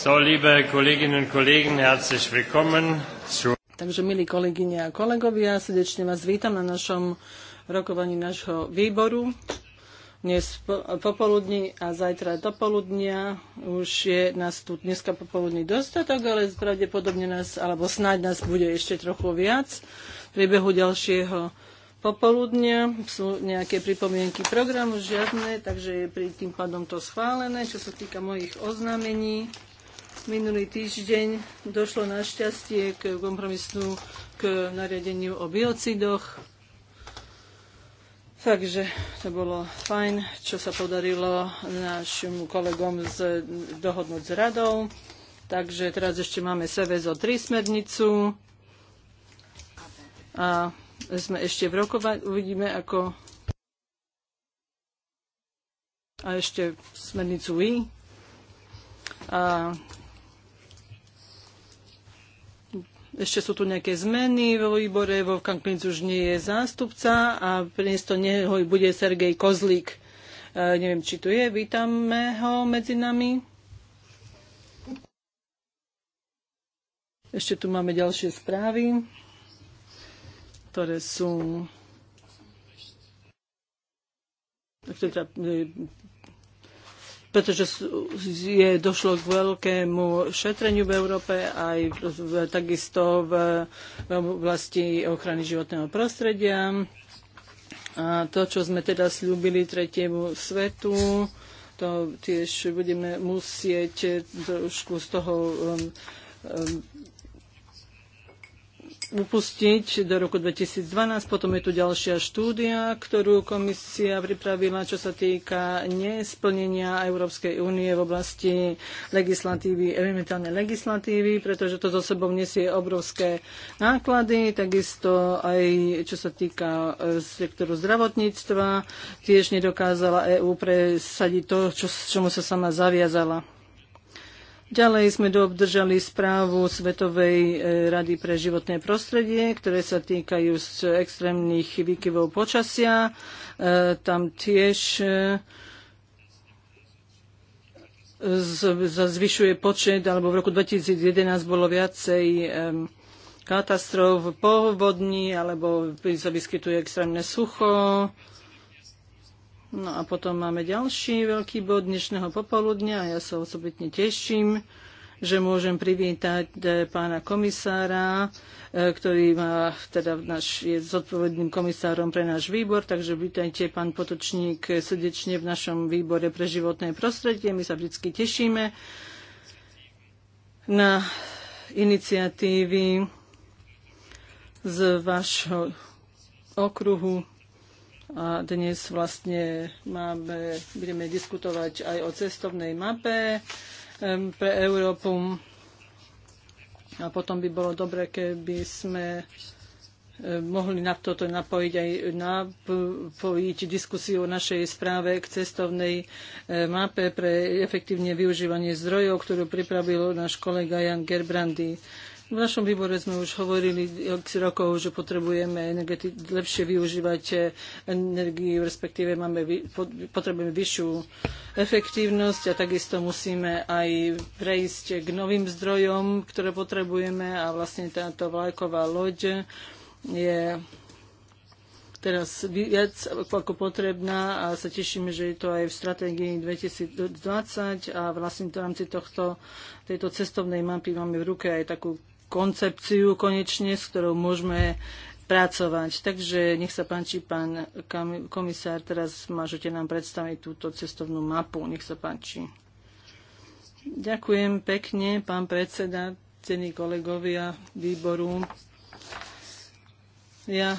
So, liebe Kolleginnen und Kollegen, herzlich willkommen zu... Takže, milí kolegyne a kolegovia, srdečne vás vítam na našom rokovaní nášho výboru. Dnes popoludní a zajtra dopoludnia. Už je nás tu dneska popoludní dostatok, ale pravdepodobne nás, alebo snáď nás bude ešte trochu viac. V priebehu ďalšieho popoludnia sú nejaké pripomienky programu, žiadne, takže je pri tým pádom to schválené, čo sa týka mojich oznámení. Minulý týždeň došlo našťastie k kompromisnú k nariadeniu o biocidoch. Takže to bolo fajn, čo sa podarilo našim kolegom z, dohodnúť s radou. Takže teraz ešte máme SVZO 3 smernicu. A sme ešte v rokovaní, uvidíme ako a ešte smernicu I. A ešte sú tu nejaké zmeny vo výbore, vo Kanklinc už nie je zástupca a priesto neho bude Sergej Kozlík. E, neviem, či tu je, vítame ho medzi nami. Ešte tu máme ďalšie správy, ktoré sú teda pretože je, došlo k veľkému šetreniu v Európe aj v, takisto v, v oblasti ochrany životného prostredia. A to, čo sme teda slúbili tretiemu svetu, to tiež budeme musieť trošku z toho um, um, upustiť do roku 2012. Potom je tu ďalšia štúdia, ktorú komisia pripravila, čo sa týka nesplnenia Európskej únie v oblasti legislatívy, elementálnej legislatívy, pretože to zo sebou nesie obrovské náklady, takisto aj čo sa týka e, sektoru zdravotníctva, tiež nedokázala EÚ presadiť to, čo, čomu sa sama zaviazala. Ďalej sme doobdržali správu Svetovej e, rady pre životné prostredie, ktoré sa týkajú z extrémnych výkyvov počasia. E, tam tiež e, zvyšuje počet, alebo v roku 2011 bolo viacej katastrof povodní, alebo sa vyskytuje extrémne sucho, No a potom máme ďalší veľký bod dnešného popoludnia a ja sa osobitne teším, že môžem privítať eh, pána komisára, eh, ktorý má, teda naš, je zodpovedným komisárom pre náš výbor, takže vítajte pán Potočník srdečne v našom výbore pre životné prostredie. My sa vždy tešíme na iniciatívy z vašho okruhu a dnes vlastne máme, budeme diskutovať aj o cestovnej mape pre Európu. A potom by bolo dobre, keby sme mohli na toto napojiť aj napojiť diskusiu o našej správe k cestovnej mape pre efektívne využívanie zdrojov, ktorú pripravil náš kolega Jan Gerbrandy. V našom výbore sme už hovorili x rokov, že potrebujeme lepšie využívať energiu, respektíve máme, potrebujeme vyššiu efektívnosť a takisto musíme aj prejsť k novým zdrojom, ktoré potrebujeme a vlastne táto vlajková loď je teraz viac ako potrebná a sa tešíme, že je to aj v stratégii 2020 a vlastne v rámci tohto, tejto cestovnej mapy máme v ruke aj takú koncepciu konečne, s ktorou môžeme pracovať. Takže nech sa páči, pán komisár, teraz môžete nám predstaviť túto cestovnú mapu. Nech sa páči. Ďakujem pekne, pán predseda, cení kolegovia výboru. Ja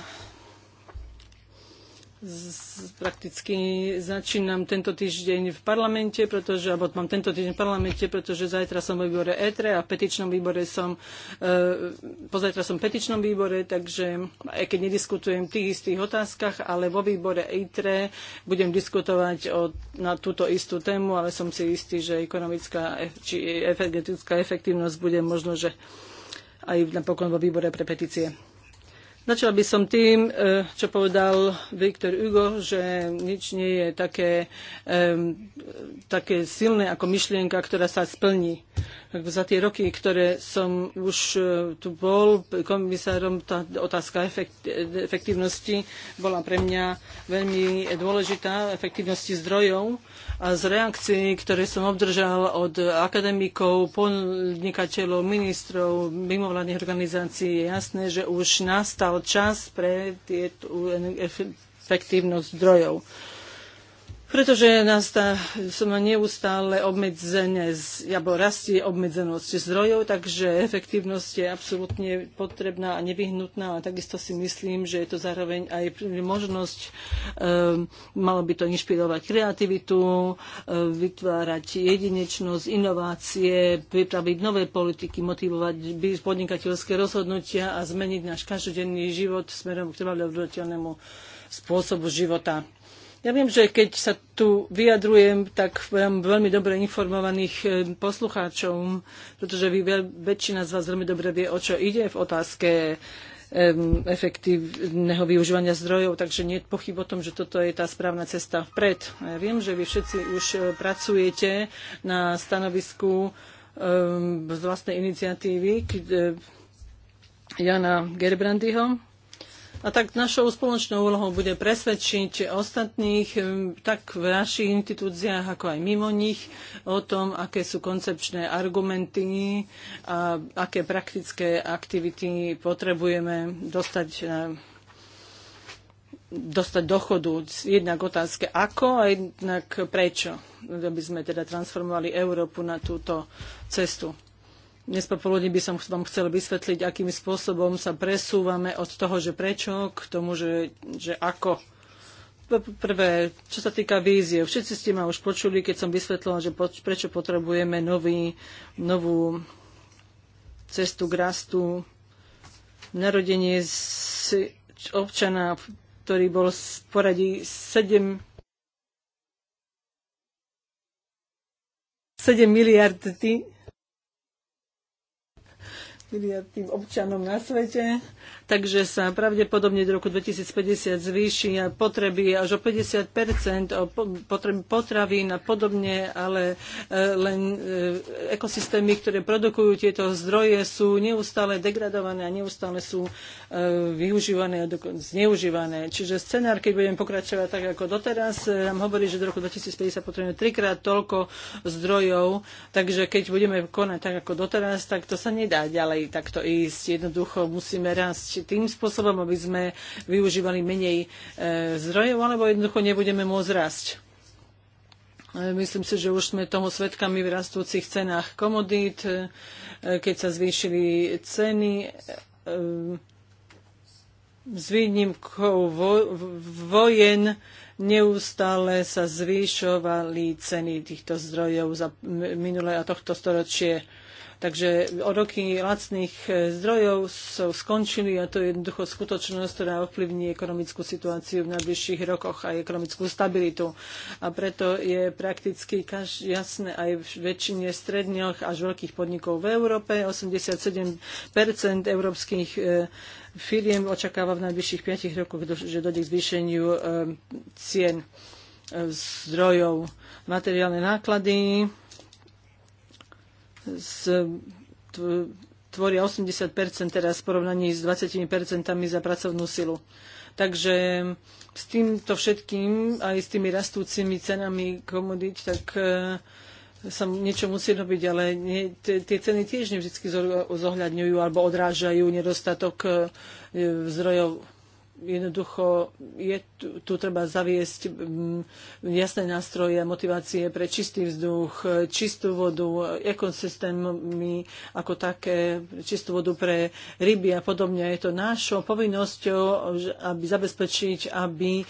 prakticky začínam tento týždeň v parlamente, pretože, alebo mám tento týždeň v parlamente, pretože zajtra som v výbore ETRE e a v petičnom výbore som, e, pozajtra som v petičnom výbore, takže aj keď nediskutujem v tých istých otázkach, ale vo výbore ETRE e budem diskutovať o, na túto istú tému, ale som si istý, že ekonomická e, či energetická efektívnosť bude možno, že aj napokon vo výbore pre petície. Začala by som tým, e, čo povedal Viktor Hugo, že nič nie je také, e, také silné ako myšlienka, ktorá sa splní za tie roky, ktoré som už e, tu bol komisárom, tá otázka efektívnosti bola pre mňa veľmi dôležitá, efektívnosti zdrojov a z reakcií, ktoré som obdržal od akademikov, podnikateľov, ministrov, mimovládnych organizácií, je jasné, že už nastal čas pre tie efektívnosť zdrojov pretože nás tá suma neustále obmedzenie, alebo rastie obmedzenosť zdrojov, takže efektívnosť je absolútne potrebná a nevyhnutná a takisto si myslím, že je to zároveň aj možnosť, um, malo by to inšpirovať kreativitu, um, vytvárať jedinečnosť, inovácie, pripraviť nové politiky, motivovať podnikateľské rozhodnutia a zmeniť náš každodenný život smerom k trvalo spôsobu života. Ja viem, že keď sa tu vyjadrujem, tak mám veľmi dobre informovaných eh, poslucháčov, pretože vy, väčšina z vás veľmi dobre vie, o čo ide v otázke efektívneho využívania zdrojov, takže nie je pochyb o tom, že toto je tá správna cesta vpred. Ja viem, že vy všetci už eh, pracujete na stanovisku z vlastnej iniciatívy Jana Gerbrandyho, a tak našou spoločnou úlohou bude presvedčiť ostatných, tak v našich inštitúciách, ako aj mimo nich, o tom, aké sú koncepčné argumenty a aké praktické aktivity potrebujeme dostať na dostať dochodu jednak otázke ako a jednak prečo, aby sme teda transformovali Európu na túto cestu. Dnes popoludní by som vám chcel vysvetliť, akým spôsobom sa presúvame od toho, že prečo, k tomu, že, že ako. Prvé, čo sa týka vízie, všetci ste ma už počuli, keď som vysvetlila, že po, prečo potrebujeme nový, novú cestu k rastu, narodenie z občana, ktorý bol v poradí 7 7 miliard miliard tým občanom na svete takže sa pravdepodobne do roku 2050 zvýšia potreby až o 50 o potreby potravín a podobne, ale e, len e, ekosystémy, ktoré produkujú tieto zdroje, sú neustále degradované a neustále sú e, využívané a zneužívané. Čiže scenár, keď budeme pokračovať tak ako doteraz, nám hovorí, že do roku 2050 potrebujeme trikrát toľko zdrojov, takže keď budeme konať tak ako doteraz, tak to sa nedá ďalej takto ísť. Jednoducho musíme rásť riešiť tým spôsobom, aby sme využívali menej e, zdrojov, alebo jednoducho nebudeme môcť rásť. E, myslím si, že už sme toho svetkami v rastúcich cenách komodít, e, keď sa zvýšili ceny s výnimkou vojen neustále sa zvýšovali ceny týchto zdrojov za minulé a tohto storočie. Takže roky lacných e, zdrojov sú skončili a to je jednoducho skutočnosť, ktorá ovplyvní ekonomickú situáciu v najbližších rokoch a ekonomickú stabilitu. A preto je prakticky kaž, jasné aj v väčšine stredných až veľkých podnikov v Európe. 87 európskych e, firiem očakáva v najbližších 5 rokoch, že dojde k zvýšeniu e, cien zdrojov. Materiálne náklady z, tvoria 80 teraz v porovnaní s 20 za pracovnú silu. Takže s týmto všetkým, aj s tými rastúcimi cenami komodít, tak e, sa niečo musí robiť, ale nie, tie ceny tiež nevždy zohľadňujú alebo odrážajú nedostatok e, e, zdrojov jednoducho je, tu, tu treba zaviesť mm, jasné nástroje motivácie pre čistý vzduch, čistú vodu, ekosystémy ako také, čistú vodu pre ryby a podobne. Je to našou povinnosťou, aby zabezpečiť, aby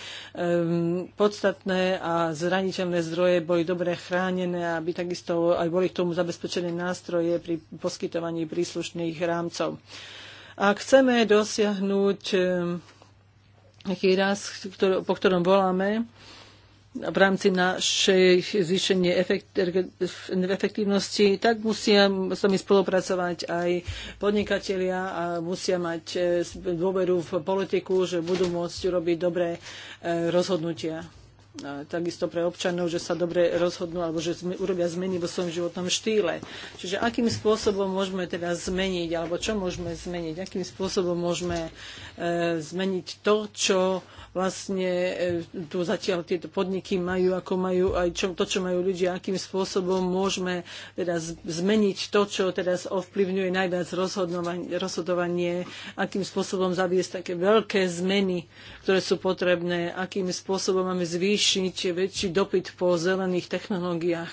podstatné a zraniteľné zdroje boli dobre chránené, aby takisto aj boli k tomu zabezpečené nástroje pri poskytovaní príslušných rámcov. Ak chceme dosiahnuť raz, po ktorom voláme v rámci našej zvýšenie efekt, efektívnosti, tak musia s nami spolupracovať aj podnikatelia a musia mať eh, dôveru v politiku, že budú môcť robiť dobré eh, rozhodnutia takisto pre občanov, že sa dobre rozhodnú alebo že urobia zmeny vo svojom životnom štýle. Čiže akým spôsobom môžeme teda zmeniť alebo čo môžeme zmeniť, akým spôsobom môžeme e, zmeniť to, čo e, vlastne e, tu zatiaľ tieto podniky majú, ako majú aj čo, to, čo majú ľudia, akým spôsobom môžeme teda zmeniť to, čo teraz ovplyvňuje najviac rozhodovanie, akým spôsobom zaviesť také veľké zmeny, ktoré sú potrebné, akým spôsobom máme zvýšiť väčší dopyt po zelených technológiách,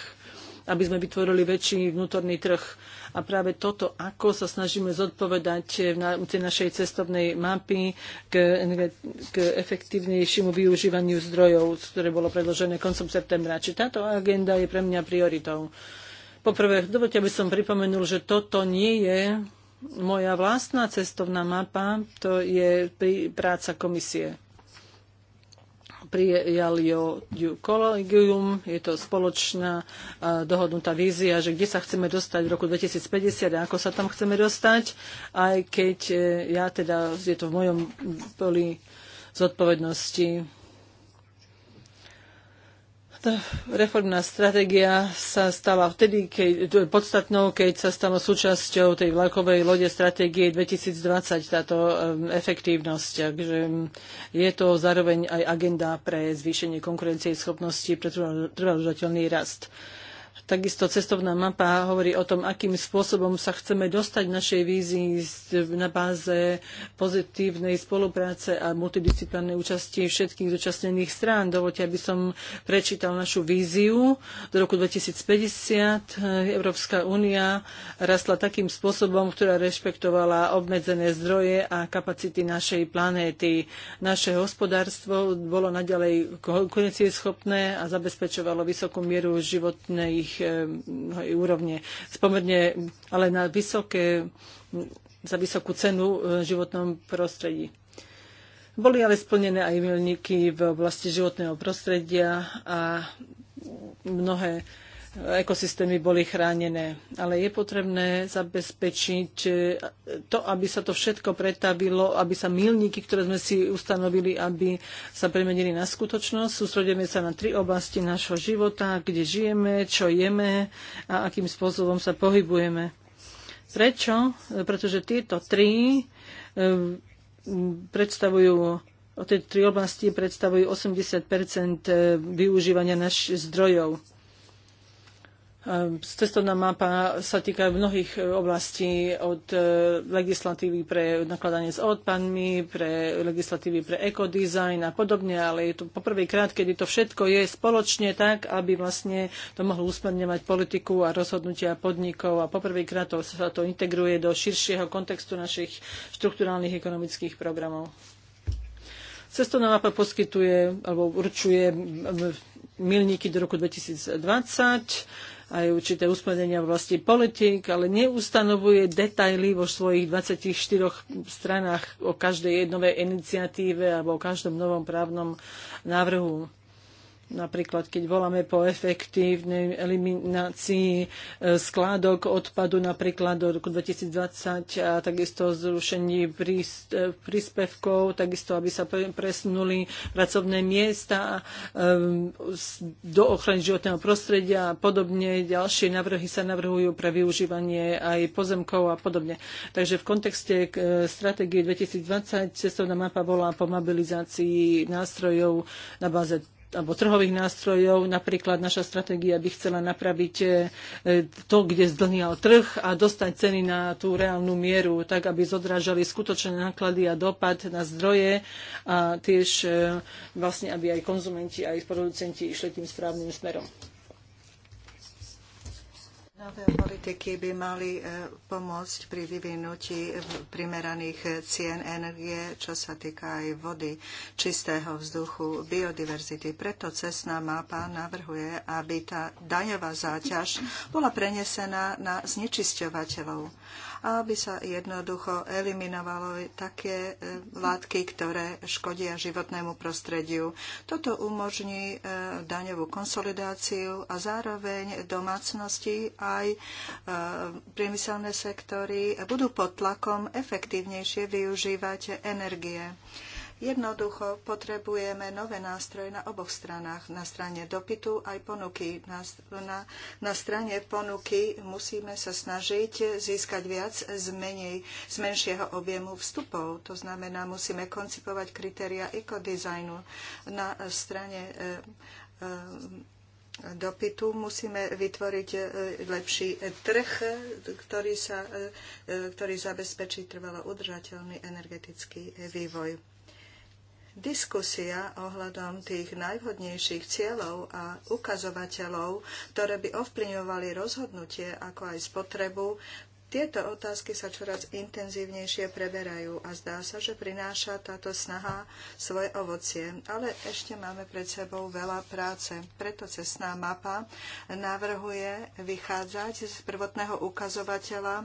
aby sme vytvorili väčší vnútorný trh a práve toto, ako sa snažíme zodpovedať v rámci našej cestovnej mapy k, k efektívnejšiemu využívaniu zdrojov, ktoré bolo predložené koncom septembra. Či táto agenda je pre mňa prioritou? Poprvé, dovolte, aby som pripomenul, že toto nie je moja vlastná cestovná mapa, to je práca komisie prijal ju kolegium, je to spoločná dohodnutá vízia, že kde sa chceme dostať v roku 2050 a ako sa tam chceme dostať, aj keď e, ja teda, je to v mojom poli zodpovednosti No, reformná stratégia sa stala vtedy keď, podstatnou, keď sa stala súčasťou tej vlakovej lode stratégie 2020, táto um, efektívnosť. Takže um, je to zároveň aj agenda pre zvýšenie konkurencie schopnosti pre trvalodržateľný rast. Takisto cestovná mapa hovorí o tom, akým spôsobom sa chceme dostať našej vízii na báze pozitívnej spolupráce a multidisciplinárnej účasti všetkých zúčastnených strán. Dovolte, aby som prečítal našu víziu. Do roku 2050 eh, Európska únia rastla takým spôsobom, ktorá rešpektovala obmedzené zdroje a kapacity našej planéty. Naše hospodárstvo bolo naďalej konecieschopné a zabezpečovalo vysokú mieru životných E, úrovne. Spomerne ale na vysoké, za vysokú cenu e, v životnom prostredí. Boli ale splnené aj milníky v oblasti životného prostredia a mnohé ekosystémy boli chránené. Ale je potrebné zabezpečiť e, to, aby sa to všetko pretavilo, aby sa milníky, ktoré sme si ustanovili, aby sa premenili na skutočnosť. Sústredíme sa na tri oblasti nášho života, kde žijeme, čo jeme a akým spôsobom sa pohybujeme. Prečo? E, pretože tieto tri e, predstavujú tie tri oblasti predstavujú 80 využívania našich zdrojov. Ehm, cestovná mapa sa týka mnohých e, oblastí od e, legislatívy pre nakladanie s odpadmi, pre legislatívy pre ekodizajn a podobne, ale je to poprvýkrát, kedy to všetko je spoločne tak, aby vlastne to mohlo usmerňovať politiku a rozhodnutia podnikov a poprvýkrát to, sa to integruje do širšieho kontextu našich štruktúrálnych ekonomických programov. Cestovná mapa poskytuje alebo určuje milníky do roku 2020 aj určité usmernenia v vlasti politik, ale neustanovuje detaily vo svojich 24 stranách o každej novej iniciatíve alebo o každom novom právnom návrhu. Napríklad, keď voláme po efektívnej eliminácii e, skládok odpadu napríklad do roku 2020 a takisto zrušení e, príspevkov, takisto, aby sa presunuli pracovné miesta e, do ochrany životného prostredia a podobne. Ďalšie navrhy sa navrhujú pre využívanie aj pozemkov a podobne. Takže v kontexte stratégie 2020 cestovná mapa volá po mobilizácii nástrojov na báze alebo trhových nástrojov. Napríklad naša stratégia by chcela napraviť e, e, to, kde zdlnial trh a dostať ceny na tú reálnu mieru, tak aby zodrážali skutočné náklady a dopad na zdroje a tiež e, vlastne, aby aj konzumenti, aj producenti išli tým správnym smerom. Nové politiky by mali e, pomôcť pri vyvinutí e, primeraných e, cien energie, čo sa týka aj vody, čistého vzduchu, biodiverzity. Preto cestná mapa navrhuje, aby tá daňová záťaž bola prenesená na znečisťovateľov aby sa jednoducho eliminovalo také e, látky, ktoré škodia životnému prostrediu. Toto umožní e, daňovú konsolidáciu a zároveň domácnosti aj e, priemyselné sektory budú pod tlakom efektívnejšie využívať energie. Jednoducho potrebujeme nové nástroje na oboch stranách. Na strane dopytu aj ponuky. Na, na, na strane ponuky musíme sa snažiť získať viac z, menej, z menšieho objemu vstupov. To znamená, musíme koncipovať kritéria ekodizajnu. Na strane e, e, dopytu musíme vytvoriť e, lepší trh, ktorý, sa, e, e, ktorý zabezpečí trvalo udržateľný energetický vývoj. Diskusia ohľadom tých najvhodnejších cieľov a ukazovateľov, ktoré by ovplyvňovali rozhodnutie ako aj spotrebu, tieto otázky sa čoraz intenzívnejšie preberajú a zdá sa, že prináša táto snaha svoje ovocie. Ale ešte máme pred sebou veľa práce. Preto cestná mapa navrhuje vychádzať z prvotného ukazovateľa e,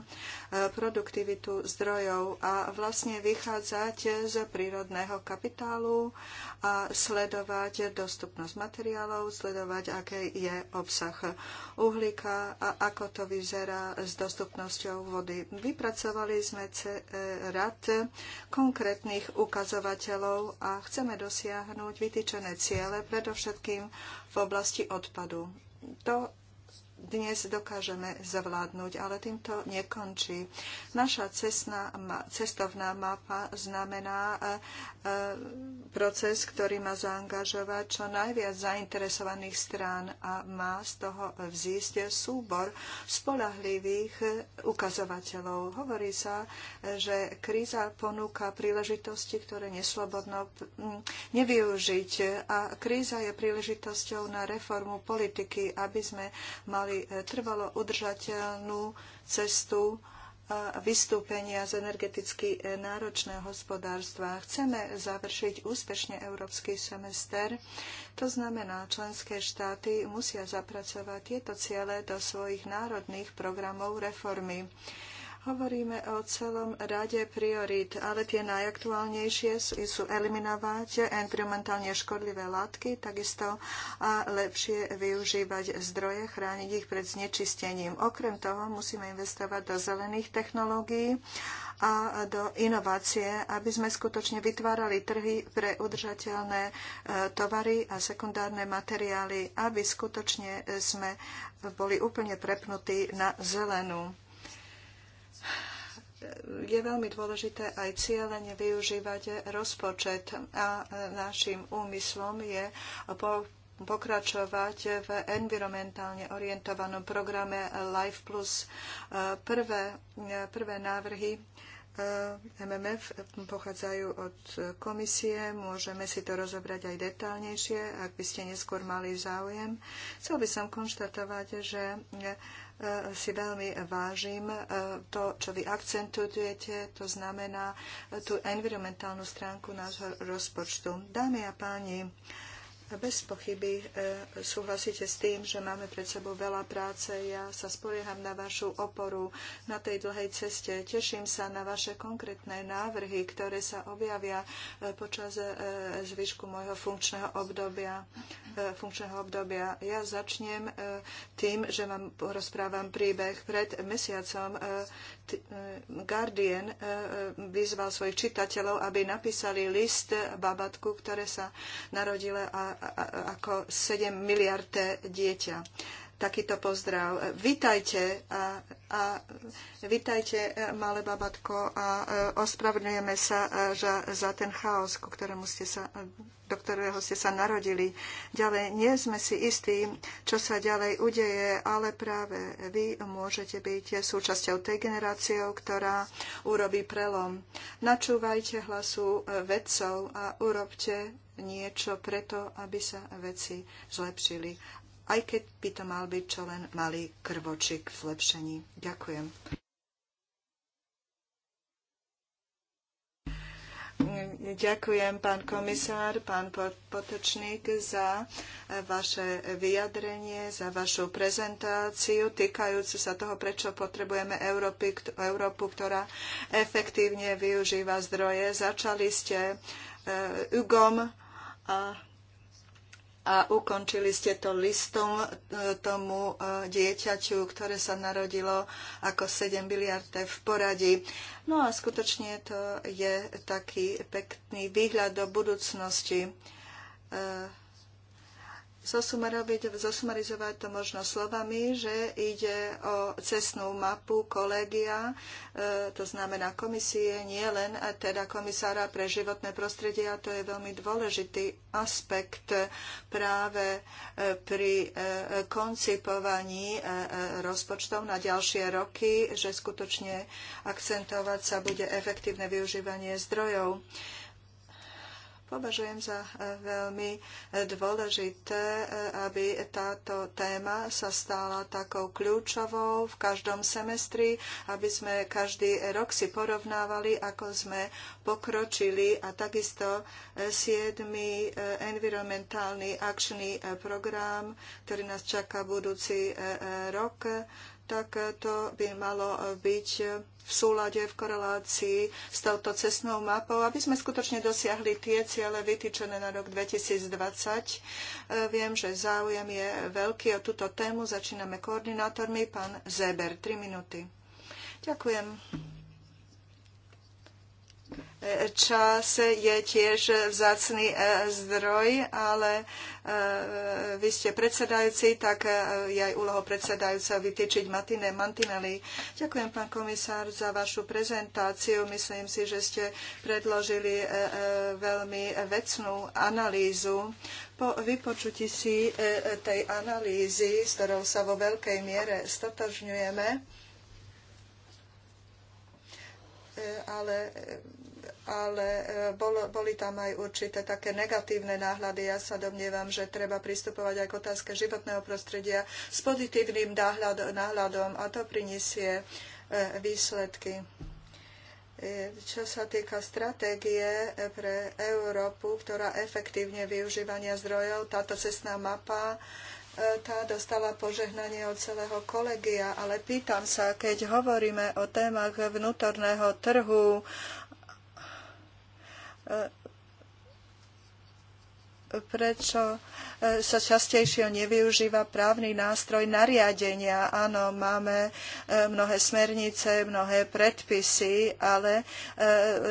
produktivitu zdrojov a vlastne vychádzať z prírodného kapitálu a sledovať dostupnosť materiálov, sledovať, aký je obsah uhlíka a ako to vyzerá s dostupnosťou zdrojov vody. Vypracovali sme e, rad konkrétnych ukazovateľov a chceme dosiahnuť vytýčené ciele, predovšetkým v oblasti odpadu. To dnes dokážeme zvládnuť, ale týmto nekončí. Naša cestná, cestovná mapa znamená e, e, proces, ktorý má zaangažovať čo najviac zainteresovaných strán a má z toho vzísť súbor spolahlivých ukazovateľov. Hovorí sa, že kríza ponúka príležitosti, ktoré neslobodno nevyužiť a kríza je príležitosťou na reformu politiky, aby sme mali našli e, trvalo udržateľnú cestu e, vystúpenia z energeticky e, náročného hospodárstva. Chceme završiť úspešne európsky semester. To znamená, členské štáty musia zapracovať tieto ciele do svojich národných programov reformy. Hovoríme o celom rade priorít, ale tie najaktuálnejšie sú, sú eliminovať environmentálne škodlivé látky, takisto a lepšie využívať zdroje, chrániť ich pred znečistením. Okrem toho musíme investovať do zelených technológií a do inovácie, aby sme skutočne vytvárali trhy pre udržateľné e, tovary a sekundárne materiály, aby skutočne sme boli úplne prepnutí na zelenú je veľmi dôležité aj cieľene využívať rozpočet a našim úmyslom je po pokračovať v environmentálne orientovanom programe Life Plus. E, prvé, e, prvé návrhy e, MMF pochádzajú od komisie. Môžeme si to rozobrať aj detálnejšie, ak by ste neskôr mali záujem. Chcel by som konštatovať, že Eh, si veľmi vážim eh, to, čo vy akcentujete, to znamená eh, tú environmentálnu stránku nášho rozpočtu. Dámy a páni, bez pochyby e, súhlasíte s tým, že máme pred sebou veľa práce. Ja sa spolieham na vašu oporu na tej dlhej ceste. Teším sa na vaše konkrétne návrhy, ktoré sa objavia e, počas e, zvyšku môjho funkčného obdobia. Funkčného obdobia. Ja začnem tým, že vám rozprávam príbeh. Pred mesiacom Guardian eh, eh, vyzval svojich čitateľov, aby napísali list babatku, ktoré sa narodila ako 7 miliardé dieťa takýto pozdrav. Vítajte a, a vítajte, e, malé babatko, a e, ospravedlňujeme sa za, e, za ten chaos, ku ktorému ste sa, do ktorého ste sa narodili. Ďalej nie sme si istí, čo sa ďalej udeje, ale práve vy môžete byť súčasťou tej generáciou, ktorá urobí prelom. Načúvajte hlasu vedcov a urobte niečo preto, aby sa veci zlepšili aj keď by to mal byť čo len malý krvočik v zlepšení. Ďakujem. Ďakujem, pán komisár, pán Potočník, za eh, vaše vyjadrenie, za vašu prezentáciu týkajúcu sa toho, prečo potrebujeme Európy, Európu, ktorá efektívne využíva zdroje. Začali ste eh, UGOM a a ukončili ste to listom e, tomu e, dieťaťu, ktoré sa narodilo ako 7 biliardé v poradí. No a skutočne to je taký pekný výhľad do budúcnosti. E, zosumarizovať to možno slovami, že ide o cestnú mapu kolegia, e, to znamená komisie, nie len teda komisára pre životné prostredie a to je veľmi dôležitý aspekt práve e, pri e, koncipovaní rozpočtov na ďalšie roky, že skutočne akcentovať sa bude efektívne využívanie zdrojov. Považujem za e, veľmi e, dôležité, e, aby táto téma sa stala takou kľúčovou v každom semestri, aby sme každý rok si porovnávali, ako sme pokročili a takisto 7. environmentálny akčný program, ktorý nás čaká budúci rok, tak to by malo byť v súlade, v korelácii s touto cestnou mapou, aby sme skutočne dosiahli tie ciele vytýčené na rok 2020. E, viem, že záujem je veľký o túto tému. Začíname koordinátormi. Pán Zeber, 3 minúty. Ďakujem. Čas je tiež vzácný e, zdroj, ale e, vy ste predsedajúci, tak e, je aj úloho predsedajúca vytýčiť Matine mantinely. Ďakujem, pán komisár, za vašu prezentáciu. Myslím si, že ste predložili veľmi vecnú analýzu. Po vypočutí si tej analýzy, s ktorou sa vo veľkej miere stotožňujeme, ale ale e, bol, boli tam aj určité také negatívne náhľady. Ja sa domnievam, že treba pristupovať aj k otázke životného prostredia s pozitívnym náhľadom a to prinesie e, výsledky. E, čo sa týka stratégie pre Európu, ktorá efektívne využívania zdrojov, táto cestná mapa tá dostala požehnanie od celého kolegia, ale pýtam sa, keď hovoríme o témach vnútorného trhu, E, prečo e, sa častejšie nevyužíva právny nástroj nariadenia. Áno, máme e, mnohé smernice, mnohé predpisy, ale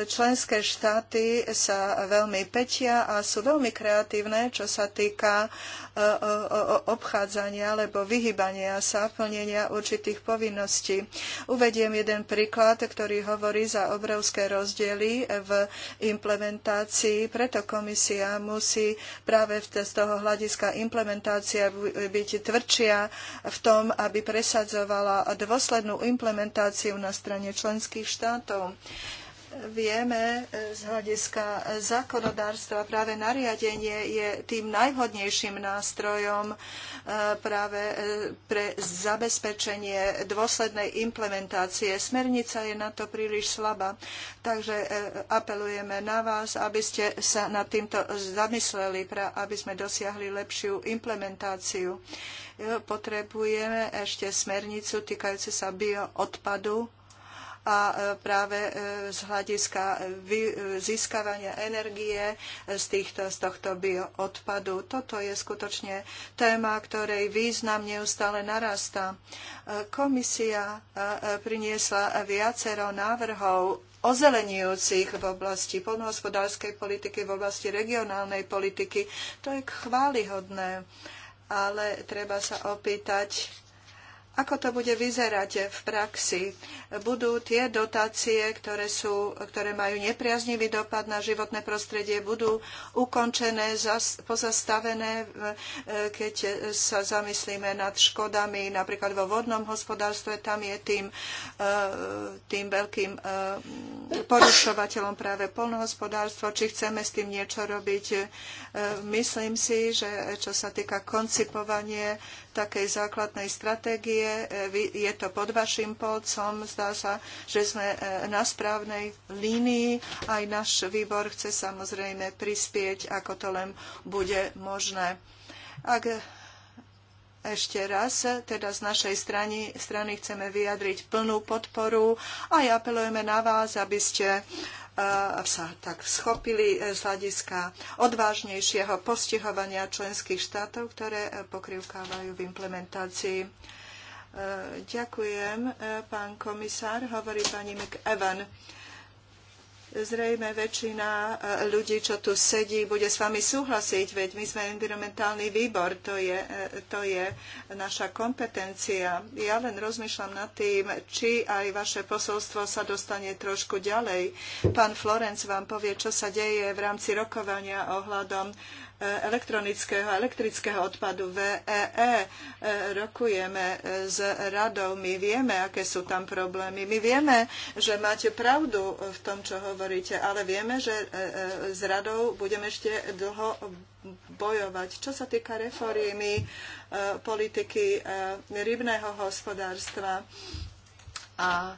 členské štáty sa veľmi petia a sú veľmi kreatívne, čo sa týka obchádzania alebo vyhybania sa plnenia určitých povinností. Uvediem jeden príklad, ktorý hovorí za obrovské rozdiely v implementácii, preto komisia musí práve z toho hľadiska implementácia byť tvrdšia v tom, aby presadzovala dôslednú implementáciu na strane členských štátov vieme e, z hľadiska zákonodárstva, práve nariadenie je tým najvhodnejším nástrojom e, práve e, pre zabezpečenie dôslednej implementácie. Smernica je na to príliš slabá, takže apelujeme na vás, aby ste sa nad týmto zamysleli, aby sme dosiahli lepšiu implementáciu. Potrebujeme ešte smernicu týkajúce sa bioodpadu a e, práve e, z hľadiska e, získavania energie z, týchto, z tohto bioodpadu. Toto je skutočne téma, ktorej význam neustále narastá. Komisia priniesla viacero návrhov ozelenujúcich v oblasti poľnohospodárskej politiky, v oblasti regionálnej politiky. To je chválihodné, ale treba sa opýtať, ako to bude vyzerať v praxi? Budú tie dotácie, ktoré, sú, ktoré majú nepriaznivý dopad na životné prostredie, budú ukončené, pozastavené, e, keď sa zamyslíme nad škodami. Napríklad vo vodnom hospodárstve tam je tým, e, tým veľkým e, porušovateľom práve polnohospodárstvo. Či chceme s tým niečo robiť? Myslím si, že čo sa týka koncipovanie takej základnej stratégie. E, je to pod vašim polcom. Zdá sa, že sme e, na správnej línii. Aj náš výbor chce samozrejme prispieť, ako to len bude možné. Ak ešte raz, teda z našej strany, strany chceme vyjadriť plnú podporu a apelujeme na vás, aby ste sa tak schopili e, z hľadiska odvážnejšieho postihovania členských štátov, ktoré e, pokrivkávajú v implementácii. E, ďakujem, pán komisár, hovorí pani McEvan zrejme väčšina e, ľudí, čo tu sedí, bude s vami súhlasiť, veď my sme environmentálny výbor, to je, e, to je naša kompetencia. Ja len rozmýšľam nad tým, či aj vaše posolstvo sa dostane trošku ďalej. Pán Florenc vám povie, čo sa deje v rámci rokovania ohľadom uh, elektronického a elektrického odpadu VEE. E. Rokujeme s radou, my vieme, aké sú tam problémy. My vieme, že máte pravdu v tom, čo hovoríte, ale vieme, že e, e, s radou budeme ešte dlho bojovať. Čo sa týka reformy politiky rybného hospodárstva a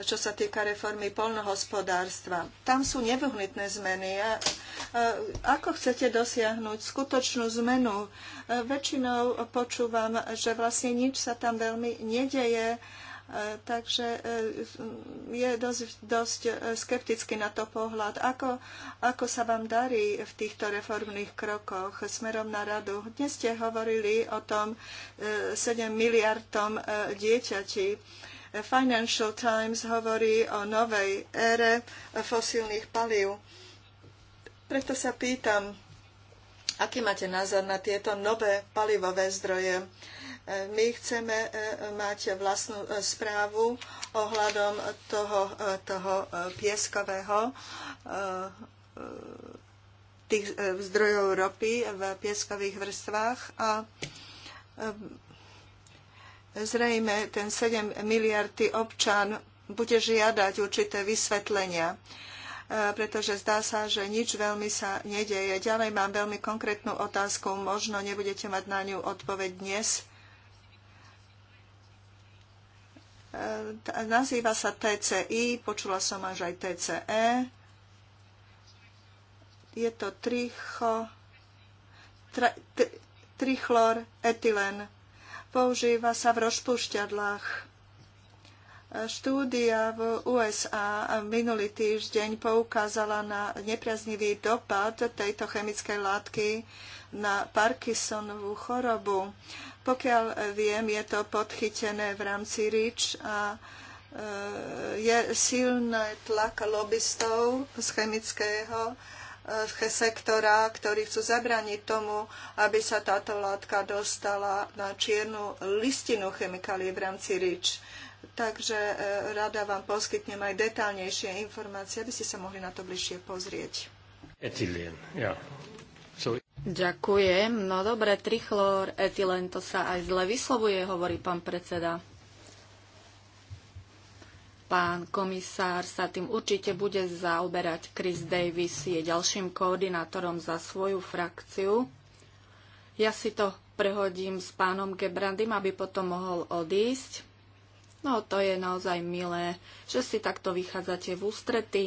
čo sa týka reformy polnohospodárstva. Tam sú nevyhnutné zmeny. Ja Eh, ako chcete dosiahnuť skutočnú zmenu? Eh, väčšinou počúvam, že vlastne nič sa tam veľmi nedeje eh, takže je dosť, dosť skeptický na to pohľad. Ako, ako sa vám darí v týchto reformných krokoch smerom na radu? Dnes ste hovorili o tom 7 miliardom dieťati. Financial Times hovorí o novej ére fosílnych palív preto sa pýtam, aký máte názor na tieto nové palivové zdroje? my chceme e, mať vlastnú e, správu ohľadom toho, e, toho pieskového tých zdrojov ropy v pieskových vrstvách a zrejme ten 7 miliardy občan bude žiadať určité vysvetlenia. Eh, pretože zdá sa, že nič veľmi sa nedeje. Ďalej mám veľmi konkrétnu otázku, možno nebudete mať na ňu odpoveď dnes. Eh, nazýva sa TCI, počula som až aj TCE. Je to tricho, tra, t, trichlor, etylen. Používa sa v rozpúšťadlách Štúdia v USA minulý týždeň poukázala na nepriaznivý dopad tejto chemickej látky na Parkinsonovú chorobu. Pokiaľ viem, je to podchytené v rámci RIČ a e, je silné tlak lobbystov z chemického e, sektora, ktorí chcú zabrániť tomu, aby sa táto látka dostala na čiernu listinu chemikálií v rámci RIČ takže e, rada vám poskytnem aj detálnejšie informácie, aby ste sa mohli na to bližšie pozrieť. Etylien, ja. So... Ďakujem. No dobre, trichlor, etylen, to sa aj zle vyslovuje, hovorí pán predseda. Pán komisár sa tým určite bude zaoberať. Chris Davis je ďalším koordinátorom za svoju frakciu. Ja si to prehodím s pánom Gebrandym, aby potom mohol odísť. No to je naozaj milé, že si takto vychádzate v ústrety.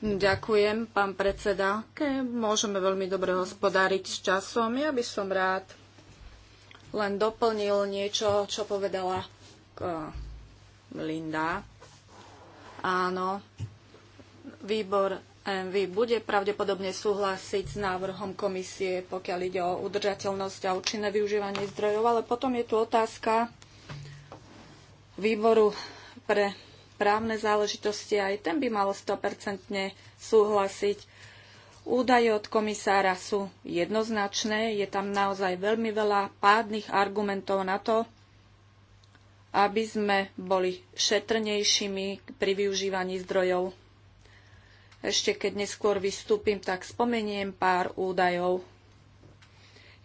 Ďakujem, pán predseda. Ke môžeme veľmi dobre hospodáriť s časom. Ja by som rád len doplnil niečo, čo povedala e, Linda. Áno, výbor MV bude pravdepodobne súhlasiť s návrhom komisie, pokiaľ ide o udržateľnosť a účinné využívanie zdrojov, ale potom je tu otázka, výboru pre právne záležitosti, aj ten by mal 100% súhlasiť. Údaje od komisára sú jednoznačné, je tam naozaj veľmi veľa pádnych argumentov na to, aby sme boli šetrnejšími pri využívaní zdrojov. Ešte keď neskôr vystúpim, tak spomeniem pár údajov.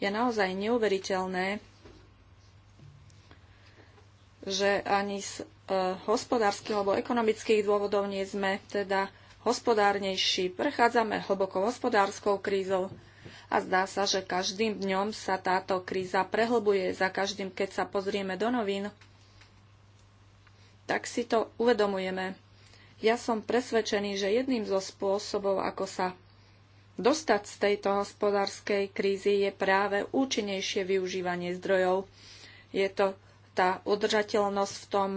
Je naozaj neuveriteľné, že ani z e, hospodárskych alebo ekonomických dôvodov nie sme teda hospodárnejší. Prechádzame hlbokou hospodárskou krízou a zdá sa, že každým dňom sa táto kríza prehlbuje. Za každým, keď sa pozrieme do novín, tak si to uvedomujeme. Ja som presvedčený, že jedným zo spôsobov, ako sa dostať z tejto hospodárskej krízy, je práve účinnejšie využívanie zdrojov. Je to tá udržateľnosť v tom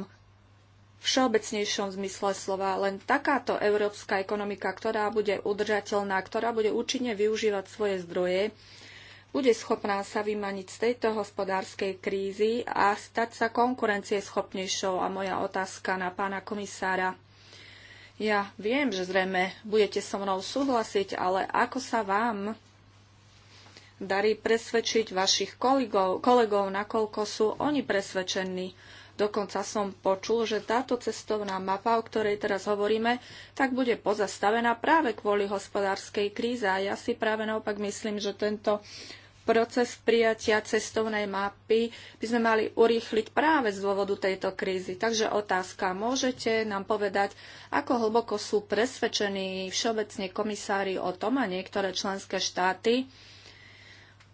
všeobecnejšom zmysle slova. Len takáto európska ekonomika, ktorá bude udržateľná, ktorá bude účinne využívať svoje zdroje, bude schopná sa vymaniť z tejto hospodárskej krízy a stať sa konkurencieschopnejšou. A moja otázka na pána komisára. Ja viem, že zrejme budete so mnou súhlasiť, ale ako sa vám darí presvedčiť vašich kolegov, kolegov nakoľko sú oni presvedčení. Dokonca som počul, že táto cestovná mapa, o ktorej teraz hovoríme, tak bude pozastavená práve kvôli hospodárskej kríze. A ja si práve naopak myslím, že tento proces prijatia cestovnej mapy by sme mali urýchliť práve z dôvodu tejto krízy. Takže otázka, môžete nám povedať, ako hlboko sú presvedčení všeobecne komisári o tom a niektoré členské štáty,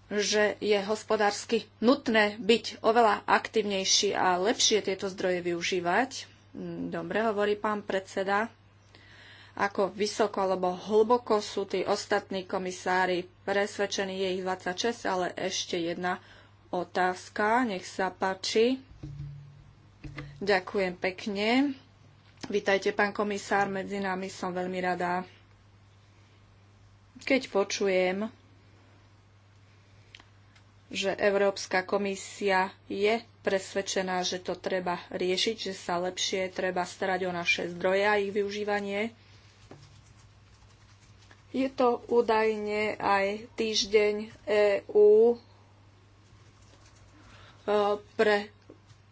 že je hospodársky nutné byť oveľa aktivnejší a lepšie tieto zdroje využívať. Mm, Dobre hovorí pán predseda. Ako vysoko alebo hlboko sú tí ostatní komisári presvedčení, je ich 26, ale ešte jedna otázka. Nech sa páči. Ďakujem pekne. Vítajte, pán komisár, medzi nami som veľmi rada, keď počujem, že Európska komisia je presvedčená, že to treba riešiť, že sa lepšie treba starať o naše zdroje a ich využívanie. Je to údajne aj týždeň EÚ e, pre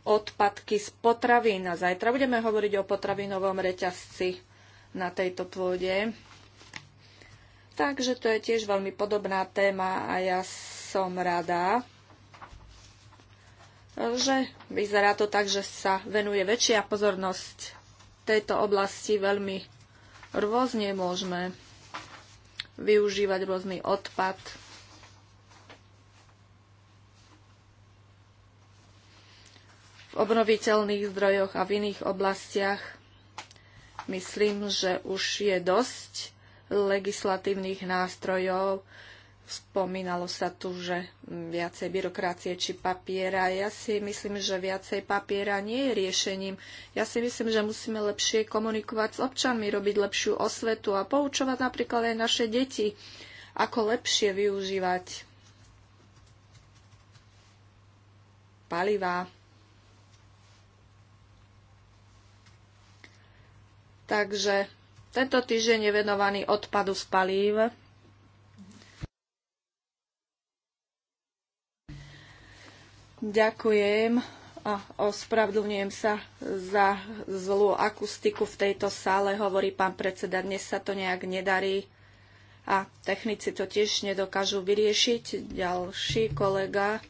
odpadky z potravín. A zajtra budeme hovoriť o potravinovom reťazci na tejto pôde. Takže to je tiež veľmi podobná téma a ja som rada, že vyzerá to tak, že sa venuje väčšia pozornosť tejto oblasti veľmi rôzne môžeme využívať rôzny odpad. V obnoviteľných zdrojoch a v iných oblastiach myslím, že už je dosť legislatívnych nástrojov, Spomínalo sa tu, že viacej byrokracie či papiera. Ja si myslím, že viacej papiera nie je riešením. Ja si myslím, že musíme lepšie komunikovať s občanmi, robiť lepšiu osvetu a poučovať napríklad aj naše deti, ako lepšie využívať palivá. Takže tento týždeň je venovaný odpadu z palív. Ďakujem a ospravdlňujem sa za zlú akustiku v tejto sále, hovorí pán predseda. Dnes sa to nejak nedarí a technici to tiež nedokážu vyriešiť. Ďalší kolega,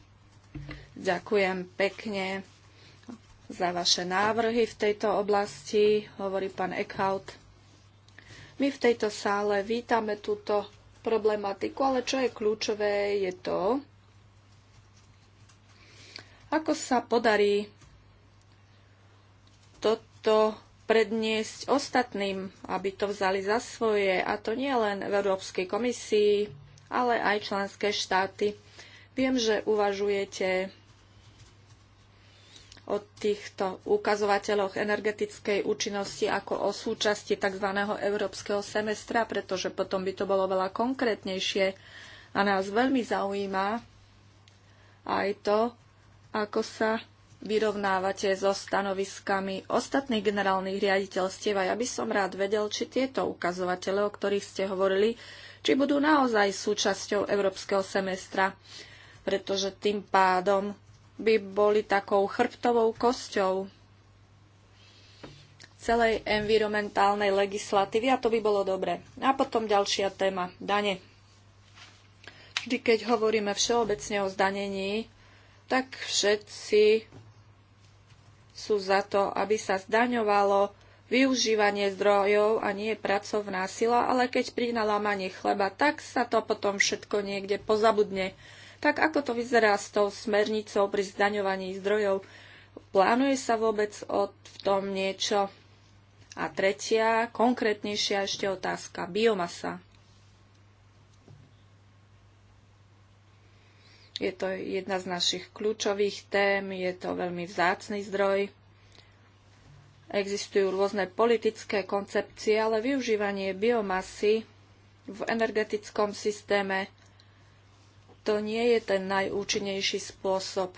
ďakujem pekne za vaše návrhy v tejto oblasti, hovorí pán Eckhout. My v tejto sále vítame túto problematiku, ale čo je kľúčové, je to, ako sa podarí toto predniesť ostatným, aby to vzali za svoje, a to nie len v Európskej komisii, ale aj členské štáty. Viem, že uvažujete o týchto ukazovateľoch energetickej účinnosti ako o súčasti tzv. európskeho semestra, pretože potom by to bolo veľa konkrétnejšie. A nás veľmi zaujíma aj to, ako sa vyrovnávate so stanoviskami ostatných generálnych riaditeľstiev a ja by som rád vedel, či tieto ukazovatele, o ktorých ste hovorili, či budú naozaj súčasťou európskeho semestra, pretože tým pádom by boli takou chrbtovou kosťou celej environmentálnej legislatívy a to by bolo dobre. A potom ďalšia téma, dane. Vždy, keď hovoríme všeobecne o zdanení, tak všetci sú za to, aby sa zdaňovalo využívanie zdrojov a nie pracovná sila, ale keď príde na chleba, tak sa to potom všetko niekde pozabudne. Tak ako to vyzerá s tou smernicou pri zdaňovaní zdrojov? Plánuje sa vôbec od v tom niečo? A tretia, konkrétnejšia ešte otázka, biomasa. Je to jedna z našich kľúčových tém, je to veľmi vzácný zdroj. Existujú rôzne politické koncepcie, ale využívanie biomasy v energetickom systéme to nie je ten najúčinnejší spôsob.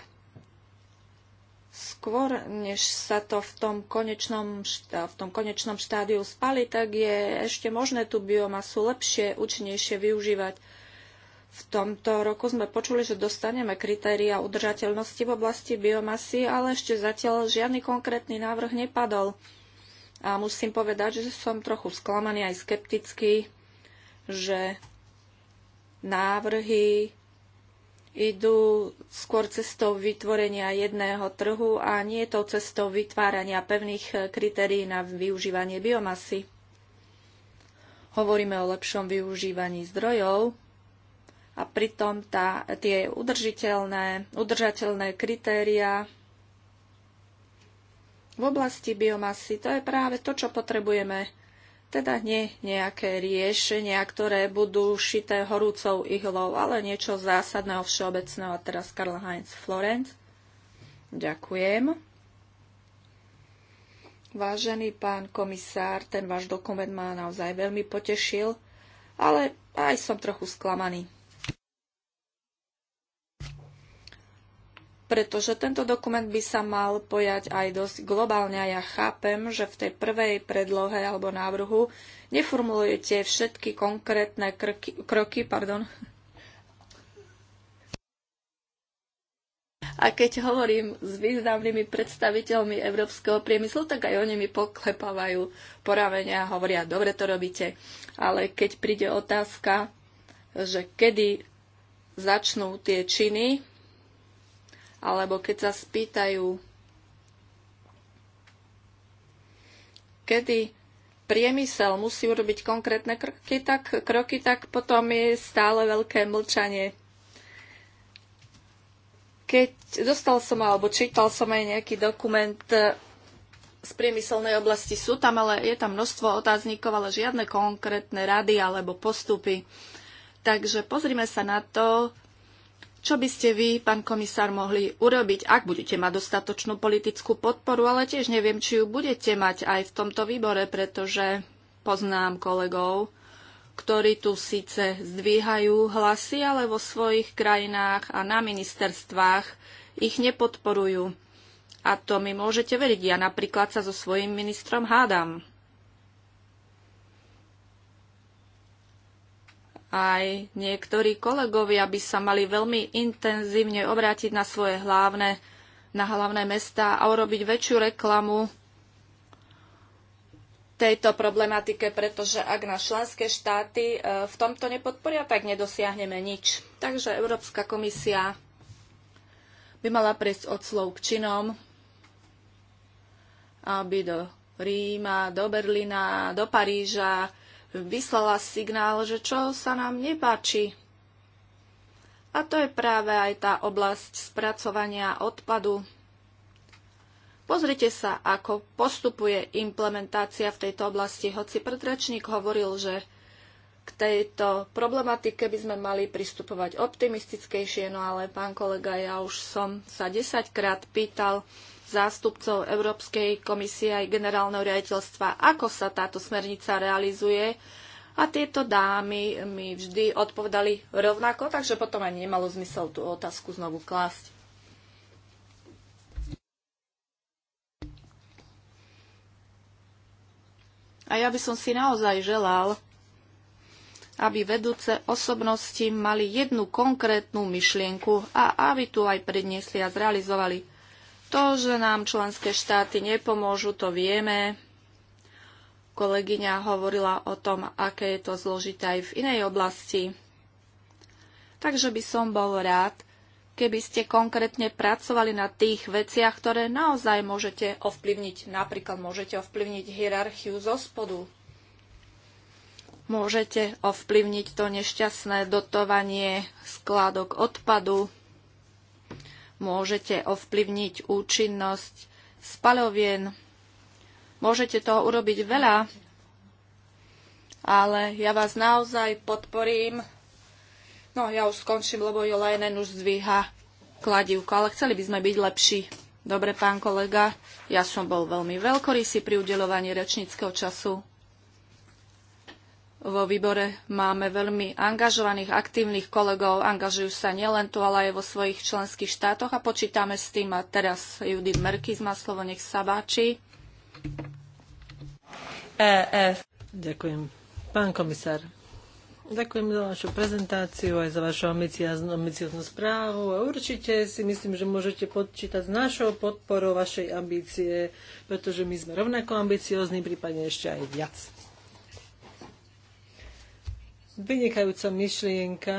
Skôr, než sa to v tom konečnom, v tom konečnom štádiu spali, tak je ešte možné tú biomasu lepšie, účinnejšie využívať. V tomto roku sme počuli, že dostaneme kritéria udržateľnosti v oblasti biomasy, ale ešte zatiaľ žiadny konkrétny návrh nepadol. A musím povedať, že som trochu sklamaný aj skeptický, že návrhy idú skôr cestou vytvorenia jedného trhu a nie tou cestou vytvárania pevných kritérií na využívanie biomasy. Hovoríme o lepšom využívaní zdrojov, a pritom tá, tie udržiteľné, udržateľné kritéria v oblasti biomasy, to je práve to, čo potrebujeme. Teda nie nejaké riešenia, ktoré budú šité horúcou ihlou, ale niečo zásadného, všeobecného. A teraz Karl Heinz Florenc. Ďakujem. Vážený pán komisár, ten váš dokument ma naozaj veľmi potešil, ale aj som trochu sklamaný. pretože tento dokument by sa mal pojať aj dosť globálne a ja chápem, že v tej prvej predlohe alebo návrhu neformulujete všetky konkrétne kroky, kroky pardon. A keď hovorím s významnými predstaviteľmi európskeho priemyslu, tak aj oni mi poklepávajú po a hovoria, dobre to robíte. Ale keď príde otázka, že kedy začnú tie činy, alebo keď sa spýtajú, kedy priemysel musí urobiť konkrétne kroky, tak, kroky, tak potom je stále veľké mlčanie. Keď dostal som alebo čítal som aj nejaký dokument e, z priemyselnej oblasti, sú tam, ale je tam množstvo otáznikov, ale žiadne konkrétne rady alebo postupy. Takže pozrime sa na to, čo by ste vy, pán komisár, mohli urobiť, ak budete mať dostatočnú politickú podporu, ale tiež neviem, či ju budete mať aj v tomto výbore, pretože poznám kolegov, ktorí tu síce zdvíhajú hlasy, ale vo svojich krajinách a na ministerstvách ich nepodporujú. A to mi môžete veriť. Ja napríklad sa so svojím ministrom hádam. Aj niektorí kolegovia by sa mali veľmi intenzívne obrátiť na svoje hlavné, na hlavné mesta a urobiť väčšiu reklamu tejto problematike, pretože ak na členské štáty e, v tomto nepodporia, tak nedosiahneme nič. Takže Európska komisia by mala prejsť od slov k činom, aby do Ríma, do Berlína, do Paríža vyslala signál, že čo sa nám nepáči. A to je práve aj tá oblasť spracovania odpadu. Pozrite sa, ako postupuje implementácia v tejto oblasti, hoci predračník hovoril, že k tejto problematike by sme mali pristupovať optimistickejšie, no ale pán kolega, ja už som sa desaťkrát pýtal, zástupcov Európskej komisie aj generálneho riaditeľstva, ako sa táto smernica realizuje. A tieto dámy mi vždy odpovedali rovnako, takže potom ani nemalo zmysel tú otázku znovu klásť. A ja by som si naozaj želal, aby vedúce osobnosti mali jednu konkrétnu myšlienku a aby tu aj predniesli a zrealizovali. To, že nám členské štáty nepomôžu, to vieme. Kolegyňa hovorila o tom, aké je to zložité aj v inej oblasti. Takže by som bol rád, keby ste konkrétne pracovali na tých veciach, ktoré naozaj môžete ovplyvniť. Napríklad môžete ovplyvniť hierarchiu zo spodu. Môžete ovplyvniť to nešťastné dotovanie skládok odpadu môžete ovplyvniť účinnosť spalovien. Môžete toho urobiť veľa, ale ja vás naozaj podporím. No, ja už skončím, lebo Jolajnen už zdvíha kladivku, ale chceli by sme byť lepší. Dobre, pán kolega, ja som bol veľmi veľkorysý pri udelovaní rečníckého času. Vo výbore máme veľmi angažovaných, aktívnych kolegov. Angažujú sa nielen tu, ale aj vo svojich členských štátoch a počítame s tým. A teraz Judith Merkis má slovo, nech sa báči. E, e. Ďakujem. Pán komisár, Ďakujem za vašu prezentáciu aj za vašu ambicioznú správu a určite si myslím, že môžete počítať s našou podporou vašej ambície, pretože my sme rovnako ambiciozní, prípadne ešte aj viac vynikajúca myšlienka,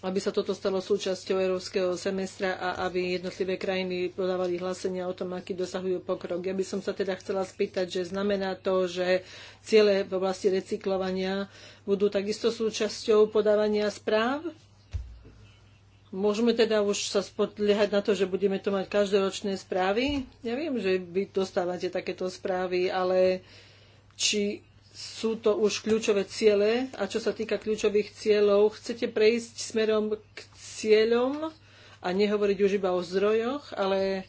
aby sa toto stalo súčasťou európskeho semestra a aby jednotlivé krajiny podávali hlásenia o tom, aký dosahujú pokrok. Ja by som sa teda chcela spýtať, že znamená to, že ciele v oblasti recyklovania budú takisto súčasťou podávania správ? Môžeme teda už sa spodliehať na to, že budeme to mať každoročné správy? Ja viem, že vy dostávate takéto správy, ale či sú to už kľúčové ciele a čo sa týka kľúčových cieľov, chcete prejsť smerom k cieľom a nehovoriť už iba o zdrojoch, ale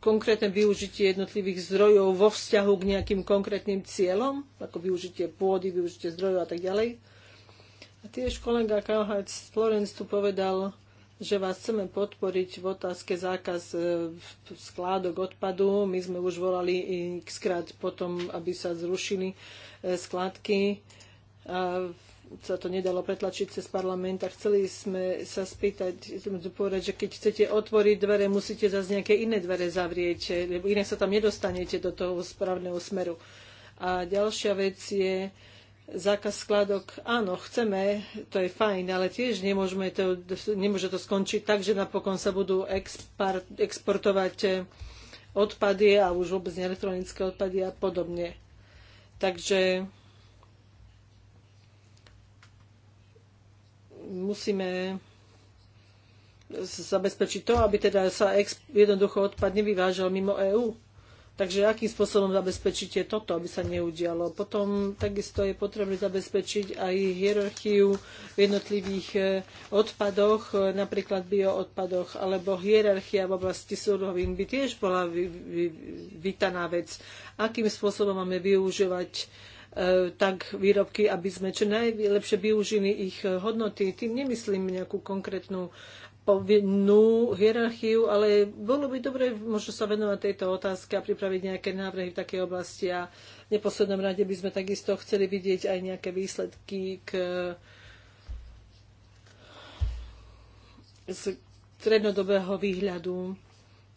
konkrétne využitie jednotlivých zdrojov vo vzťahu k nejakým konkrétnym cieľom, ako využitie pôdy, využitie zdrojov a tak ďalej. A tiež kolega Kauhajc Heinz Florence tu povedal, že vás chceme podporiť v otázke zákaz e, skládok odpadu. My sme už volali xkrát potom, aby sa zrušili e, skládky. A sa to nedalo pretlačiť cez parlament a chceli sme sa spýtať, povedať, že keď chcete otvoriť dvere, musíte zase nejaké iné dvere zavrieť, lebo inak sa tam nedostanete do toho správneho smeru. A ďalšia vec je, zákaz skladok, áno, chceme, to je fajn, ale tiež nemôžeme to, nemôže to skončiť tak, že napokon sa budú exportovať e, odpady a už vôbec elektronické odpady a podobne. Takže musíme zabezpečiť to, aby teda sa jednoducho odpad nevyvážal mimo EÚ. Takže akým spôsobom zabezpečíte toto, aby sa neudialo? Potom takisto je potrebné zabezpečiť aj hierarchiu v jednotlivých e, odpadoch, e, napríklad bioodpadoch, alebo hierarchia v oblasti súrovín by tiež bola vítaná vec. Akým spôsobom máme využívať e, tak výrobky, aby sme čo najlepšie využili ich hodnoty. Tým nemyslím nejakú konkrétnu povinnú hierarchiu, ale bolo by dobre možno sa venovať tejto otázke a pripraviť nejaké návrhy v takej oblasti a v neposlednom rade by sme takisto chceli vidieť aj nejaké výsledky k z strednodobého výhľadu.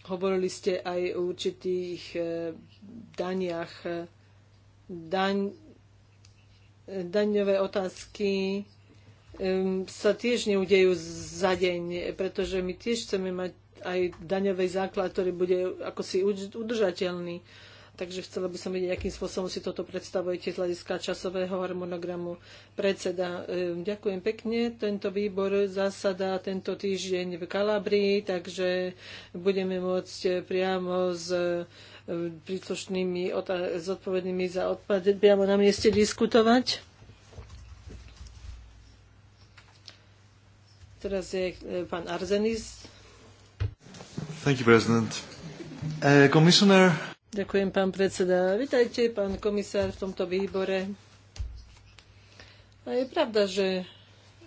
Hovorili ste aj o určitých e, daniach, e, daň, e, daňové otázky, sa tiež neudejú za deň, pretože my tiež chceme mať aj daňový základ, ktorý bude ako si udržateľný. Takže chcela by som vedieť, akým spôsobom si toto predstavujete z hľadiska časového harmonogramu predseda. Ďakujem pekne. Tento výbor zasada tento týždeň v Kalabrii, takže budeme môcť priamo s príslušnými zodpovednými za odpad priamo na mieste diskutovať. Teraz je e, pán Arzenis. Thank you, President. Uh, e, commissioner... Ďakujem, pán predseda. Vítajte, pán komisár, v tomto výbore. A je pravda, že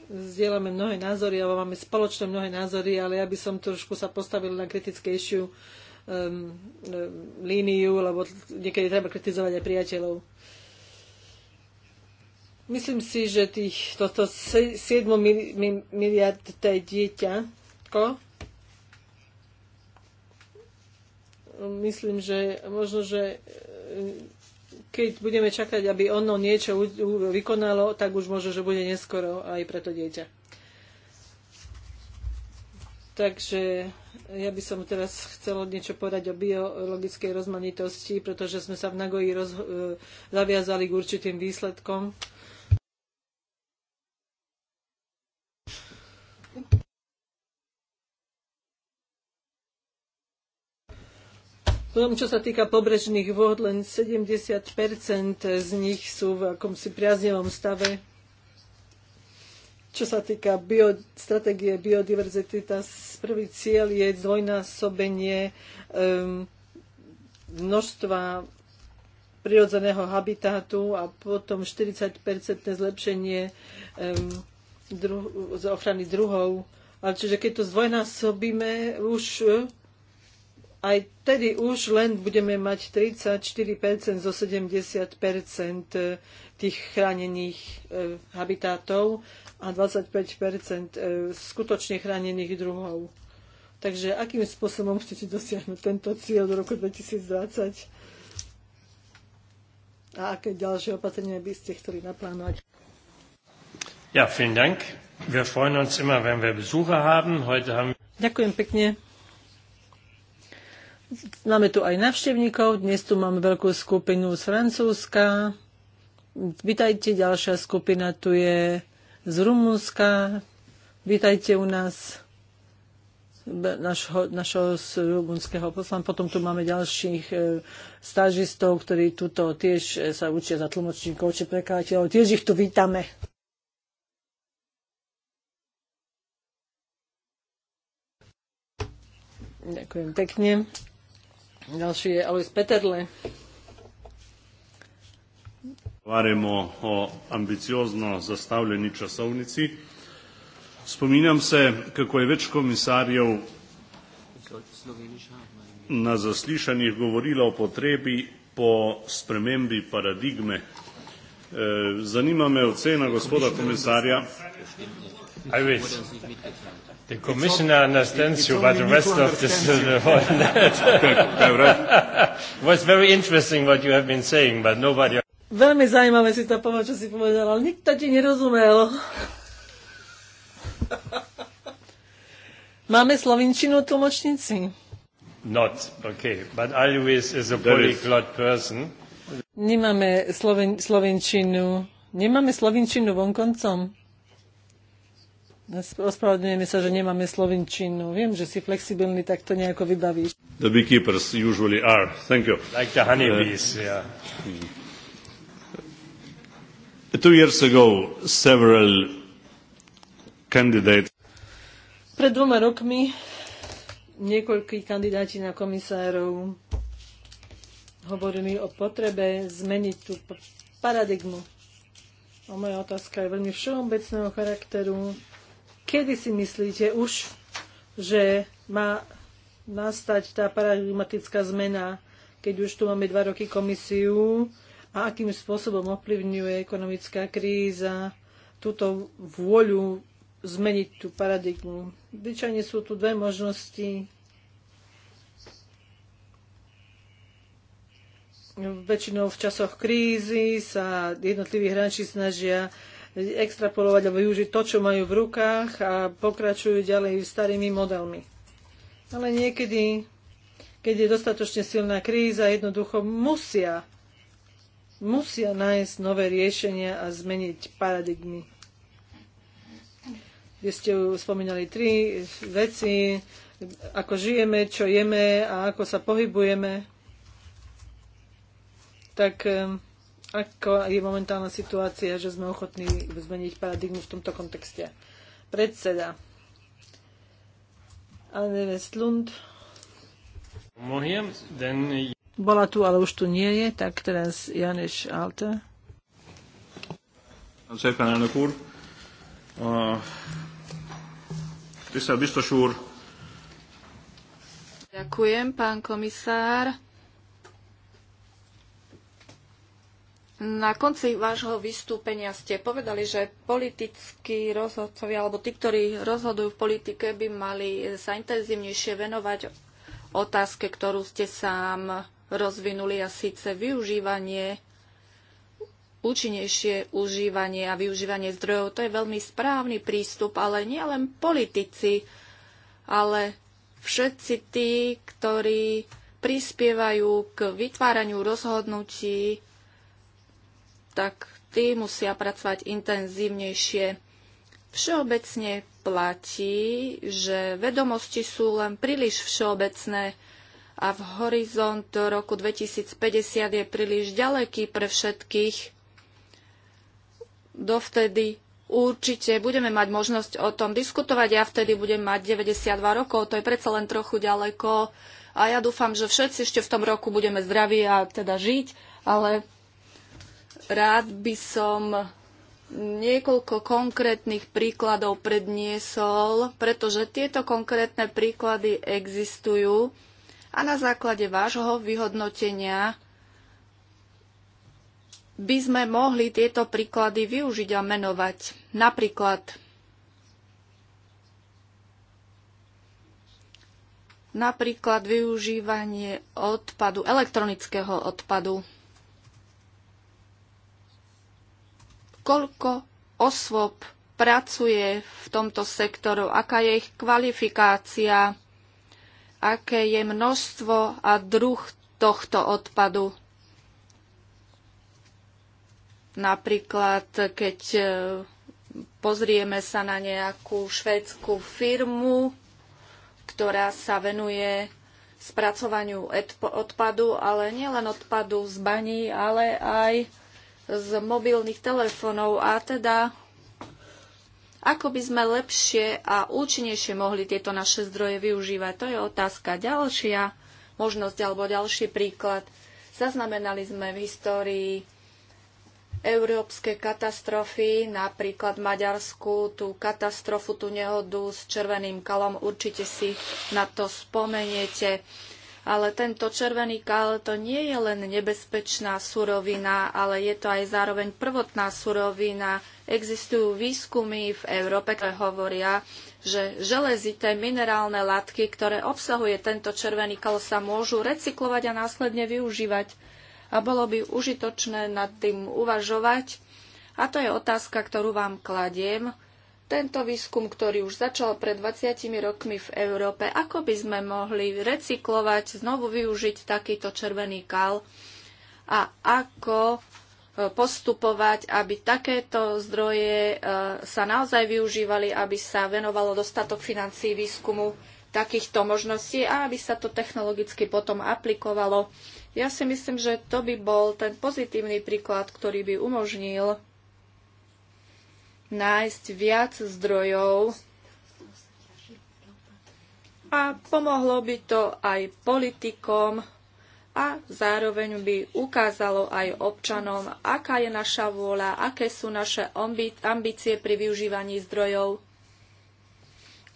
zdieľame mnohé názory, alebo máme spoločné mnohé názory, ale ja by som trošku sa postavil na kritickejšiu um, um, líniu, lebo niekedy treba kritizovať aj priateľov. Myslím si, že tých, toto 7 miliard to je Ko? Myslím, že možno, že e, keď budeme čakať, aby ono niečo vykonalo, tak už možno, že bude neskoro aj pre to dieťa. Takže ja by som teraz chcela niečo povedať o biologickej rozmanitosti, pretože sme sa v Nagoji roz, e, zaviazali k určitým výsledkom. Potom, čo sa týka pobrežných vôd, len 70 z nich sú v akomsi priaznivom stave. Čo sa týka bio, stratégie biodiverzity, tá prvý cieľ je dvojnásobenie um, ehm, množstva prirodzeného habitátu a potom 40-percentné zlepšenie um, dru- z ochrany druhov. Ale čiže keď to zdvojnásobíme, už aj tedy už len budeme mať 34% zo 70% eh, tých chránených eh, habitátov a 25% eh, skutočne chránených druhov. Takže akým spôsobom chcete dosiahnuť tento cieľ do roku 2020? A aké ďalšie opatrenia by ste chceli naplánovať? Ja, vielen Dank. Wir freuen uns immer, wenn wir Besucher haben. Heute haben Ďakujem pekne. Máme tu aj navštevníkov. Dnes tu máme veľkú skupinu z Francúzska. Vítajte, ďalšia skupina tu je z Rumunska. Vítajte u nás našho, našho rumunského poslan. Potom tu máme ďalších e, stážistov, ktorí tuto tiež e, sa učia za tlmočníkov či prekladateľov. Tiež ich tu vítame. Ďakujem pekne. Ďalší je Alois Peterle. Hovoríme o ambiciozno zastavljeni časovnici. Spominjam se, kako je več komisarjev na zaslišanjih govorilo o potrebi po spremembi paradigme. Eh, zanima me ocena gospoda komisarja. The Commissioner not, understands you, but the rest of this uh, whole was very interesting what you have been saying, but nobody. Veľmi zaujímavé si to povedal, čo si povedal, ale nikto ti nerozumel. Máme slovinčinu tlmočníci? Not, okay, but Alvis is a polyglot person. Nemáme sloven, slovenčinu. Nemáme slovinčinu vonkoncom. Ospravedlňujeme sa, že nemáme slovinčinu. Viem, že si flexibilný, tak to nejako vybavíš. The beekeepers usually are. Thank you. Like the honeybees, uh, yeah. Mm. Two years ago, several candidates... Pred dvoma rokmi niekoľkí kandidáti na komisárov hovorili o potrebe zmeniť tú paradigmu. A moja otázka je veľmi všeobecného charakteru Kedy si myslíte už, že má nastať tá paradigmatická zmena, keď už tu máme dva roky komisiu a akým spôsobom ovplyvňuje ekonomická kríza túto vôľu zmeniť tú paradigmu. Vyčajne sú tu dve možnosti. Väčšinou v časoch krízy sa jednotliví hráči snažia extrapolovať alebo využiť to, čo majú v rukách a pokračujú ďalej starými modelmi. Ale niekedy, keď je dostatočne silná kríza, jednoducho musia, musia nájsť nové riešenia a zmeniť paradigmy. Vy ste spomínali tri veci, ako žijeme, čo jeme a ako sa pohybujeme. Tak ako je momentálna situácia, že sme ochotní zmeniť paradigmu v tomto kontexte. Predseda. Anne Westlund. Bola tu, ale už tu nie je, tak teraz Janeš Alte. Szépen, elnök úr! A... Tisztelt biztos úr! Ďakujem, pán komisár. Na konci vášho vystúpenia ste povedali, že politickí rozhodcovia alebo tí, ktorí rozhodujú v politike, by mali sa intenzívnejšie venovať otázke, ktorú ste sám rozvinuli a síce využívanie účinnejšie užívanie a využívanie zdrojov. To je veľmi správny prístup, ale nie len politici, ale všetci tí, ktorí prispievajú k vytváraniu rozhodnutí tak tí musia pracovať intenzívnejšie. Všeobecne platí, že vedomosti sú len príliš všeobecné a v horizont roku 2050 je príliš ďaleký pre všetkých. Dovtedy určite budeme mať možnosť o tom diskutovať. Ja vtedy budem mať 92 rokov, to je predsa len trochu ďaleko. A ja dúfam, že všetci ešte v tom roku budeme zdraví a teda žiť, ale rád by som niekoľko konkrétnych príkladov predniesol, pretože tieto konkrétne príklady existujú a na základe vášho vyhodnotenia by sme mohli tieto príklady využiť a menovať. Napríklad napríklad využívanie odpadu, elektronického odpadu. koľko osôb pracuje v tomto sektoru, aká je ich kvalifikácia, aké je množstvo a druh tohto odpadu. Napríklad, keď e, pozrieme sa na nejakú švédskú firmu, ktorá sa venuje spracovaniu odpadu, ale nielen odpadu z baní, ale aj z mobilných telefónov a teda ako by sme lepšie a účinnejšie mohli tieto naše zdroje využívať. To je otázka. Ďalšia možnosť alebo ďalší príklad. Zaznamenali sme v histórii európske katastrofy, napríklad v Maďarsku, tú katastrofu, tú nehodu s červeným kalom, určite si na to spomeniete ale tento červený kal to nie je len nebezpečná surovina, ale je to aj zároveň prvotná surovina. Existujú výskumy v Európe, ktoré hovoria, že železité minerálne látky, ktoré obsahuje tento červený kal, sa môžu recyklovať a následne využívať. A bolo by užitočné nad tým uvažovať. A to je otázka, ktorú vám kladiem tento výskum, ktorý už začal pred 20 rokmi v Európe, ako by sme mohli recyklovať, znovu využiť takýto červený kal a ako e, postupovať, aby takéto zdroje e, sa naozaj využívali, aby sa venovalo dostatok financií výskumu takýchto možností a aby sa to technologicky potom aplikovalo. Ja si myslím, že to by bol ten pozitívny príklad, ktorý by umožnil nájsť viac zdrojov a pomohlo by to aj politikom a zároveň by ukázalo aj občanom, aká je naša vôľa, aké sú naše ambície pri využívaní zdrojov,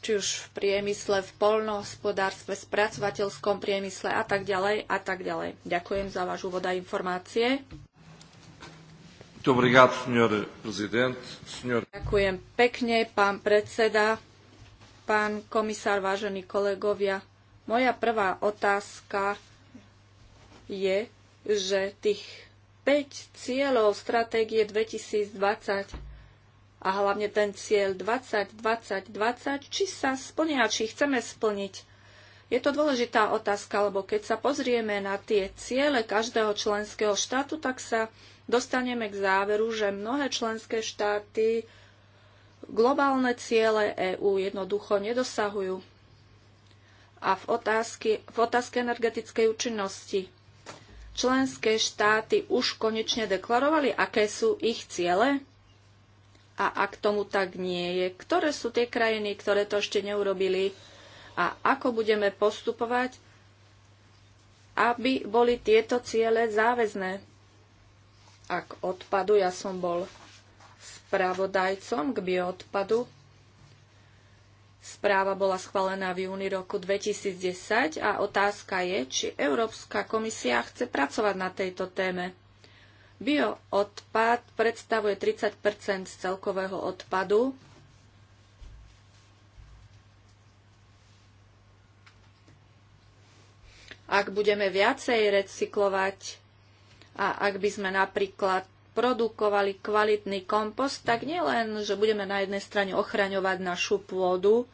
či už v priemysle, v polnohospodárstve, spracovateľskom priemysle a tak ďalej a tak ďalej. Ďakujem za váš úvod a informácie. Ďakujem pekne, pán predseda, pán komisár, vážení kolegovia. Moja prvá otázka je, že tých 5 cieľov stratégie 2020 a hlavne ten cieľ 2020 20 či sa splnia, či chceme splniť. Je to dôležitá otázka, lebo keď sa pozrieme na tie ciele každého členského štátu, tak sa dostaneme k záveru, že mnohé členské štáty globálne ciele EÚ jednoducho nedosahujú. A v, otázke, v otázke energetickej účinnosti členské štáty už konečne deklarovali, aké sú ich ciele? A ak tomu tak nie je, ktoré sú tie krajiny, ktoré to ešte neurobili? A ako budeme postupovať, aby boli tieto ciele záväzné? a k odpadu. Ja som bol spravodajcom k bioodpadu. Správa bola schválená v júni roku 2010 a otázka je, či Európska komisia chce pracovať na tejto téme. Bioodpad predstavuje 30 z celkového odpadu. Ak budeme viacej recyklovať a ak by sme napríklad produkovali kvalitný kompost, tak nielen, že budeme na jednej strane ochraňovať našu pôdu,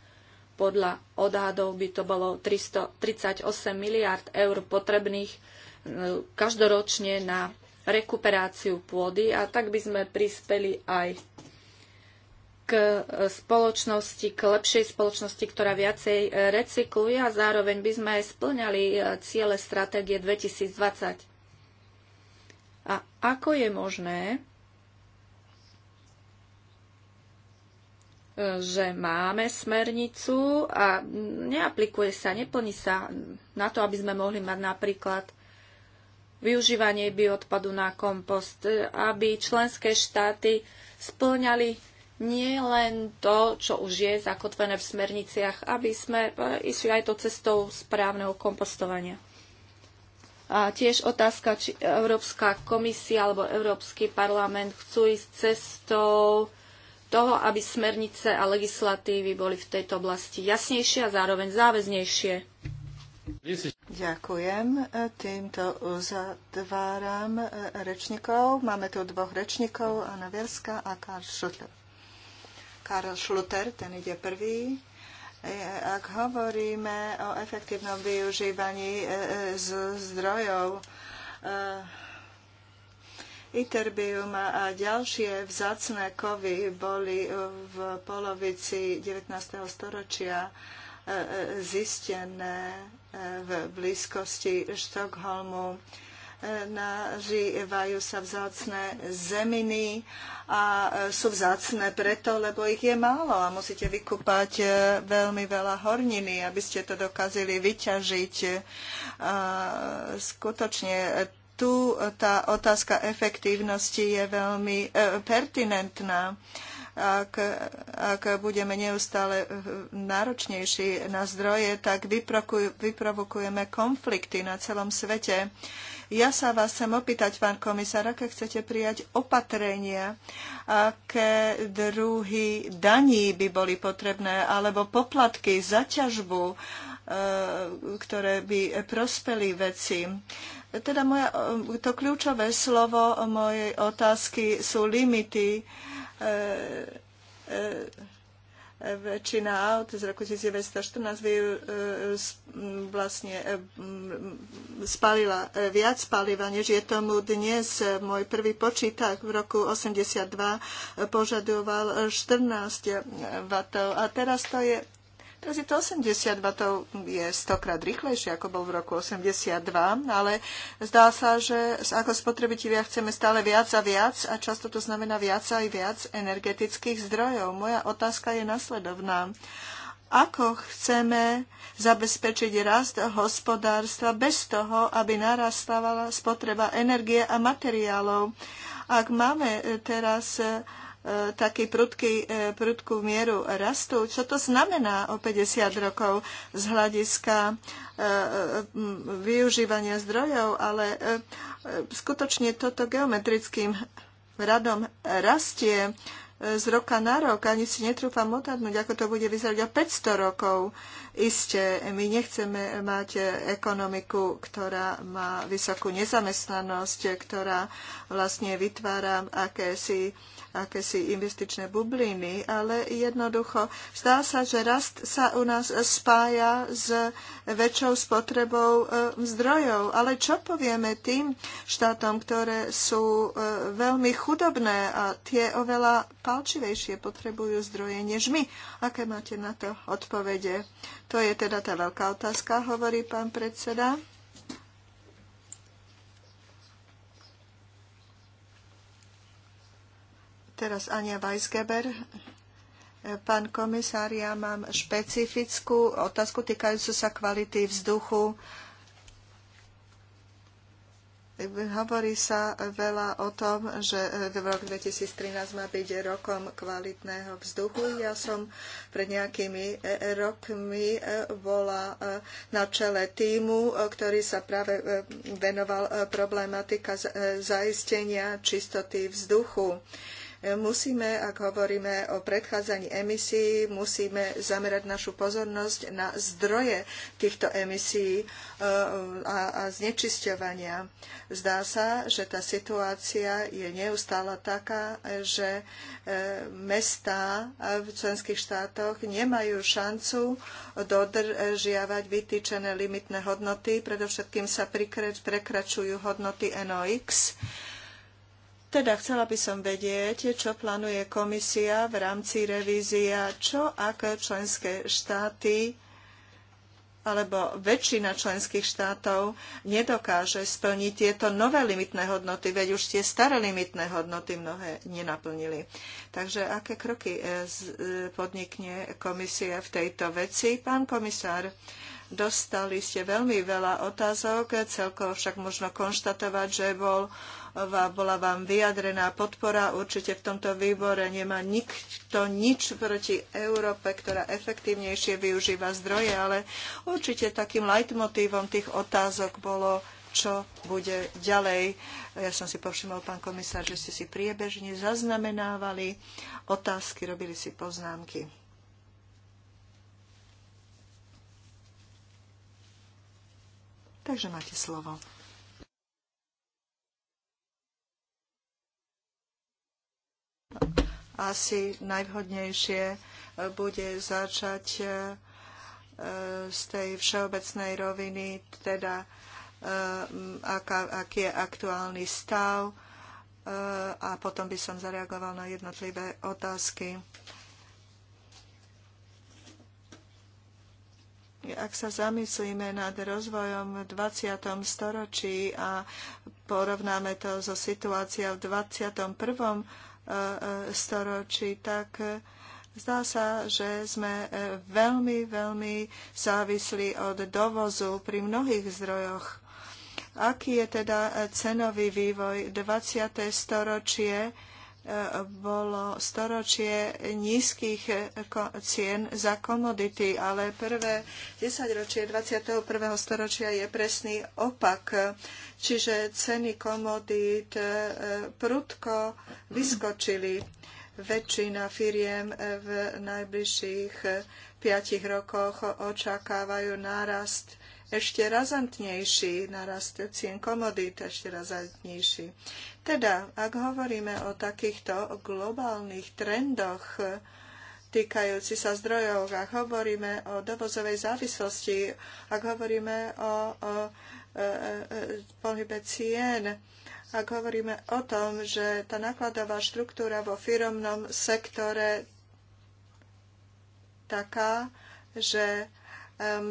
podľa odhadov by to bolo 338 miliard eur potrebných e, každoročne na rekuperáciu pôdy a tak by sme prispeli aj k spoločnosti, k lepšej spoločnosti, ktorá viacej e, recykluje a zároveň by sme aj splňali e, ciele stratégie 2020 a ako je možné, že máme smernicu a neaplikuje sa, neplní sa na to, aby sme mohli mať napríklad využívanie bioodpadu na kompost, aby členské štáty splňali nie len to, čo už je zakotvené v smerniciach, aby sme išli aj to cestou správneho kompostovania. A tiež otázka, či Európska komisia alebo Európsky parlament chcú ísť cestou toho, aby smernice a legislatívy boli v tejto oblasti jasnejšie a zároveň záväznejšie. Ďakujem. Týmto uzatváram e, rečníkov. Máme tu dvoch rečníkov, Anna Vierska a Karl Schluter. Karl Schluter, ten ide prvý. Ak hovoríme o efektívnom využívaní e, e, zdrojov, e, Iterbium a ďalšie vzácné kovy boli v polovici 19. storočia zistené v blízkosti Štokholmu nažívajú sa vzácne zeminy a e, sú vzácne preto, lebo ich je málo a musíte vykúpať e, veľmi veľa horniny, aby ste to dokázali vyťažiť. A e, skutočne tu tá otázka efektívnosti je veľmi pertinentná ak, ak budeme neustále náročnejší na zdroje, tak vyprovokujeme konflikty na celom svete. Ja sa vás chcem opýtať, pán komisár, aké chcete prijať opatrenia, aké druhy daní by boli potrebné, alebo poplatky za ťažbu, e, ktoré by prospeli veci. Teda moja, e, to kľúčové slovo mojej otázky sú limity. E, e, väčšina aut z roku 1914 by e, vlastne e, spalila e, viac paliva, než je tomu dnes. Môj prvý počítač v roku 82 požadoval 14 W a teraz to je Takže to 82 to je stokrát rýchlejšie, ako bol v roku 82, ale zdá sa, že ako spotrebitelia chceme stále viac a viac a často to znamená viac aj viac energetických zdrojov. Moja otázka je nasledovná. Ako chceme zabezpečiť rast hospodárstva bez toho, aby narastávala spotreba energie a materiálov? Ak máme teraz taký prudký, e, prudkú mieru rastu. Čo to znamená o 50 rokov z hľadiska e, e, využívania zdrojov, ale skutočne toto geometrickým radom rastie z roka na rok. Ani si netrúfam odhadnúť, ako to bude vyzerať o 500 rokov. Isté, my nechceme mať ekonomiku, ktorá má vysokú nezamestnanosť, ktorá vlastne vytvára akési akési investičné bubliny, ale jednoducho zdá sa, že rast sa u nás spája s väčšou spotrebou e, zdrojov. Ale čo povieme tým štátom, ktoré sú e, veľmi chudobné a tie oveľa palčivejšie potrebujú zdroje než my? Aké máte na to odpovede? To je teda tá veľká otázka, hovorí pán predseda. Teraz Ania Weisgeber. Pán komisár, ja mám špecifickú otázku týkajúcu sa kvality vzduchu. Hovorí sa veľa o tom, že rok 2013 má byť rokom kvalitného vzduchu. Ja som pred nejakými e, e, rokmi e, bola na čele týmu, ktorý sa práve venoval problematika zaistenia čistoty vzduchu musíme, ak hovoríme o predchádzaní emisí, musíme zamerať našu pozornosť na zdroje týchto emisí e, a, a znečisťovania. Zdá sa, že tá situácia je neustála taká, že e, mestá v členských štátoch nemajú šancu dodržiavať vytýčené limitné hodnoty. Predovšetkým sa prekračujú hodnoty NOx teda chcela by som vedieť, čo plánuje komisia v rámci revízia, čo ak členské štáty alebo väčšina členských štátov nedokáže splniť tieto nové limitné hodnoty, veď už tie staré limitné hodnoty mnohé nenaplnili. Takže aké kroky e, e, podnikne komisia v tejto veci? Pán komisár, dostali ste veľmi veľa otázok, celkovo však možno konštatovať, že bol bola vám vyjadrená podpora. Určite v tomto výbore nemá nikto nič proti Európe, ktorá efektívnejšie využíva zdroje, ale určite takým leitmotívom tých otázok bolo čo bude ďalej. Ja som si povšimol, pán komisár, že ste si priebežne zaznamenávali otázky, robili si poznámky. Takže máte slovo. asi najvhodnejšie e, bude začať e, z tej všeobecnej roviny, teda e, aký je aktuálny stav a potom by som zareagoval na jednotlivé otázky. ak sa zamyslíme nad rozvojom v 20. storočí a porovnáme to so situáciou v 21 storočí, tak eh, zdá sa, že sme eh, veľmi, veľmi závislí od dovozu pri mnohých zdrojoch. Aký je teda eh, cenový vývoj 20. storočie? bolo storočie nízkych e, cien za komodity, ale prvé desaťročie 21. storočia je presný opak. Čiže ceny komodít e, prudko vyskočili. Väčšina firiem e, v najbližších 5 rokoch očakávajú nárast ešte razantnejší, narast cien komodít ešte razantnejší. Teda, ak hovoríme o takýchto globálnych trendoch eh, týkajúci sa zdrojov, ak hovoríme o dovozovej závislosti, ak hovoríme o, o e, e, pohybe cien. Ak hovoríme o tom, že tá nákladová štruktúra vo firmnom sektore taká, že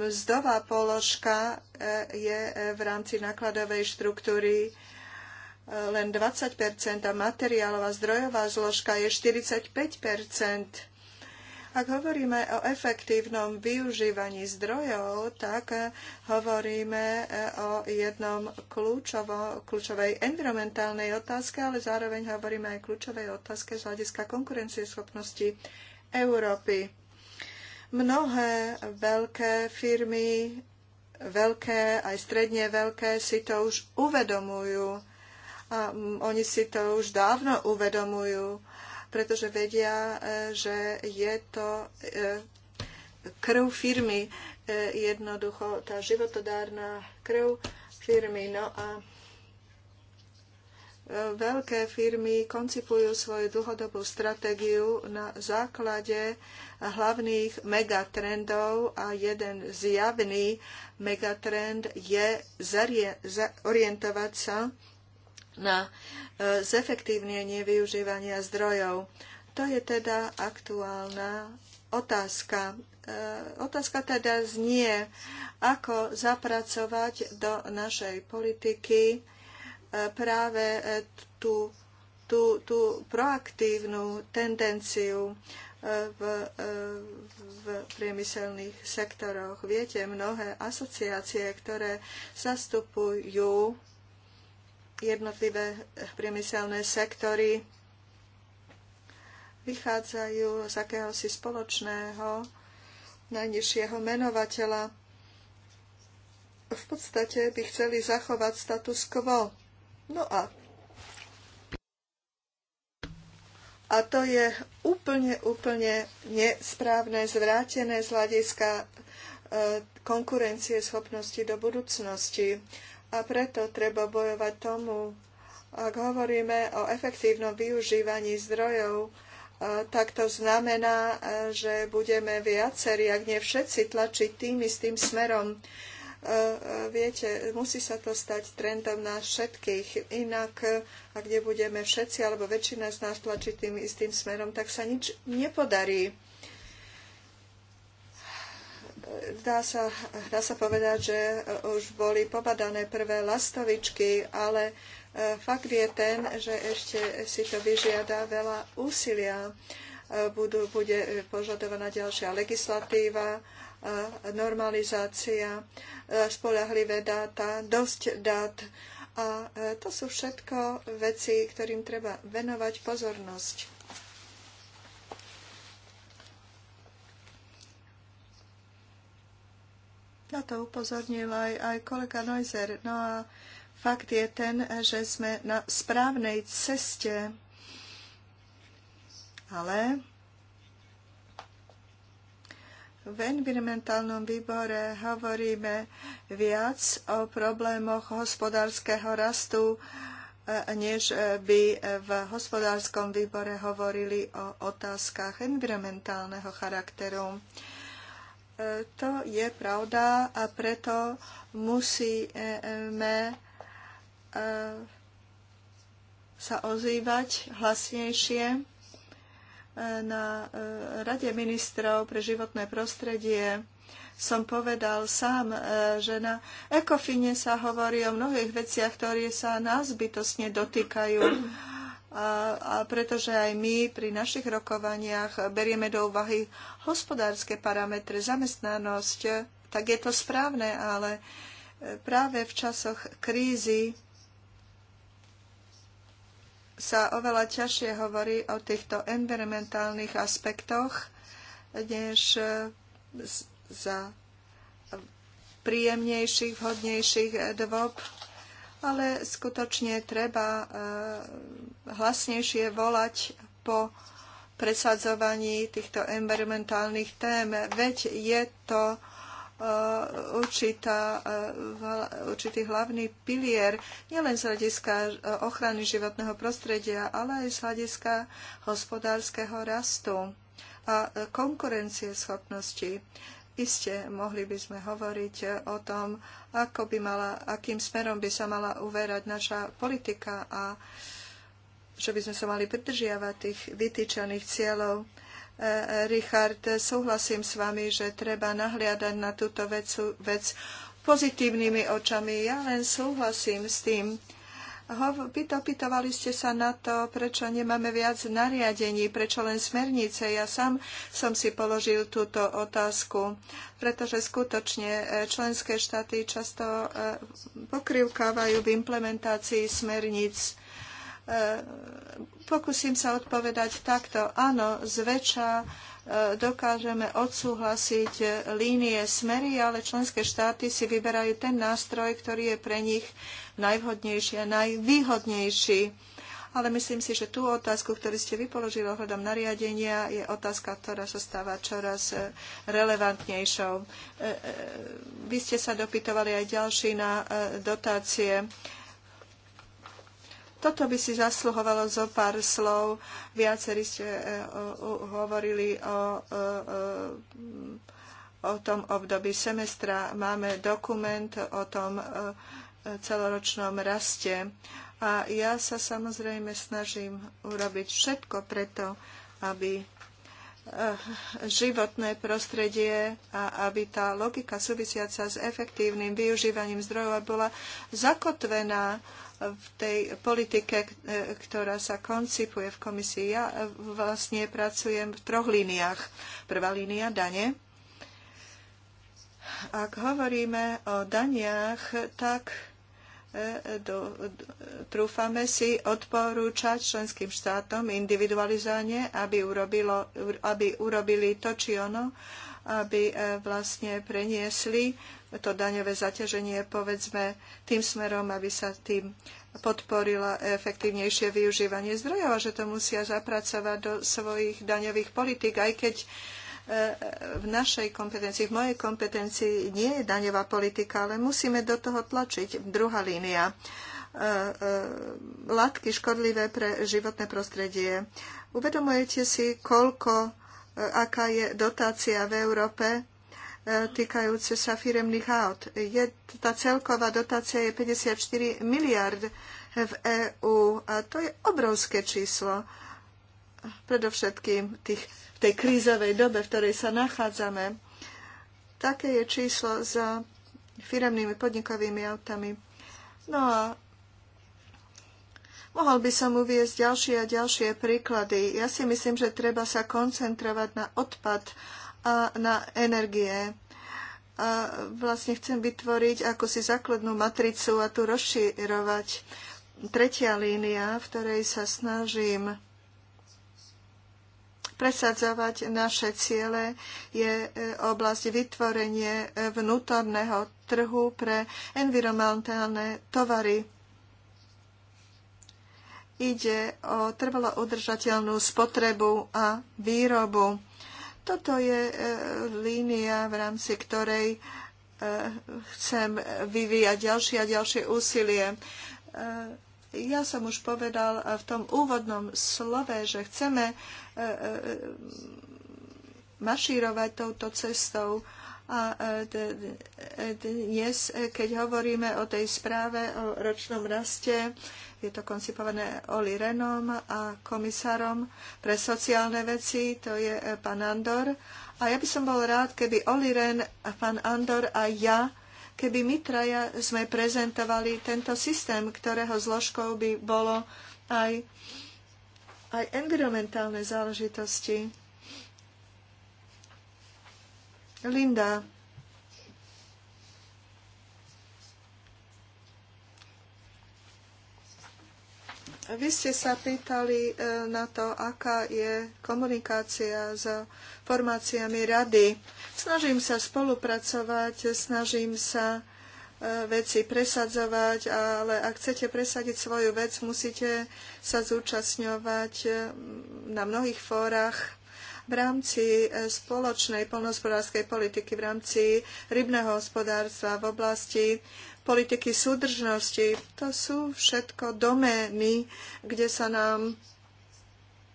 mzdová položka eh, je eh, v rámci nákladovej štruktúry len 20 a materiálová zdrojová zložka je 45 ak hovoríme o efektívnom využívaní zdrojov, tak hovoríme e, o jednom kľúčovo, kľúčovej environmentálnej otázke, ale zároveň hovoríme aj kľúčovej otázke z hľadiska konkurencieschopnosti Európy. Mnohé veľké firmy, veľké aj stredne veľké, si to už uvedomujú a mm, oni si to už dávno uvedomujú, pretože vedia, e, že je to e, krv firmy, e, jednoducho tá životodárna krv firmy. No a veľké firmy koncipujú svoju dlhodobú stratégiu na základe hlavných megatrendov a jeden zjavný megatrend je orientovať sa na e, zefektívnenie využívania zdrojov. To je teda aktuálna otázka. E, otázka teda znie, ako zapracovať do našej politiky e, práve tú, tú, tú proaktívnu tendenciu v, v priemyselných sektoroch. Viete, mnohé asociácie, ktoré zastupujú jednotlivé priemyselné sektory vychádzajú z akéhosi spoločného najnižšieho menovateľa. V podstate by chceli zachovať status quo. No a A to je úplne, úplne nesprávne, zvrátené z hľadiska e, konkurencie schopnosti do budúcnosti a preto treba bojovať tomu, ak hovoríme o efektívnom využívaní zdrojov, e, tak to znamená, e, že budeme viacerí, ak nie všetci, tlačiť tým istým smerom. E, viete, musí sa to stať trendom na všetkých. Inak, ak nebudeme všetci alebo väčšina z nás tlačiť tým istým smerom, tak sa nič nepodarí dá sa, dá sa povedať, že e, už boli pobadané prvé lastovičky, ale e, fakt je ten, že ešte si to vyžiada veľa úsilia. E, budú, bude požadovaná ďalšia legislatíva, normalizácia, spolahlivé dáta, dosť dát. A to sú všetko veci, ktorým treba venovať pozornosť. Na to upozornil aj, aj kolega Neuser. No a fakt je ten, že sme na správnej ceste, ale v environmentálnom výbore hovoríme viac o problémoch hospodárskeho rastu, eh, než by v hospodárskom výbore hovorili o otázkach environmentálneho charakteru to je pravda a preto musíme e, sa ozývať hlasnejšie e, na e, Rade ministrov pre životné prostredie som povedal sám, že na ekofine sa hovorí o mnohých veciach, ktoré sa nás bytosne dotýkajú a, a pretože aj my pri našich rokovaniach berieme do úvahy hospodárske parametre, zamestnanosť, tak je to správne, ale e, práve v časoch krízy sa oveľa ťažšie hovorí o týchto environmentálnych aspektoch, než e, za príjemnejších, vhodnejších dôb, ale skutočne treba e, hlasnejšie volať po presadzovaní týchto environmentálnych tém. Veď je to e, určitá, e, určitý hlavný pilier nielen z hľadiska e, ochrany životného prostredia, ale aj z hľadiska hospodárskeho rastu a konkurencieschopnosti. Isté, mohli by sme hovoriť o tom, ako by mala, akým smerom by sa mala uverať naša politika a uh, že by sme sa mali pridržiavať tých vytýčaných cieľov. E, e, Richard, súhlasím s vami, že treba nahliadať na túto vec, vec pozitívnymi očami. Ja len súhlasím s tým. Pýtovali ste sa na to, prečo nemáme viac nariadení, prečo len smernice. Ja sám som si položil túto otázku, pretože skutočne e, členské štáty často pokrivkávajú v implementácii smerníc E, pokúsim sa odpovedať takto. Áno, zväčša e, dokážeme odsúhlasiť línie smery, ale členské štáty si vyberajú ten nástroj, ktorý je pre nich najvhodnejší a najvýhodnejší. Ale myslím si, že tú otázku, ktorú ste vypoložili ohľadom nariadenia, je otázka, ktorá sa stáva čoraz e, relevantnejšou. Vy ste sa dopytovali aj ďalší na dotácie toto by si zasluhovalo zo pár slov. Viacerí ste e, hovorili o, o tom období semestra. Máme dokument o tom e, celoročnom raste. A ja sa samozrejme snažím urobiť všetko preto, aby e, životné prostredie a aby tá logika súvisiaca s efektívnym využívaním zdrojov bola zakotvená v tej politike, e, ktorá sa koncipuje v komisii. Ja e, vlastne pracujem v troch líniách. Prvá línia dane. Ak hovoríme o daniach, tak e, do, trúfame si odporúčať členským štátom individualizovanie, aby, urobilo, aby urobili to či ono, aby vlastne preniesli to daňové zaťaženie, povedzme, tým smerom, aby sa tým podporila efektívnejšie využívanie zdrojov a že to musia zapracovať do svojich daňových politik, aj keď e, v našej kompetencii, v mojej kompetencii nie je daňová politika, ale musíme do toho tlačiť. Druhá línia. E, e, látky škodlivé pre životné prostredie. Uvedomujete si, koľko, aká je dotácia v Európe E, týkajúce sa firemných aut. Je, tá celková dotácia je 54 miliard v EÚ a to je obrovské číslo. Predovšetkým tých, v tej krízovej dobe, v ktorej sa nachádzame. Také je číslo za firemnými podnikovými autami. No a Mohol by som uviezť ďalšie a ďalšie príklady. Ja si myslím, že treba sa koncentrovať na odpad a na energie. A vlastne chcem vytvoriť ako si základnú matricu a tu rozširovať. Tretia línia, v ktorej sa snažím presadzovať naše ciele je e, oblasť vytvorenie vnútorného trhu pre environmentálne tovary. Ide o trvalo udržateľnú spotrebu a výrobu. Toto je e, línia, v rámci ktorej e, chcem vyvíjať ďalšie a ďalšie úsilie. E, ja som už povedal v tom úvodnom slove, že chceme mašírovať touto cestou a e, e, dnes, e, keď hovoríme o tej správe o ročnom raste, je to koncipované Oli Renom a komisárom pre sociálne veci, to je pán Andor. A ja by som bol rád, keby Oli Ren, pán Andor a ja, keby my traja sme prezentovali tento systém, ktorého zložkou by bolo aj, aj environmentálne záležitosti Linda. Vy ste sa pýtali e, na to, aká je komunikácia s formáciami rady. Snažím sa spolupracovať, snažím sa e, veci presadzovať, ale ak chcete presadiť svoju vec, musíte sa zúčastňovať e, na mnohých fórach v rámci e, spoločnej polnohospodárskej politiky, v rámci rybného hospodárstva, v oblasti politiky súdržnosti. To sú všetko domény, kde sa nám,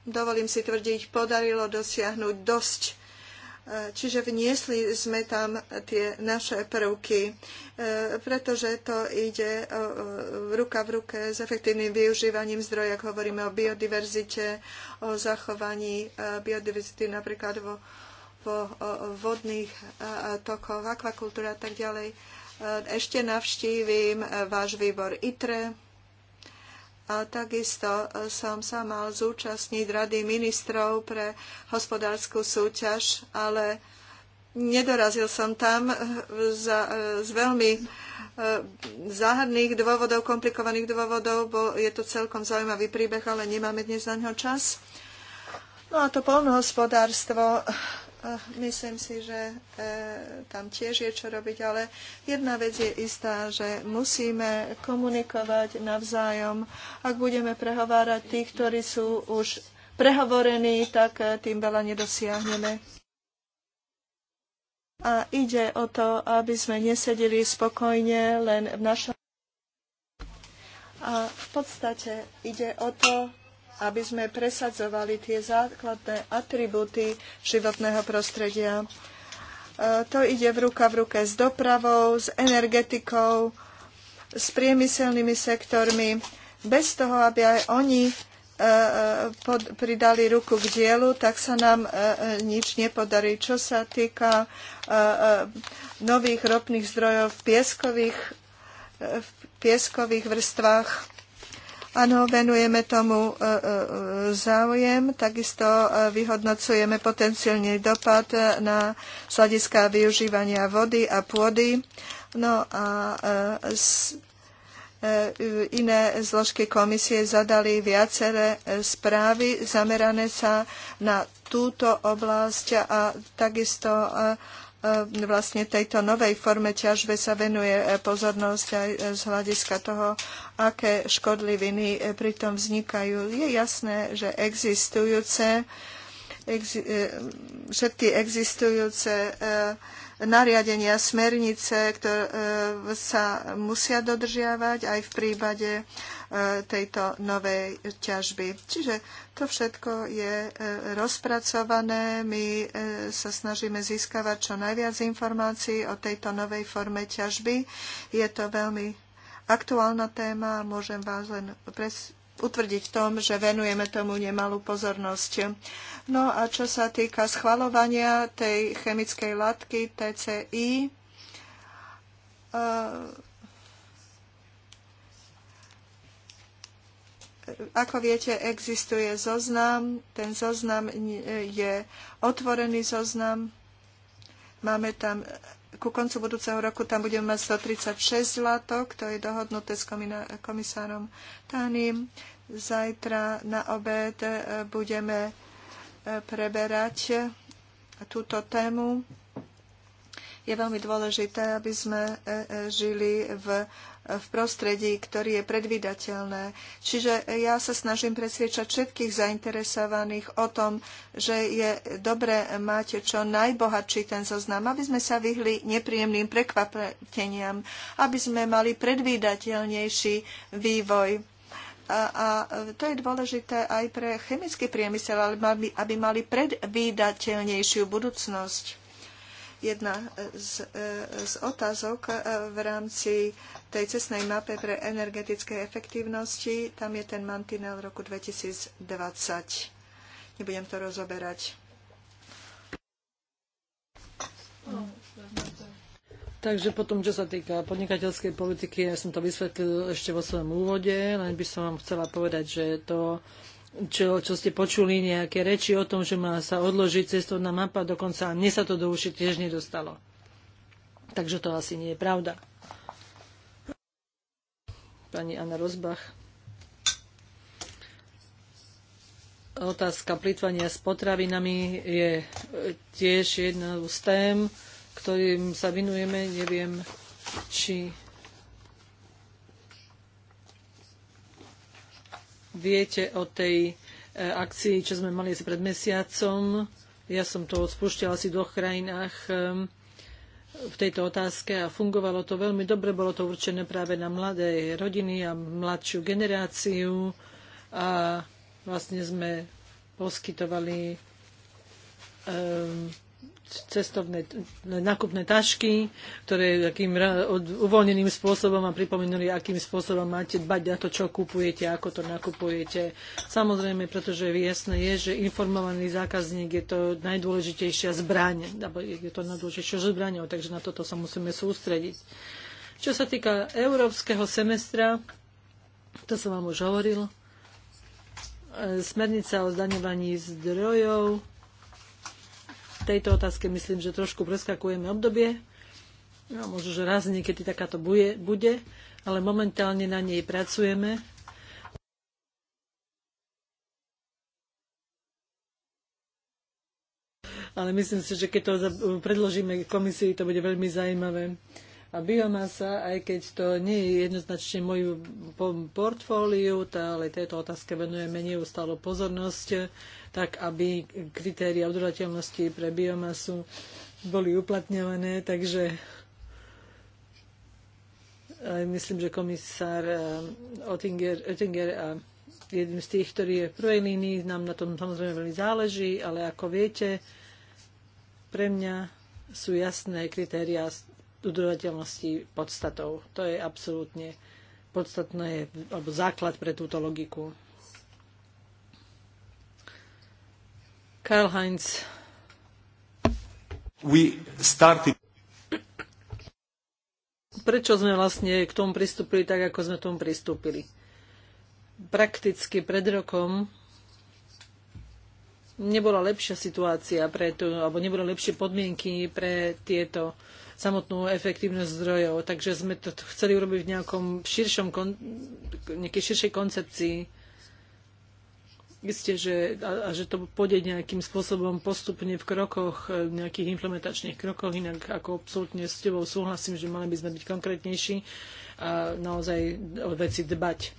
dovolím si tvrdiť, podarilo dosiahnuť dosť Čiže vniesli sme tam tie naše prvky, e, pretože to ide ruka v ruke s efektívnym využívaním zdroja, ak hovoríme o biodiverzite, o zachovaní e, biodiverzity napríklad vo, vo vodných e, tokoch, akvakultúra a tak ďalej. Ešte navštívim váš výbor ITRE a takisto e, som sa mal zúčastniť Rady ministrov pre hospodárskú súťaž, ale nedorazil som tam e, za, e, z veľmi záhadných dôvodov, komplikovaných dôvodov, bo je to celkom zaujímavý príbeh, ale nemáme dnes na ňo čas. No a to polnohospodárstvo Eh, myslím si, že eh, tam tiež je čo robiť, ale jedna vec je istá, že musíme komunikovať navzájom. Ak budeme prehovárať tých, ktorí sú už prehovorení, tak eh, tým veľa nedosiahneme. A ide o to, aby sme nesedeli spokojne len v našom. A v podstate ide o to, aby sme presadzovali tie základné atributy životného prostredia. E, to ide v ruka v ruke s dopravou, s energetikou, s priemyselnými sektormi, bez toho, aby aj oni e, e, pod, pridali ruku k dielu, tak sa nám nič nepodarí. Čo sa týka nových ropných zdrojov v pieskových, v pieskových vrstvách, Áno, venujeme tomu e, e, záujem, takisto e, vyhodnocujeme potenciálny dopad na sladiska využívania vody a pôdy. No a iné zložky komisie zadali viaceré správy zamerané sa na túto oblasť a takisto vlastne tejto novej forme ťažbe sa venuje pozornosť aj z hľadiska toho, aké škodliviny e, pritom vznikajú. Je jasné, že existujúce, exi, e, všetky existujúce e, nariadenia, smernice, ktoré sa musia dodržiavať aj v prípade tejto novej ťažby. Čiže to všetko je rozpracované. My sa snažíme získavať čo najviac informácií o tejto novej forme ťažby. Je to veľmi aktuálna téma a môžem vás len pres- utvrdiť v tom, že venujeme tomu nemalú pozornosť. No a čo sa týka schvalovania tej chemickej látky TCI, eh, ako viete, existuje zoznam. Ten zoznam je otvorený zoznam. Máme tam ku koncu budúceho roku tam budeme mať 136 látok, to je dohodnuté s komisárom Tánim. Zajtra na obed e, budeme e, preberať túto tému. Je veľmi dôležité, aby sme e, žili v v prostredí, ktorý je predvydateľné. Čiže ja sa snažím presviečať všetkých zainteresovaných o tom, že je dobre mať čo najbohatší ten zoznam, aby sme sa vyhli nepríjemným prekvapeniam, aby sme mali predvídateľnejší vývoj a, a to je dôležité aj pre chemický priemysel, aby, aby mali predvídateľnejšiu budúcnosť. Jedna z, e, z otázok e, v rámci tej cestnej mape pre energetické efektívnosti, tam je ten mantinel roku 2020. Nebudem to rozoberať. Takže potom, čo sa týka podnikateľskej politiky, ja som to vysvetlil ešte vo svojom úvode, len by som vám chcela povedať, že to, čo, čo ste počuli, nejaké reči o tom, že má sa odložiť cestovná mapa, dokonca mne sa to do uši tiež nedostalo. Takže to asi nie je pravda pani Anna Rozbach. Otázka plýtvania s potravinami je e, tiež jednou z tém, ktorým sa venujeme. Neviem, či viete o tej e, akcii, čo sme mali asi pred mesiacom. Ja som to spúšťala asi v dvoch krajinách. E, v tejto otázke a fungovalo to veľmi dobre. Bolo to určené práve na mladé rodiny a mladšiu generáciu a vlastne sme poskytovali um, cestovné nákupné tašky, ktoré takým uvoľneným spôsobom a pripomenuli, akým spôsobom máte dbať na to, čo kupujete, ako to nakupujete. Samozrejme, pretože jasné je, že informovaný zákazník je to najdôležitejšia zbraň, alebo je to najdôležitejšia zbraňou, takže na toto sa musíme sústrediť. Čo sa týka európskeho semestra, to som vám už hovoril, e, smernica o zdaňovaní zdrojov, tejto otázke myslím, že trošku preskakujeme obdobie. No, možno, že raz niekedy takáto bude, bude, ale momentálne na nej pracujeme. Ale myslím si, že keď to predložíme komisii, to bude veľmi zaujímavé. A biomasa, aj keď to nie je jednoznačne moju portfóliu, tá, ale tejto otázke venujeme neustálo pozornosť, tak aby kritéria udržateľnosti pre biomasu boli uplatňované. Takže myslím, že komisár eh, Oettinger, Oettinger a jedným z tých, ktorý je v prvej línii, nám na tom samozrejme veľmi záleží, ale ako viete, pre mňa sú jasné kritériá udržateľnosti podstatou. To je absolútne podstatné, alebo základ pre túto logiku. Karl Heinz. We started prečo sme vlastne k tomu pristúpili tak, ako sme k tomu pristúpili. Prakticky pred rokom nebola lepšia situácia pre tú, alebo neboli lepšie podmienky pre tieto samotnú efektívnosť zdrojov. Takže sme to chceli urobiť v nejakom širšom, nejakej širšej koncepcii. Isté, že, a, a že to pôjde nejakým spôsobom postupne v krokoch, v e, nejakých implementačných krokoch, inak ako absolútne s tebou súhlasím, že mali by sme byť konkrétnejší a naozaj o veci dbať.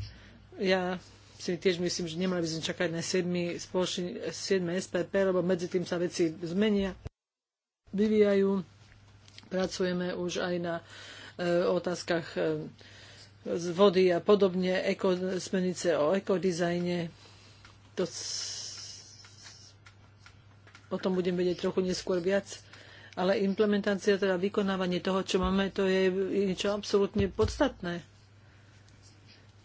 Ja si tiež myslím, že nemali by sme čakať na 7. spoločný 7. SPP, lebo medzi tým sa veci zmenia, vyvíjajú. Pracujeme už aj na e, otázkach e, z vody a podobne, eko, smernice o ekodizajne. To o tom budem vedieť trochu neskôr viac. Ale implementácia, teda vykonávanie toho, čo máme, to je niečo absolútne podstatné.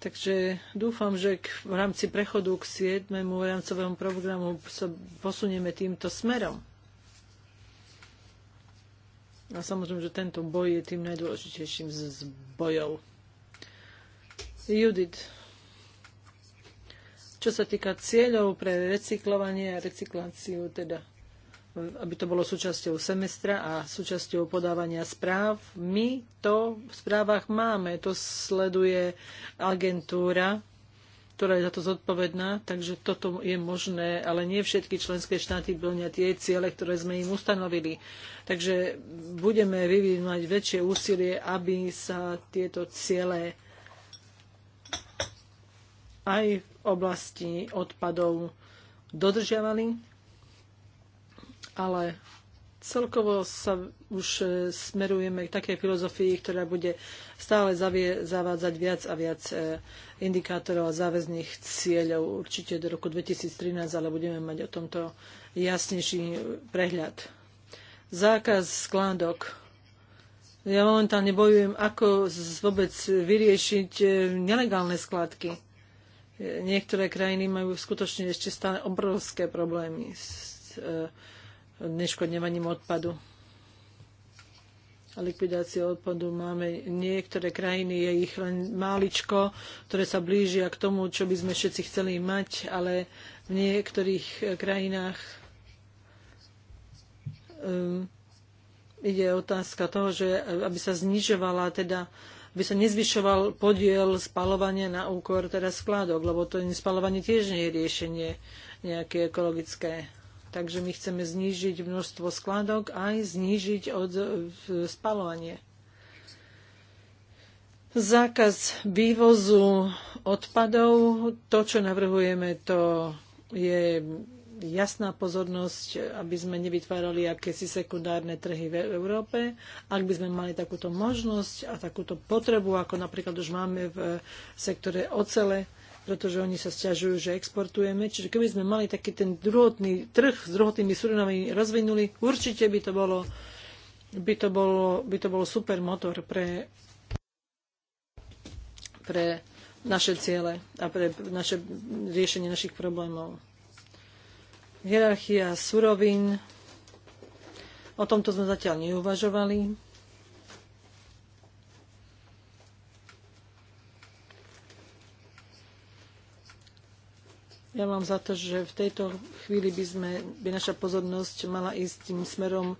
Takže dúfam, že v rámci prechodu k 7. rámcovému programu sa posunieme týmto smerom. A samozrejme, že tento boj je tým najdôležitejším z, z bojov. Judith, čo sa týka cieľov pre recyklovanie a recykláciu, teda aby to bolo súčasťou semestra a súčasťou podávania správ. My to v správach máme, to sleduje agentúra ktorá je za to zodpovedná, takže toto je možné, ale nie všetky členské štáty plnia tie ciele, ktoré sme im ustanovili. Takže budeme vyvinúť väčšie úsilie, aby sa tieto ciele aj v oblasti odpadov dodržiavali, ale celkovo sa už e, smerujeme k takej filozofii, ktorá bude stále zavádzať viac a viac e, indikátorov a záväzných cieľov určite do roku 2013, ale budeme mať o tomto jasnejší prehľad. Zákaz skládok ja momentálne bojujem, ako vôbec vyriešiť e, nelegálne skladky. Niektoré krajiny majú skutočne ešte stále obrovské problémy s neškodňovaním odpadu a likvidácie odpadu máme niektoré krajiny, je ich len máličko, ktoré sa blížia k tomu, čo by sme všetci chceli mať, ale v niektorých eh, krajinách um, ide otázka toho, že eh, aby sa znižovala teda aby sa nezvyšoval podiel spalovania na úkor teda skládok, lebo to spalovanie tiež nie je riešenie nejaké ekologické. Takže my chceme znížiť množstvo skladok aj znížiť od spalovanie. Zákaz vývozu odpadov, to, čo navrhujeme, to je jasná pozornosť, aby sme nevytvárali akési sekundárne trhy v Európe. Ak by sme mali takúto možnosť a takúto potrebu, ako napríklad už máme v sektore ocele, pretože oni sa stiažujú, že exportujeme. Čiže keby sme mali taký ten druhotný trh s druhotnými surovinami rozvinuli, určite by to bolo, by to bolo, by to bolo super motor pre, pre naše ciele a pre naše riešenie našich problémov. Hierarchia surovín. O tomto sme zatiaľ neuvažovali. Ja mám za to, že v tejto chvíli by, sme, by naša pozornosť mala ísť tým smerom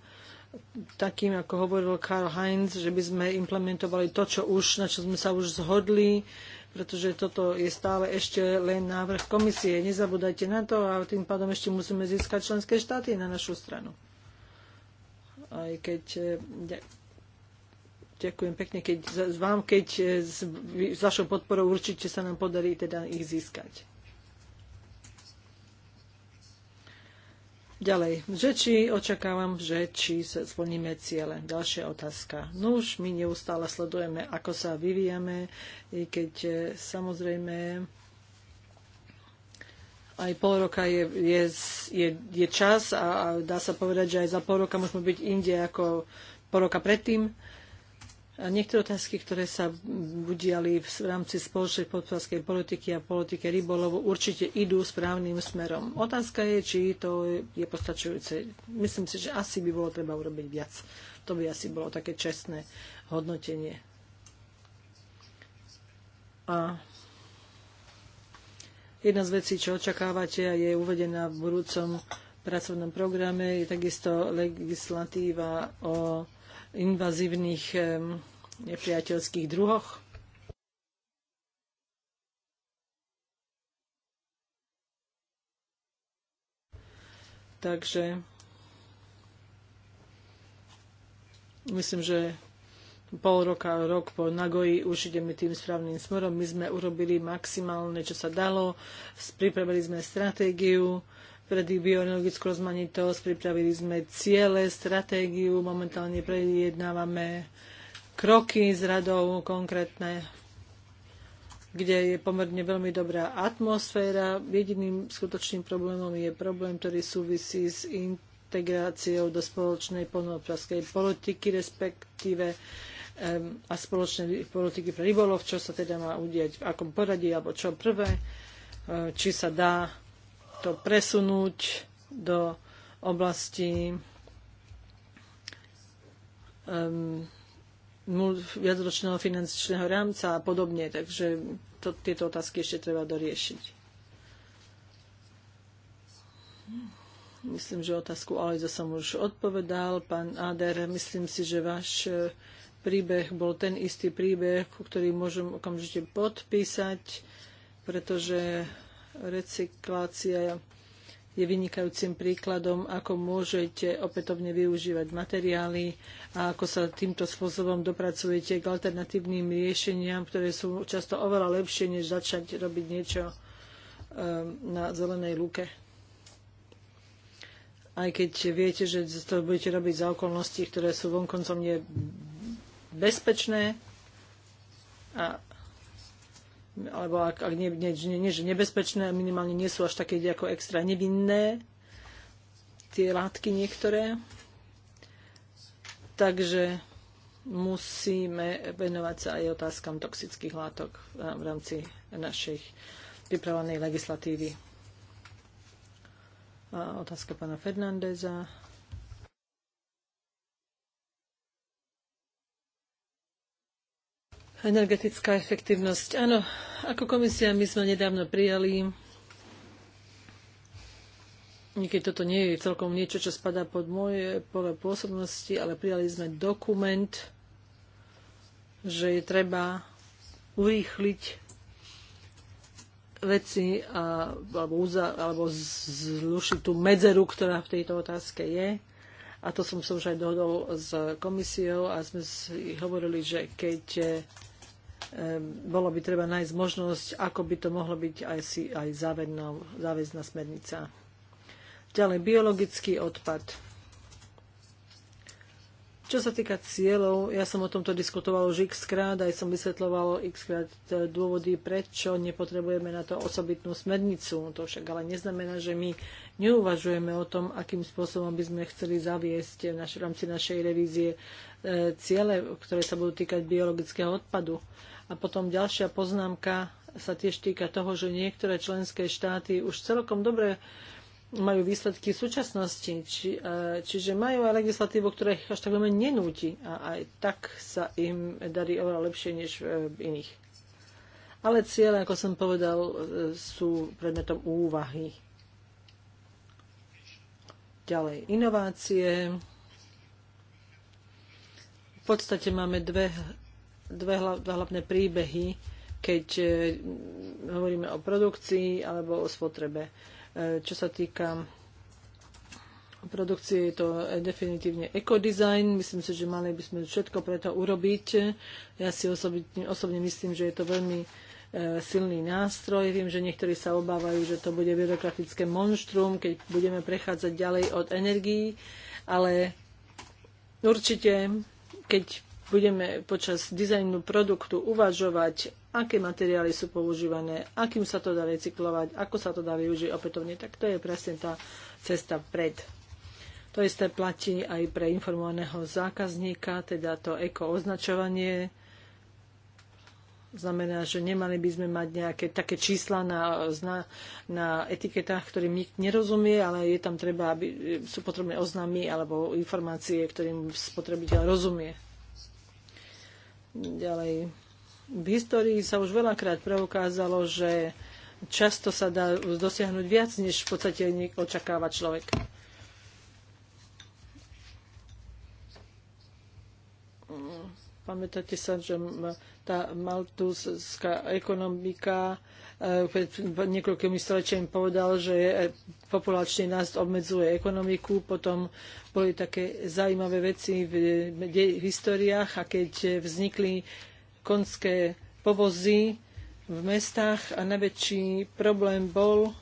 takým, ako hovoril Karl Heinz, že by sme implementovali to, čo už, na čo sme sa už zhodli, pretože toto je stále ešte len návrh komisie. Nezabúdajte na to a tým pádom ešte musíme získať členské štáty na našu stranu. Aj keď e, Ďakujem pekne. Keď, vám, keď s, e, s vašou podporou určite sa nám podarí teda ich získať. Ďalej, že či očakávam, že či sa splníme ciele. Ďalšia otázka. No už my neustále sledujeme, ako sa vyvíjame, i keď e, samozrejme aj pol roka je, je, je, je čas a, a dá sa povedať, že aj za pol roka môžeme byť inde ako pol roka predtým. Niektoré otázky, ktoré sa udiali v rámci spoločnej podporskej politiky a politike rybolovu, určite idú správnym smerom. Otázka je, či to je postačujúce. Myslím si, že asi by bolo treba urobiť viac. To by asi bolo také čestné hodnotenie. A jedna z vecí, čo očakávate a je uvedená v budúcom pracovnom programe, je takisto legislatíva o invazívnych nepriateľských druhoch? Takže myslím, že pol roka, rok po Nagoji už ideme tým správnym smerom. My sme urobili maximálne, čo sa dalo. Pripravili sme stratégiu pre biologickú rozmanitosť, pripravili sme ciele, stratégiu, momentálne prejednávame kroky s radou konkrétne, kde je pomerne veľmi dobrá atmosféra. Jediným skutočným problémom je problém, ktorý súvisí s integráciou do spoločnej polnohospodárskej politiky, respektíve a spoločnej politiky pre rybolov, čo sa teda má udiať, v akom poradí, alebo čo prvé, e, či sa dá to presunúť do oblasti um, viacročného finančného rámca a podobne. Takže to, tieto otázky ešte treba doriešiť. Myslím, že otázku Alejza som už odpovedal. Pán Ader, myslím si, že váš eh, príbeh bol ten istý príbeh, ktorý môžem okamžite podpísať, pretože recyklácia je vynikajúcim príkladom, ako môžete opätovne využívať materiály a ako sa týmto spôsobom dopracujete k alternatívnym riešeniam, ktoré sú často oveľa lepšie, než začať robiť niečo um, na zelenej lúke. Aj keď viete, že to budete robiť za okolnosti, ktoré sú vonkoncom nebezpečné a alebo ak, ak nie, nie, nie, že nebezpečné, minimálne nie sú až také ako extra nevinné tie látky niektoré. Takže musíme venovať sa aj otázkam toxických látok eh, v rámci našej pripravenej legislatívy. A otázka pána Fernandeza. Energetická efektívnosť. Áno, ako komisia my sme nedávno prijali Niekedy toto nie je celkom niečo, čo spadá pod moje pole pôsobnosti, ale prijali sme dokument, že je treba urýchliť veci a, alebo, uza, alebo zlušiť tú medzeru, ktorá v tejto otázke je. A to som sa už aj dohodol s komisiou a sme si hovorili, že keď Ehm, bolo by treba nájsť možnosť, ako by to mohlo byť aj, si, aj záväzná, záväzná smernica. Ďalej, biologický odpad. Čo sa týka cieľov, ja som o tomto diskutoval už x krát, aj som vysvetloval x krát e, dôvody, prečo nepotrebujeme na to osobitnú smernicu. To však ale neznamená, že my neuvažujeme o tom, akým spôsobom by sme chceli zaviesť v, naš- v rámci našej revízie e, ciele, ktoré sa budú týkať biologického odpadu. E, a potom ďalšia poznámka sa tiež týka toho, že niektoré členské štáty už celkom dobre majú výsledky v súčasnosti, či, e, čiže majú aj legislatívu, ktorá ich až tak veľmi nenúti a aj tak sa im darí oveľa lepšie než v e, iných. Ale cieľe, ako som povedal, e, sú predmetom úvahy. Ďalej, inovácie. V podstate máme dve dve, hlavné príbehy, keď e, hovoríme o produkcii alebo o spotrebe. E, čo sa týka produkcie je to e, definitívne ekodizajn. Myslím si, že mali by sme všetko preto urobiť. Ja si osobitne, osobne myslím, že je to veľmi silný nástroj. Viem, že niektorí sa obávajú, že to bude byrokratické monštrum, keď budeme prechádzať ďalej od energií, ale určite, keď budeme počas dizajnu produktu uvažovať, aké materiály sú používané, akým sa to dá recyklovať, ako sa to dá využiť opätovne, tak to je presne tá cesta pred. To isté platí aj pre informovaného zákazníka, teda to eko označovanie. Znamená, že nemali by sme mať nejaké také čísla na, na, na etiketách, ktorým nikto nerozumie, ale je tam treba, aby sú potrebné oznámy alebo informácie, ktorým spotrebiteľ rozumie. Ďalej. V histórii sa už veľakrát preukázalo, že často sa dá dosiahnuť viac, než v podstate očakáva človek. Pamätáte sa, že tá maltuská ekonomika Eh, pred niekoľkými storočiami povedal, že eh, populačný nás obmedzuje ekonomiku, potom boli také zaujímavé veci v, v históriách a keď eh, vznikli konské povozy v mestách a najväčší problém bol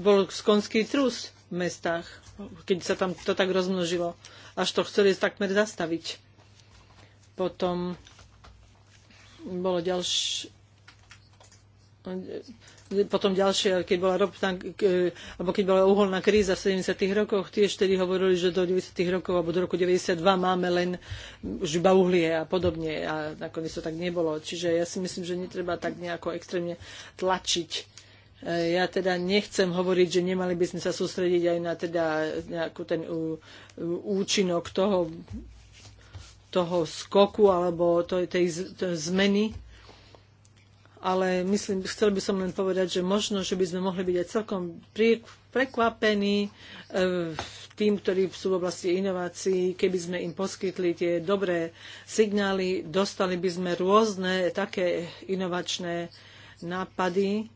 bol skonský trus v mestách, keď sa tam to tak rozmnožilo, až to chceli takmer zastaviť. Potom bolo ďalšie potom ďalšie, keď bola ropná, alebo keď bola uholná kríza v 70. rokoch, tiež tedy hovorili, že do 90. rokov alebo do roku 92 máme len už iba uhlie a podobne a nakoniec to tak nebolo. Čiže ja si myslím, že netreba tak nejako extrémne tlačiť. E, ja teda nechcem hovoriť, že nemali by sme sa sústrediť aj na teda nejakú ten účinok toho toho skoku alebo tej, tej zmeny. Ale myslím, chcel by som len povedať, že možno, že by sme mohli byť aj celkom prekvapení e, tým, ktorí sú v oblasti inovácií, keby sme im poskytli tie dobré signály, dostali by sme rôzne také inovačné nápady,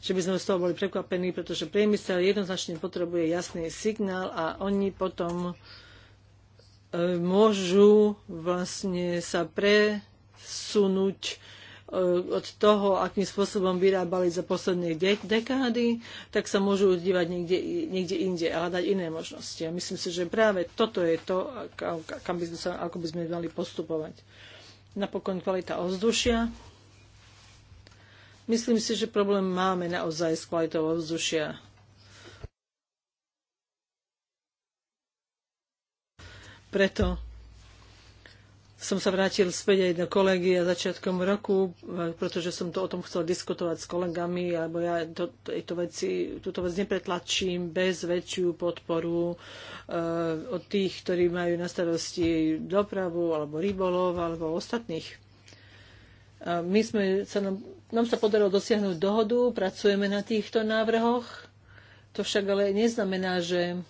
že by sme z toho boli prekvapení, pretože priemysel jednoznačne potrebuje jasný signál a oni potom E, môžu vlastne sa presunúť e, od toho, akým spôsobom vyrábali za posledné de- dekády, tak sa môžu dívať niekde, niekde inde a hľadať iné možnosti. A myslím si, že práve toto je to, kam by sme sa, ako by sme mali postupovať. Napokon kvalita ovzdušia. Myslím si, že problém máme naozaj s kvalitou ovzdušia Preto som sa vrátil späť aj do kolegy a začiatkom roku, e, pretože som to o tom chcel diskutovať s kolegami, alebo ja to, to veci, túto vec nepretlačím bez väčšiu podporu uh, od tých, ktorí majú na starosti dopravu, alebo rybolov, alebo ostatných. A my sme sa nám, nám sa podarilo dosiahnuť dohodu, pracujeme na týchto návrhoch. To však ale neznamená, že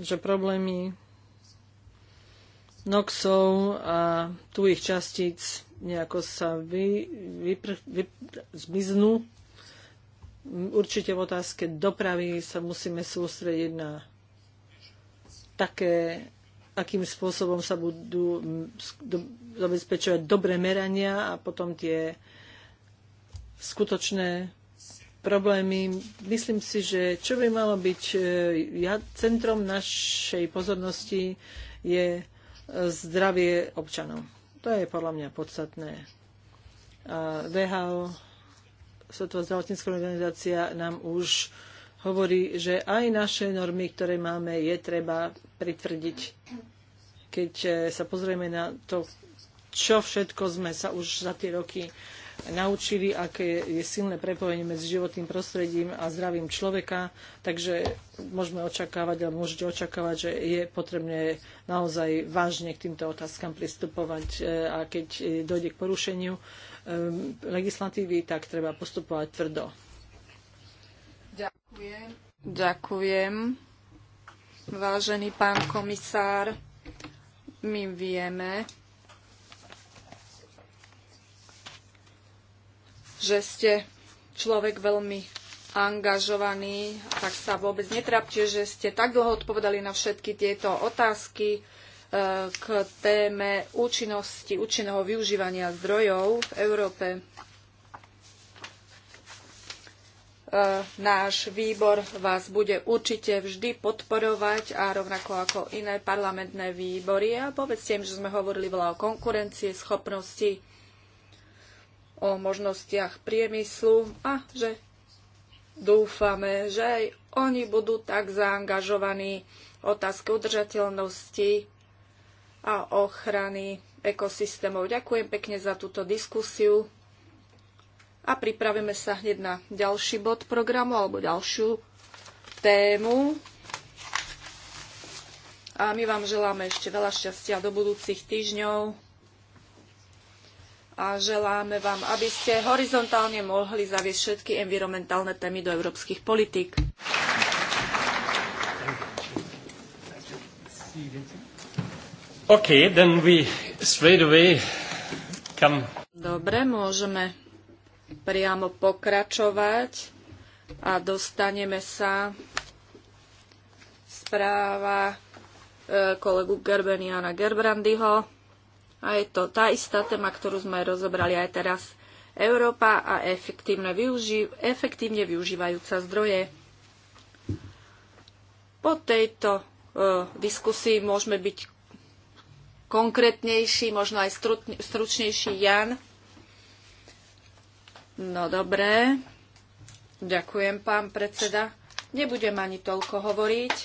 že problémy noxov a tu ich častíc nejako sa vy, vypr, vy, zmiznú. Určite v otázke dopravy sa musíme sústrediť na také, akým spôsobom sa budú zabezpečovať dobré merania a potom tie skutočné problémy. Myslím si, že čo by malo byť e, centrom našej pozornosti je e, zdravie občanov. To je podľa mňa podstatné. A VHO, Svetová zdravotnícká organizácia, nám už hovorí, že aj naše normy, ktoré máme, je treba pritvrdiť. Keď e, sa pozrieme na to, čo všetko sme sa už za tie roky naučili, aké je silné prepojenie medzi životným prostredím a zdravím človeka, takže môžeme očakávať, alebo môžete očakávať, že je potrebné naozaj vážne k týmto otázkam pristupovať e, a keď e, dojde k porušeniu e, legislatívy, tak treba postupovať tvrdo. Ďakujem. Ďakujem. Vážený pán komisár, my vieme, že ste človek veľmi angažovaný, tak sa vôbec netrapte, že ste tak dlho odpovedali na všetky tieto otázky e, k téme účinnosti, účinného využívania zdrojov v Európe. E, náš výbor vás bude určite vždy podporovať a rovnako ako iné parlamentné výbory. A povedzte im, že sme hovorili veľa o konkurencie, schopnosti o možnostiach priemyslu a že dúfame, že aj oni budú tak zaangažovaní v udržateľnosti a ochrany ekosystémov. Ďakujem pekne za túto diskusiu a pripravíme sa hneď na ďalší bod programu alebo ďalšiu tému. A my vám želáme ešte veľa šťastia do budúcich týždňov a želáme vám, aby ste horizontálne mohli zaviesť všetky environmentálne témy do európskych politík. Okay, then we straight away come. Dobre, môžeme priamo pokračovať a dostaneme sa správa e, kolegu Gerbeniana Gerbrandyho. A je to tá istá téma, ktorú sme rozobrali aj teraz. Európa a efektívne, využi- efektívne využívajúca zdroje. Po tejto e, diskusii môžeme byť konkrétnejší, možno aj stručnejší. Jan. No dobré. Ďakujem, pán predseda. Nebudem ani toľko hovoriť,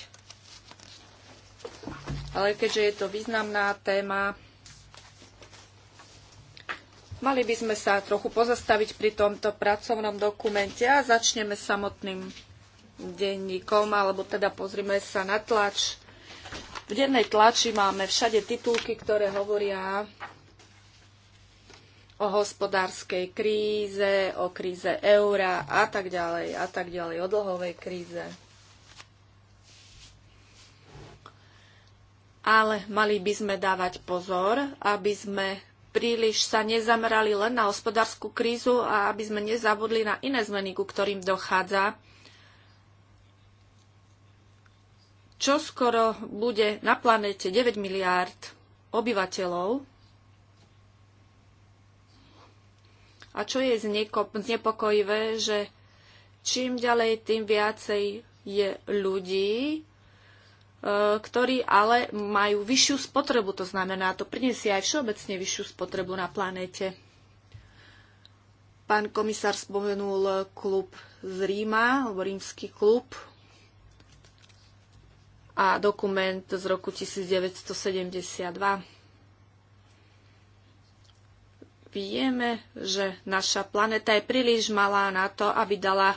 ale keďže je to významná téma, Mali by sme sa trochu pozastaviť pri tomto pracovnom dokumente a začneme samotným denníkom, alebo teda pozrime sa na tlač. V dennej tlači máme všade titulky, ktoré hovoria o hospodárskej kríze, o kríze eura a tak ďalej, a tak ďalej, o dlhovej kríze. Ale mali by sme dávať pozor, aby sme príliš sa nezamerali len na hospodárskú krízu a aby sme nezabudli na iné zmeny, ku ktorým dochádza. Čo skoro bude na planete 9 miliárd obyvateľov a čo je znepokojivé, že čím ďalej, tým viacej je ľudí, E, ktorí ale majú vyššiu spotrebu. To znamená, to prinesie aj všeobecne vyššiu spotrebu na planéte. Pán komisár spomenul klub z Ríma, alebo rímsky klub a dokument z roku 1972. Vieme, že naša planéta je príliš malá na to, aby dala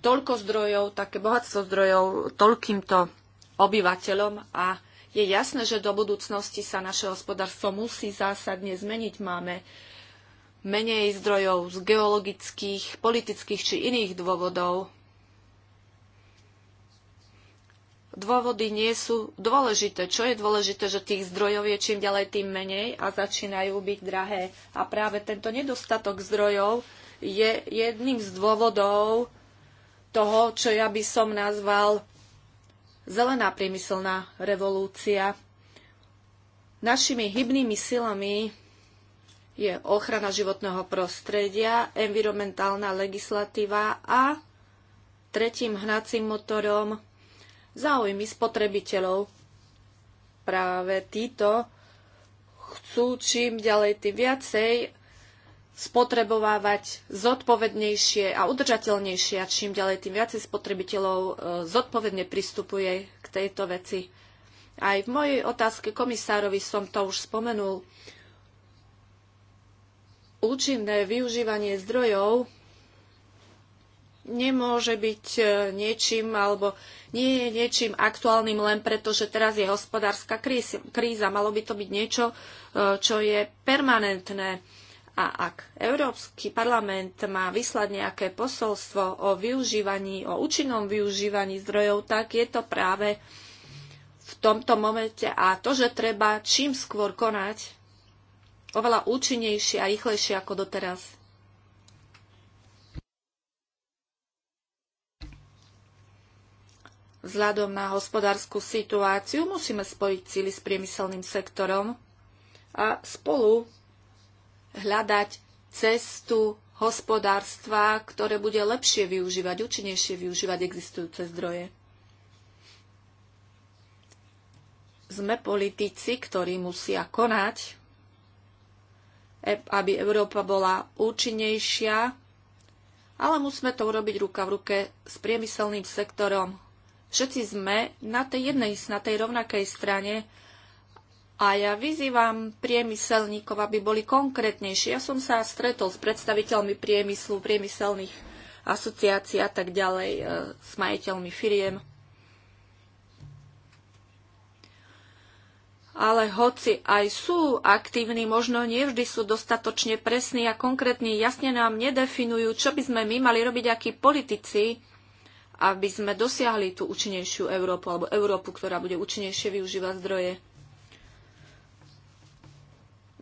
toľko zdrojov, také bohatstvo zdrojov toľkýmto obyvateľom a je jasné, že do budúcnosti sa naše hospodárstvo musí zásadne zmeniť. Máme menej zdrojov z geologických, politických či iných dôvodov. Dôvody nie sú dôležité. Čo je dôležité, že tých zdrojov je čím ďalej tým menej a začínajú byť drahé. A práve tento nedostatok zdrojov je jedným z dôvodov toho, čo ja by som nazval zelená priemyselná revolúcia. Našimi hybnými silami je ochrana životného prostredia, environmentálna legislatíva a tretím hnacím motorom záujmy spotrebiteľov. Práve títo chcú čím ďalej tým viacej spotrebovávať zodpovednejšie a udržateľnejšie a čím ďalej tým viacej spotrebiteľov e, zodpovedne pristupuje k tejto veci. Aj v mojej otázke komisárovi som to už spomenul. Účinné využívanie zdrojov nemôže byť e, niečím alebo nie je niečím aktuálnym len preto, že teraz je hospodárska kríza. Malo by to byť niečo, e, čo je permanentné a ak Európsky parlament má vyslať nejaké posolstvo o využívaní, o účinnom využívaní zdrojov, tak je to práve v tomto momente a to, že treba čím skôr konať, oveľa účinnejšie a rýchlejšie ako doteraz. Vzhľadom na hospodárskú situáciu musíme spojiť síly s priemyselným sektorom a spolu hľadať cestu hospodárstva, ktoré bude lepšie využívať, účinnejšie využívať existujúce zdroje. Sme politici, ktorí musia konať, aby Európa bola účinnejšia, ale musíme to urobiť ruka v ruke s priemyselným sektorom. Všetci sme na tej jednej, na tej rovnakej strane, a ja vyzývam priemyselníkov, aby boli konkrétnejší. Ja som sa stretol s predstaviteľmi priemyslu, priemyselných asociácií a tak ďalej, e, s majiteľmi firiem. ale hoci aj sú aktívni, možno nevždy sú dostatočne presní a konkrétni, jasne nám nedefinujú, čo by sme my mali robiť, akí politici, aby sme dosiahli tú účinnejšiu Európu, alebo Európu, ktorá bude účinnejšie využívať zdroje.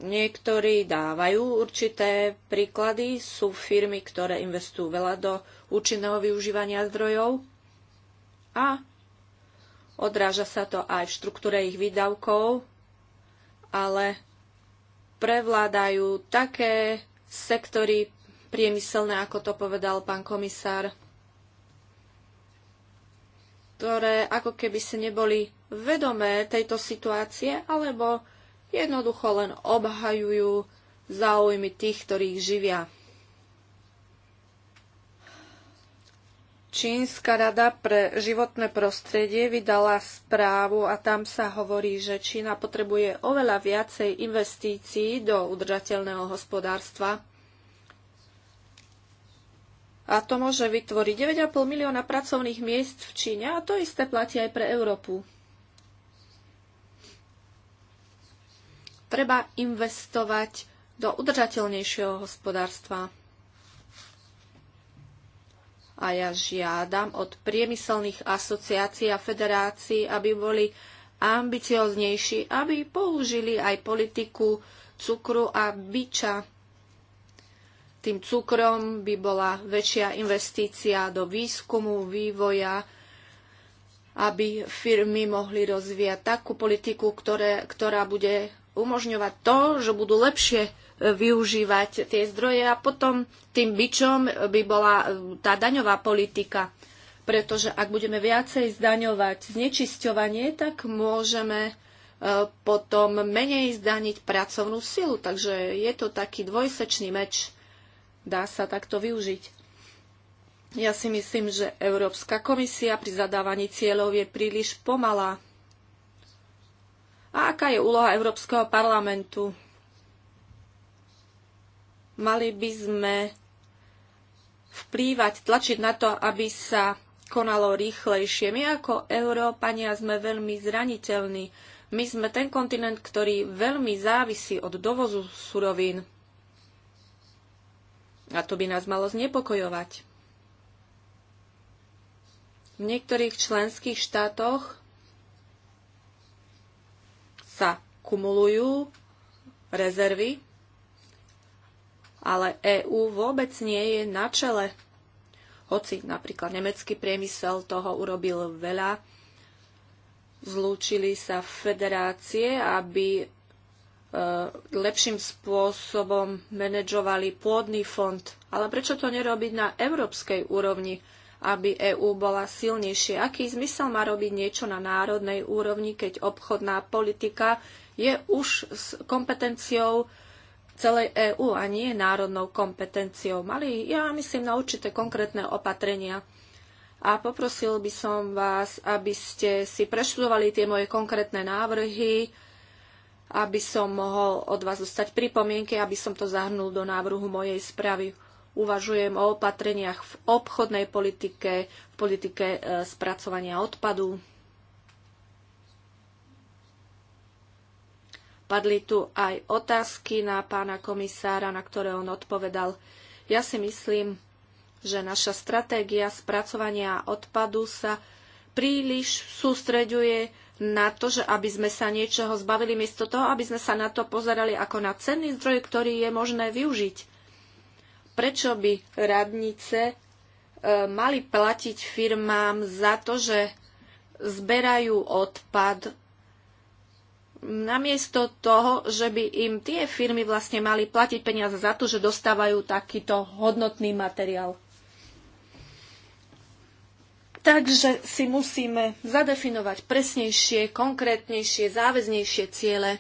Niektorí dávajú určité príklady. Sú firmy, ktoré investujú veľa do účinného využívania zdrojov a odráža sa to aj v štruktúre ich výdavkov, ale prevládajú také sektory priemyselné, ako to povedal pán komisár, ktoré ako keby si neboli vedomé tejto situácie, alebo Jednoducho len obhajujú záujmy tých, ktorých živia. Čínska rada pre životné prostredie vydala správu a tam sa hovorí, že Čína potrebuje oveľa viacej investícií do udržateľného hospodárstva. A to môže vytvoriť 9,5 milióna pracovných miest v Číne a to isté platí aj pre Európu. Treba investovať do udržateľnejšieho hospodárstva. A ja žiadam od priemyselných asociácií a federácií, aby boli ambicioznejší, aby použili aj politiku cukru a byča. Tým cukrom by bola väčšia investícia do výskumu, vývoja, aby firmy mohli rozvíjať takú politiku, ktoré, ktorá bude umožňovať to, že budú lepšie e, využívať tie zdroje a potom tým byčom by bola e, tá daňová politika. Pretože ak budeme viacej zdaňovať znečisťovanie, tak môžeme e, potom menej zdaniť pracovnú silu. Takže je to taký dvojsečný meč. Dá sa takto využiť. Ja si myslím, že Európska komisia pri zadávaní cieľov je príliš pomalá. A aká je úloha Európskeho parlamentu? Mali by sme vplývať, tlačiť na to, aby sa konalo rýchlejšie. My ako Európania sme veľmi zraniteľní. My sme ten kontinent, ktorý veľmi závisí od dovozu surovín. A to by nás malo znepokojovať. V niektorých členských štátoch sa kumulujú rezervy, ale EÚ vôbec nie je na čele. Hoci napríklad nemecký priemysel toho urobil veľa, zlúčili sa federácie, aby e, lepším spôsobom manažovali pôdny fond. Ale prečo to nerobiť na európskej úrovni? aby EÚ bola silnejšia. Aký zmysel má robiť niečo na národnej úrovni, keď obchodná politika je už s kompetenciou celej EÚ a nie národnou kompetenciou. Mali, ja myslím, na určité konkrétne opatrenia. A poprosil by som vás, aby ste si preštudovali tie moje konkrétne návrhy, aby som mohol od vás dostať pripomienky, aby som to zahrnul do návrhu mojej správy uvažujem o opatreniach v obchodnej politike, v politike e, spracovania odpadu. Padli tu aj otázky na pána komisára, na ktoré on odpovedal. Ja si myslím, že naša stratégia spracovania odpadu sa príliš sústreďuje na to, že aby sme sa niečoho zbavili, miesto toho, aby sme sa na to pozerali ako na cenný zdroj, ktorý je možné využiť prečo by radnice e, mali platiť firmám za to, že zberajú odpad, namiesto toho, že by im tie firmy vlastne mali platiť peniaze za to, že dostávajú takýto hodnotný materiál. Takže si musíme zadefinovať presnejšie, konkrétnejšie, záväznejšie ciele.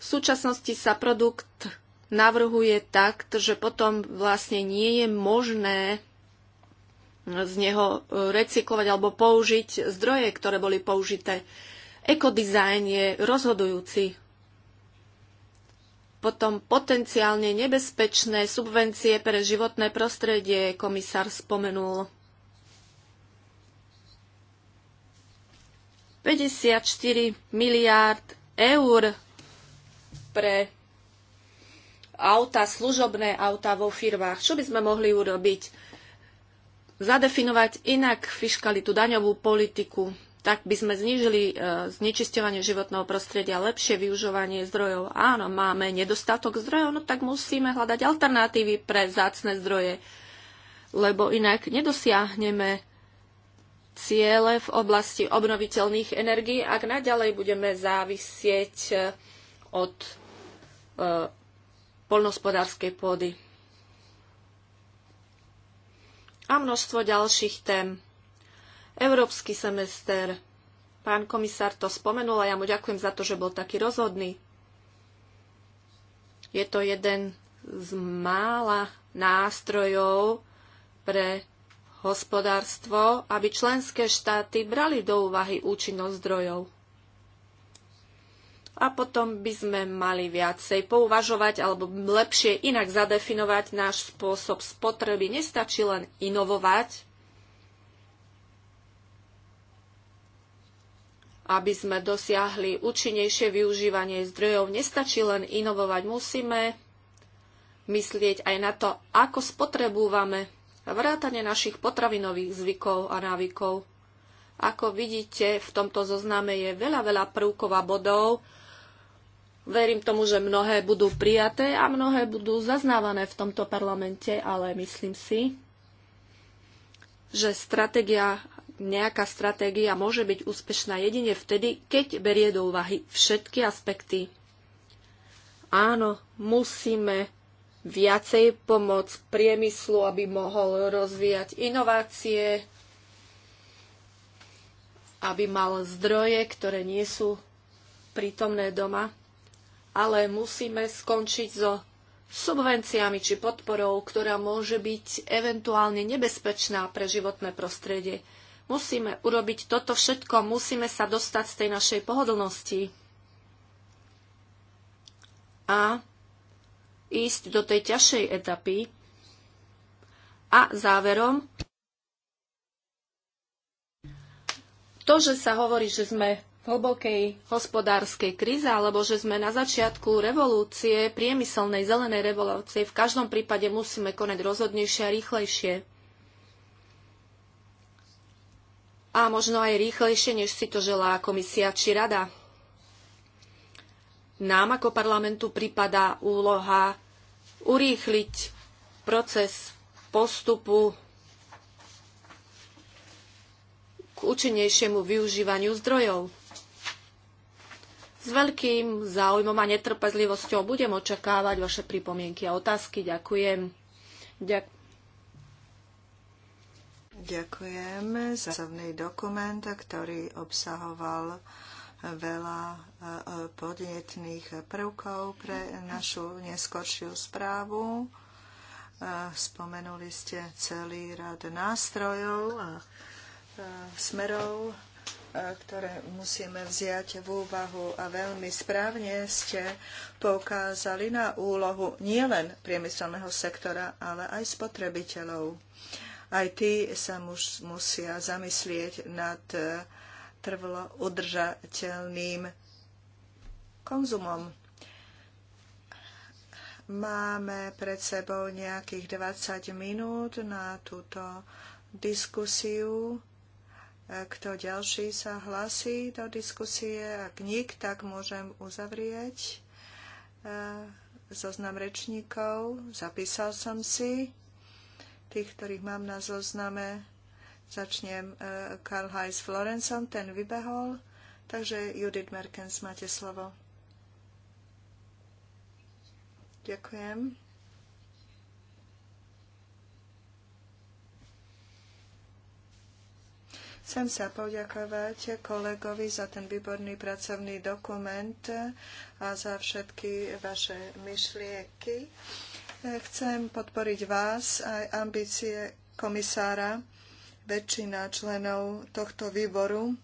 V súčasnosti sa produkt navrhuje tak, že potom vlastne nie je možné z neho e, recyklovať alebo použiť zdroje, ktoré boli použité. Ekodizajn je rozhodujúci. Potom potenciálne nebezpečné subvencie pre životné prostredie komisár spomenul. 54 miliárd eur pre auta, služobné auta vo firmách. Čo by sme mohli urobiť? Zadefinovať inak fiškalitu, daňovú politiku, tak by sme znížili e, znečisťovanie životného prostredia, lepšie využovanie zdrojov. Áno, máme nedostatok zdrojov, no tak musíme hľadať alternatívy pre zácne zdroje, lebo inak nedosiahneme ciele v oblasti obnoviteľných energií, ak naďalej budeme závisieť e, od e, poľnohospodárskej pôdy. A množstvo ďalších tém. Európsky semester. Pán komisár to spomenul a ja mu ďakujem za to, že bol taký rozhodný. Je to jeden z mála nástrojov pre hospodárstvo, aby členské štáty brali do úvahy účinnosť zdrojov a potom by sme mali viacej pouvažovať alebo lepšie inak zadefinovať náš spôsob spotreby. Nestačí len inovovať, aby sme dosiahli účinnejšie využívanie zdrojov. Nestačí len inovovať, musíme myslieť aj na to, ako spotrebúvame vrátane našich potravinových zvykov a návykov. Ako vidíte, v tomto zozname je veľa, veľa prvkov a bodov, Verím tomu, že mnohé budú prijaté a mnohé budú zaznávané v tomto parlamente, ale myslím si, že stratégia, nejaká stratégia môže byť úspešná jedine vtedy, keď berie do úvahy všetky aspekty. Áno, musíme viacej pomôcť priemyslu, aby mohol rozvíjať inovácie, aby mal zdroje, ktoré nie sú prítomné doma ale musíme skončiť so subvenciami či podporou, ktorá môže byť eventuálne nebezpečná pre životné prostredie. Musíme urobiť toto všetko, musíme sa dostať z tej našej pohodlnosti a ísť do tej ťažšej etapy. A záverom, to, že sa hovorí, že sme hlbokej hospodárskej kríze, alebo že sme na začiatku revolúcie, priemyselnej zelenej revolúcie, v každom prípade musíme konať rozhodnejšie a rýchlejšie. A možno aj rýchlejšie, než si to želá komisia či rada. Nám ako parlamentu pripadá úloha urýchliť proces postupu k účinnejšiemu využívaniu zdrojov. S veľkým záujmom a netrpezlivosťou budem očakávať vaše pripomienky a otázky. Ďakujem. Ďakujem. Ďakujem za pracovný dokument, ktorý obsahoval veľa e, e, podnetných prvkov pre našu neskoršiu správu. E, spomenuli ste celý rad nástrojov a smerov ktoré musíme vziať v úvahu a veľmi správne ste poukázali na úlohu nielen priemyselného sektora, ale aj spotrebiteľov. Aj tí sa mus, musia zamyslieť nad e, trvalo udržateľným konzumom. Máme pred sebou nejakých 20 minút na túto diskusiu kto ďalší sa hlasí do diskusie? Ak nik, tak môžem uzavrieť e, zoznam rečníkov. Zapísal som si tých, ktorých mám na zozname. Začnem e, Karl Heiss Florencom, ten vybehol. Takže Judith Merkens, máte slovo. Ďakujem. Chcem sa poďakovať kolegovi za ten výborný pracovný dokument a za všetky vaše myšlienky. Chcem podporiť vás aj ambície komisára. Väčšina členov tohto výboru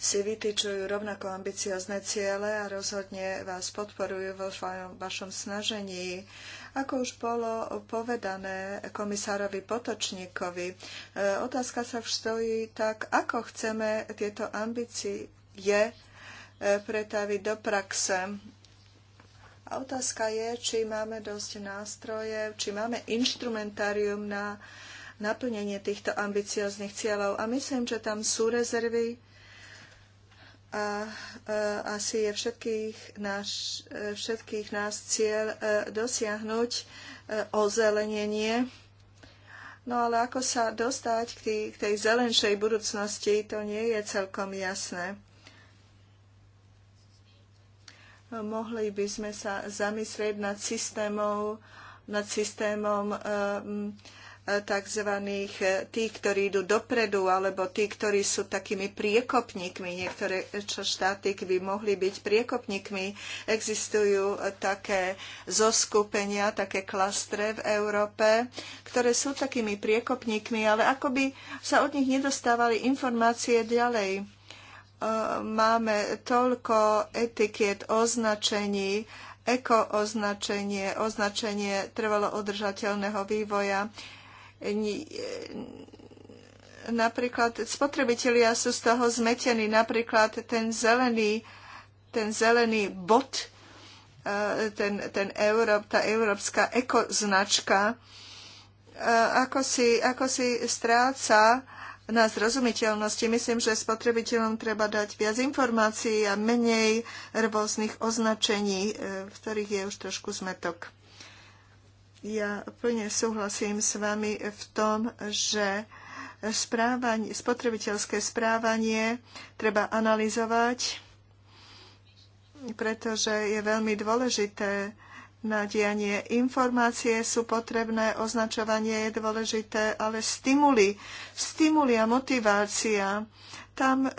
si vytýčujú rovnako ambiciozne ciele a rozhodne vás podporujú vo vašom snažení ako už bolo povedané komisárovi Potočníkovi, e, otázka sa vstojí tak, ako chceme tieto ambície e, pretaviť do praxe. A otázka je, či máme dosť nástroje, či máme inštrumentárium na naplnenie týchto ambicioznych cieľov. A myslím, že tam sú rezervy, a asi je všetkých, náš, všetkých nás cieľ e, dosiahnuť e, ozelenenie. No ale ako sa dostať k, tý, k tej zelenšej budúcnosti, to nie je celkom jasné. Mohli by sme sa zamyslieť nad systémom, nad systémom um, E, tzv. E, tých, ktorí idú dopredu, alebo tí, ktorí sú takými priekopníkmi. Niektoré štáty by mohli byť priekopníkmi. Existujú e, také zoskupenia, také klastre v Európe, ktoré sú takými priekopníkmi, ale akoby sa od nich nedostávali informácie ďalej. Máme toľko etiket označení, ekooznačenie, označenie trvalo udržateľného vývoja. E, napríklad spotrebitelia sú z toho zmetení. Napríklad ten zelený, ten zelený bod, e, ten, ten Európ, tá európska ekoznačka, e, ako si, ako si stráca na zrozumiteľnosti. Myslím, že spotrebiteľom treba dať viac informácií a menej rôznych označení, v ktorých je už trošku zmetok. Ja plne súhlasím s vami v tom, že správanie, spotrebiteľské správanie treba analyzovať, pretože je veľmi dôležité na dianie. Informácie sú potrebné, označovanie je dôležité, ale stimuly, stimuly a motivácia, tam e,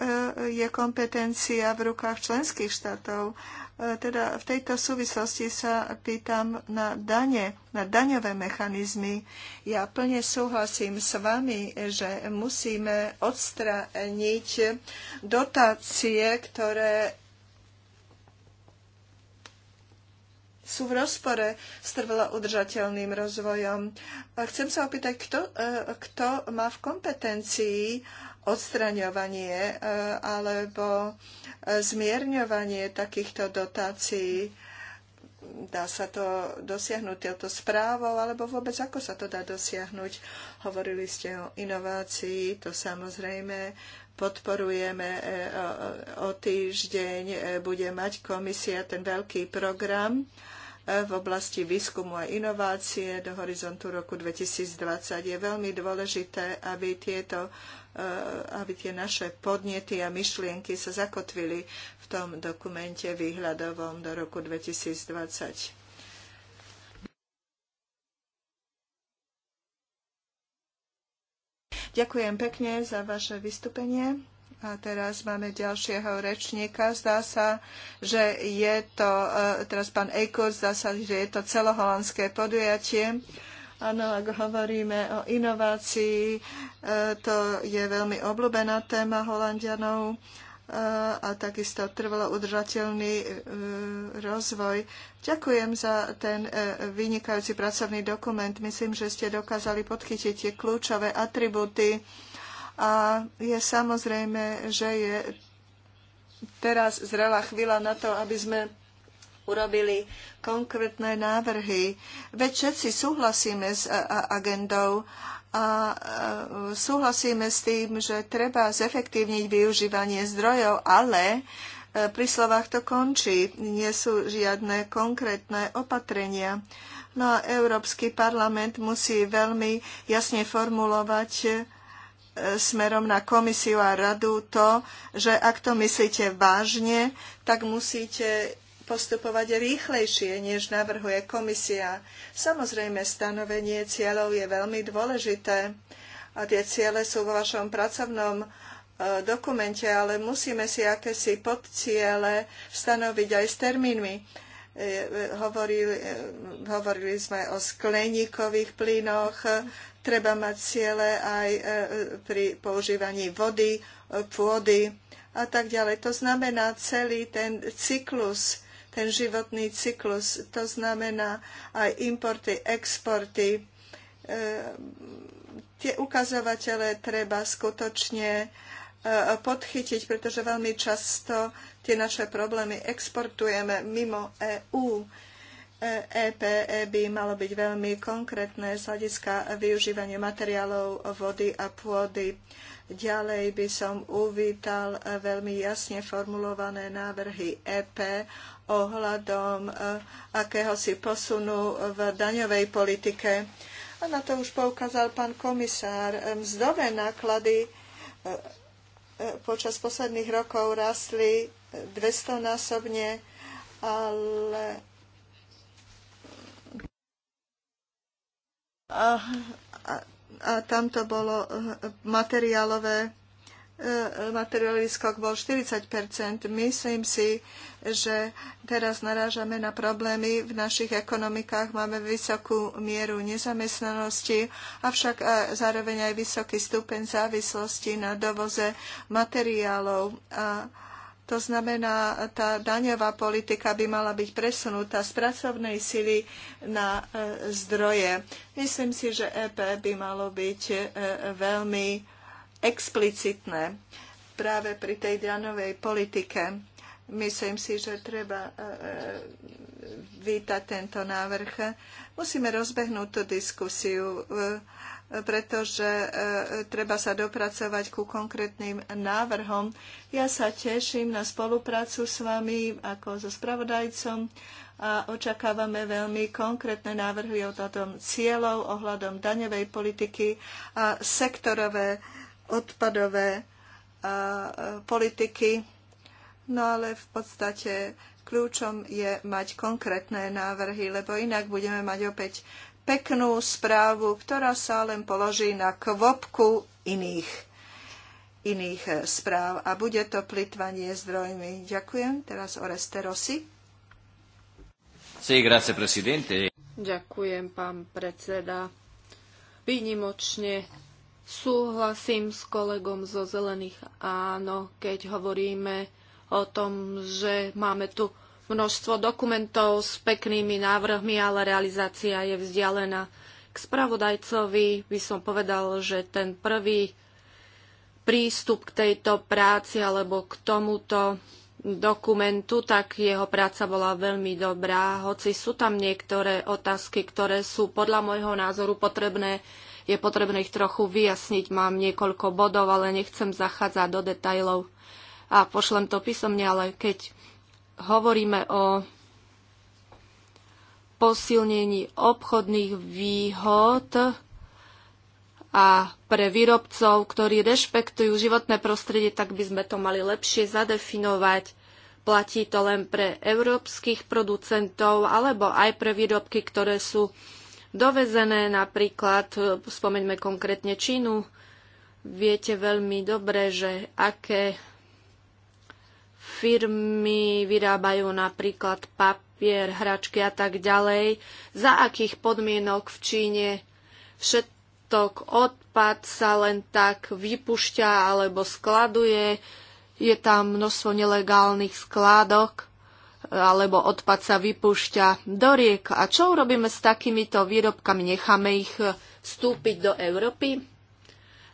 je kompetencia v rukách členských štátov. E, teda v tejto súvislosti sa pýtam na dane, na daňové mechanizmy. Ja plne súhlasím s vami, že musíme odstrániť dotácie, ktoré sú v rozpore s trvalo udržateľným rozvojom. Chcem sa opýtať, kto, e, kto má v kompetencii odstraňovanie e, alebo e, zmierňovanie takýchto dotácií. Dá sa to dosiahnuť touto správou, alebo vôbec ako sa to dá dosiahnuť? Hovorili ste o inovácii, to samozrejme podporujeme o týždeň, bude mať komisia ten veľký program v oblasti výskumu a inovácie do horizontu roku 2020. Je veľmi dôležité, aby tieto eh, aby tie naše podnety a myšlienky sa zakotvili v tom dokumente výhľadovom do roku 2020. Ďakujem pekne za vaše vystúpenie. A teraz máme ďalšieho rečníka. Zdá sa, že je to, e, teraz pán Ejkur, zdá sa, že je to celoholandské podujatie. Áno, ak hovoríme o inovácii, e, to je veľmi obľúbená téma holandianov e, a takisto trvalo udržateľný rozvoj. Ďakujem za ten vynikajúci pracovný dokument. Myslím, že ste dokázali podchytiť tie kľúčové atributy a je samozrejme, že je teraz zrelá chvíľa na to, aby sme urobili konkrétne návrhy. Veď všetci súhlasíme s agendou a súhlasíme s tým, že treba zefektívniť využívanie zdrojov, ale e, pri slovách to končí. Nie sú žiadne konkrétne opatrenia. No a Európsky parlament musí veľmi jasne formulovať smerom na komisiu a radu to, že ak to myslíte vážne, tak musíte postupovať rýchlejšie, než navrhuje komisia. Samozrejme, stanovenie cieľov je veľmi dôležité a tie ciele sú vo vašom pracovnom e, dokumente, ale musíme si akési podciele stanoviť aj s termínmi. E, e, hovorili, hovorili sme o skleníkových plynoch, Treba mať ciele aj e, pri používaní vody, e, pôdy a tak ďalej. To znamená celý ten cyklus, ten životný cyklus. To znamená aj importy, exporty. E, tie ukazovatele treba skutočne podchytiť, pretože veľmi často tie naše problémy exportujeme mimo EÚ. EPE by malo byť veľmi konkrétne z hľadiska využívania materiálov vody a pôdy. Ďalej by som uvítal veľmi jasne formulované návrhy EP ohľadom e, akéhosi posunu v daňovej politike. A na to už poukázal pán komisár. Mzdové náklady e, e, počas posledných rokov rastli 200-násobne, ale A, a, a tam to bolo eh, materiálové eh, materiálový skok bol 40 Myslím si, že teraz narážame na problémy. V našich ekonomikách máme vysokú mieru nezamestnanosti, avšak eh, zároveň aj vysoký stupeň závislosti na dovoze materiálov. A to znamená, tá daňová politika by mala byť presunutá z pracovnej sily na e, zdroje. Myslím si, že EP by malo byť e, veľmi explicitné práve pri tej daňovej politike. Myslím si, že treba e, vítať tento návrh. Musíme rozbehnúť tú diskusiu pretože e, treba sa dopracovať ku konkrétnym návrhom. Ja sa teším na spoluprácu s vami ako so spravodajcom a očakávame veľmi konkrétne návrhy ohľadom cieľov, ohľadom daňovej politiky a sektorové odpadové a, e, e, politiky. No ale v podstate kľúčom je mať konkrétne návrhy, lebo inak budeme mať opäť peknú správu, ktorá sa len položí na kvopku iných, iných e, správ. A bude to plitvanie zdrojmi. Ďakujem. Teraz Oreste Rossi. Sí, grazie, presidente. Ďakujem, pán predseda. Výnimočne súhlasím s kolegom zo Zelených. Áno, keď hovoríme o tom, že máme tu množstvo dokumentov s peknými návrhmi, ale realizácia je vzdialená. K spravodajcovi by som povedal, že ten prvý prístup k tejto práci alebo k tomuto dokumentu, tak jeho práca bola veľmi dobrá, hoci sú tam niektoré otázky, ktoré sú podľa môjho názoru potrebné. Je potrebné ich trochu vyjasniť, mám niekoľko bodov, ale nechcem zachádzať do detajlov a pošlem to písomne, ale keď hovoríme o posilnení obchodných výhod a pre výrobcov, ktorí rešpektujú životné prostredie, tak by sme to mali lepšie zadefinovať. Platí to len pre európskych producentov alebo aj pre výrobky, ktoré sú dovezené, napríklad, spomeňme konkrétne Čínu. Viete veľmi dobre, že aké firmy vyrábajú napríklad papier, hračky a tak ďalej, za akých podmienok v Číne všetok odpad sa len tak vypušťa alebo skladuje, je tam množstvo nelegálnych skládok alebo odpad sa vypúšťa do riek. A čo urobíme s takýmito výrobkami? Necháme ich vstúpiť do Európy?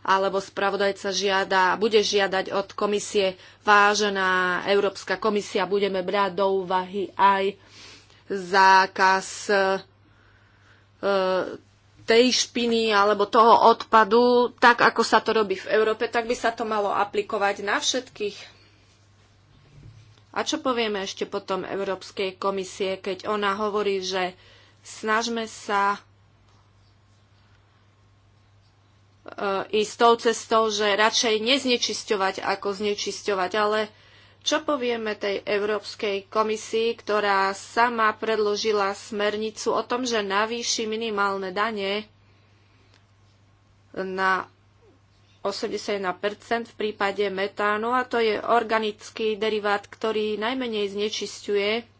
alebo spravodajca žiada, bude žiadať od komisie, vážená Európska komisia, budeme brať do úvahy aj zákaz e, tej špiny alebo toho odpadu, tak ako sa to robí v Európe, tak by sa to malo aplikovať na všetkých. A čo povieme ešte potom Európskej komisie, keď ona hovorí, že snažme sa ísť e, tou cestou, že radšej neznečisťovať, ako znečisťovať. Ale čo povieme tej Európskej komisii, ktorá sama predložila smernicu o tom, že navýši minimálne dane na 81% v prípade metánu a to je organický derivát, ktorý najmenej znečisťuje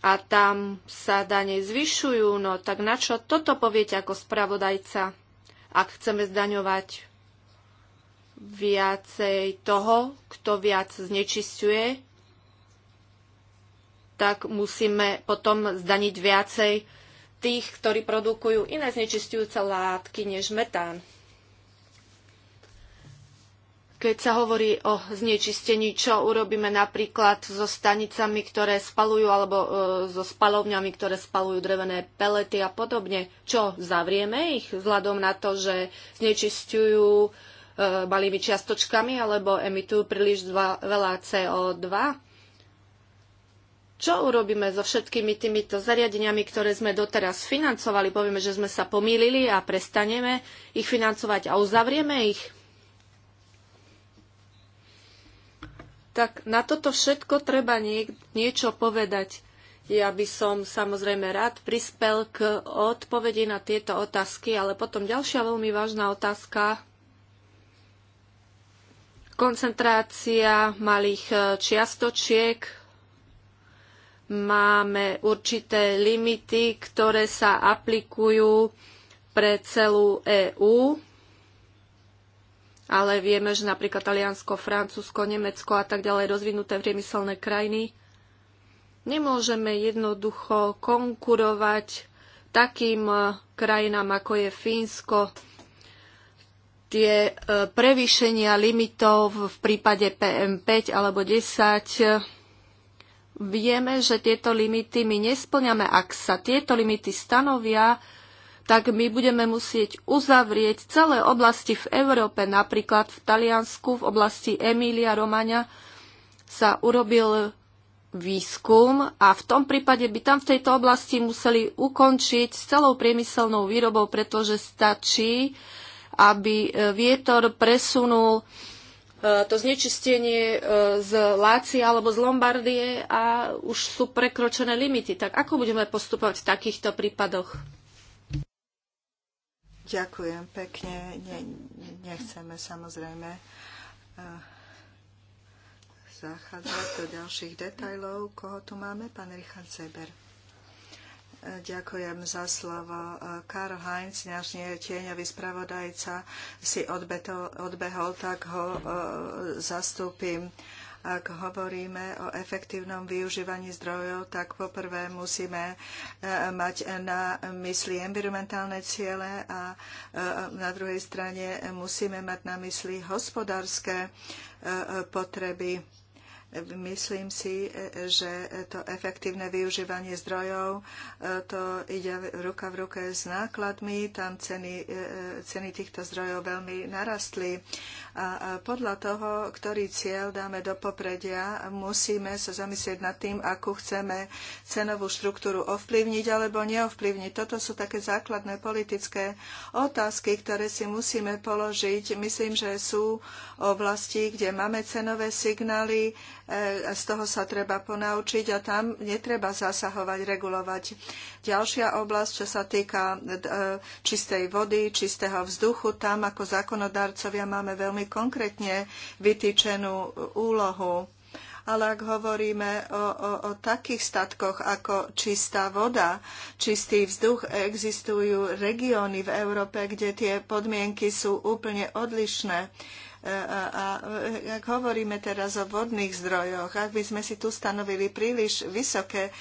a tam sa dane zvyšujú, no tak na čo toto poviete ako spravodajca, ak chceme zdaňovať viacej toho, kto viac znečisťuje, tak musíme potom zdaniť viacej tých, ktorí produkujú iné znečistujúce látky než metán keď sa hovorí o znečistení, čo urobíme napríklad so stanicami, ktoré spalujú, alebo e, so spalovňami, ktoré spalujú drevené pelety a podobne. Čo, zavrieme ich vzhľadom na to, že znečistujú e, malými čiastočkami alebo emitujú príliš dva, veľa CO2? Čo urobíme so všetkými týmito zariadeniami, ktoré sme doteraz financovali? Povieme, že sme sa pomýlili a prestaneme ich financovať a uzavrieme ich? tak na toto všetko treba niek- niečo povedať. Ja by som samozrejme rád prispel k odpovedi na tieto otázky, ale potom ďalšia veľmi vážna otázka. Koncentrácia malých e, čiastočiek. Máme určité limity, ktoré sa aplikujú pre celú EÚ ale vieme, že napríklad Taliansko, Francúzsko, Nemecko a tak ďalej rozvinuté priemyselné krajiny nemôžeme jednoducho konkurovať takým e, krajinám, ako je Fínsko. Tie e, prevýšenia limitov v prípade PM5 alebo 10, e, vieme, že tieto limity my nesplňame. Ak sa tieto limity stanovia, tak my budeme musieť uzavrieť celé oblasti v Európe, napríklad v Taliansku, v oblasti Emília Romania sa urobil výskum a v tom prípade by tam v tejto oblasti museli ukončiť s celou priemyselnou výrobou, pretože stačí, aby e, vietor presunul e, to znečistenie e, z Lácie alebo z Lombardie a už sú prekročené limity. Tak ako budeme postupovať v takýchto prípadoch? Ďakujem pekne. Ne, nechceme samozrejme eh, zachádzať do ďalších detajlov. Koho tu máme? Pán Richard Zeber. Eh, ďakujem za slovo. Eh, Karl Heinz, náš tieňový spravodajca, si odbehol, tak ho zastúpim. Ak hovoríme o efektívnom využívaní zdrojov, tak poprvé musíme e, mať na mysli environmentálne ciele a e, na druhej strane musíme mať na mysli hospodárske e, potreby Myslím si, že to efektívne využívanie zdrojov, eh, to ide ruka v ruke s nákladmi, tam ceny, eh, ceny týchto zdrojov veľmi narastli. A podľa toho, ktorý cieľ dáme do popredia, musíme sa zamyslieť nad tým, akú chceme cenovú štruktúru ovplyvniť alebo neovplyvniť. Toto sú také základné politické otázky, ktoré si musíme položiť. Myslím, že sú oblasti, kde máme cenové signály, e, z toho sa treba ponaučiť a tam netreba zasahovať, regulovať. Ďalšia oblasť, čo sa týka e, čistej vody, čistého vzduchu, tam ako zákonodarcovia máme veľmi konkrétne vytýčenú úlohu ale ak hovoríme o, o, o takých statkoch ako čistá voda, čistý vzduch, existujú regióny v Európe, kde tie podmienky sú úplne odlišné. A, a ak hovoríme teraz o vodných zdrojoch, ak by sme si tu stanovili príliš vysoké e,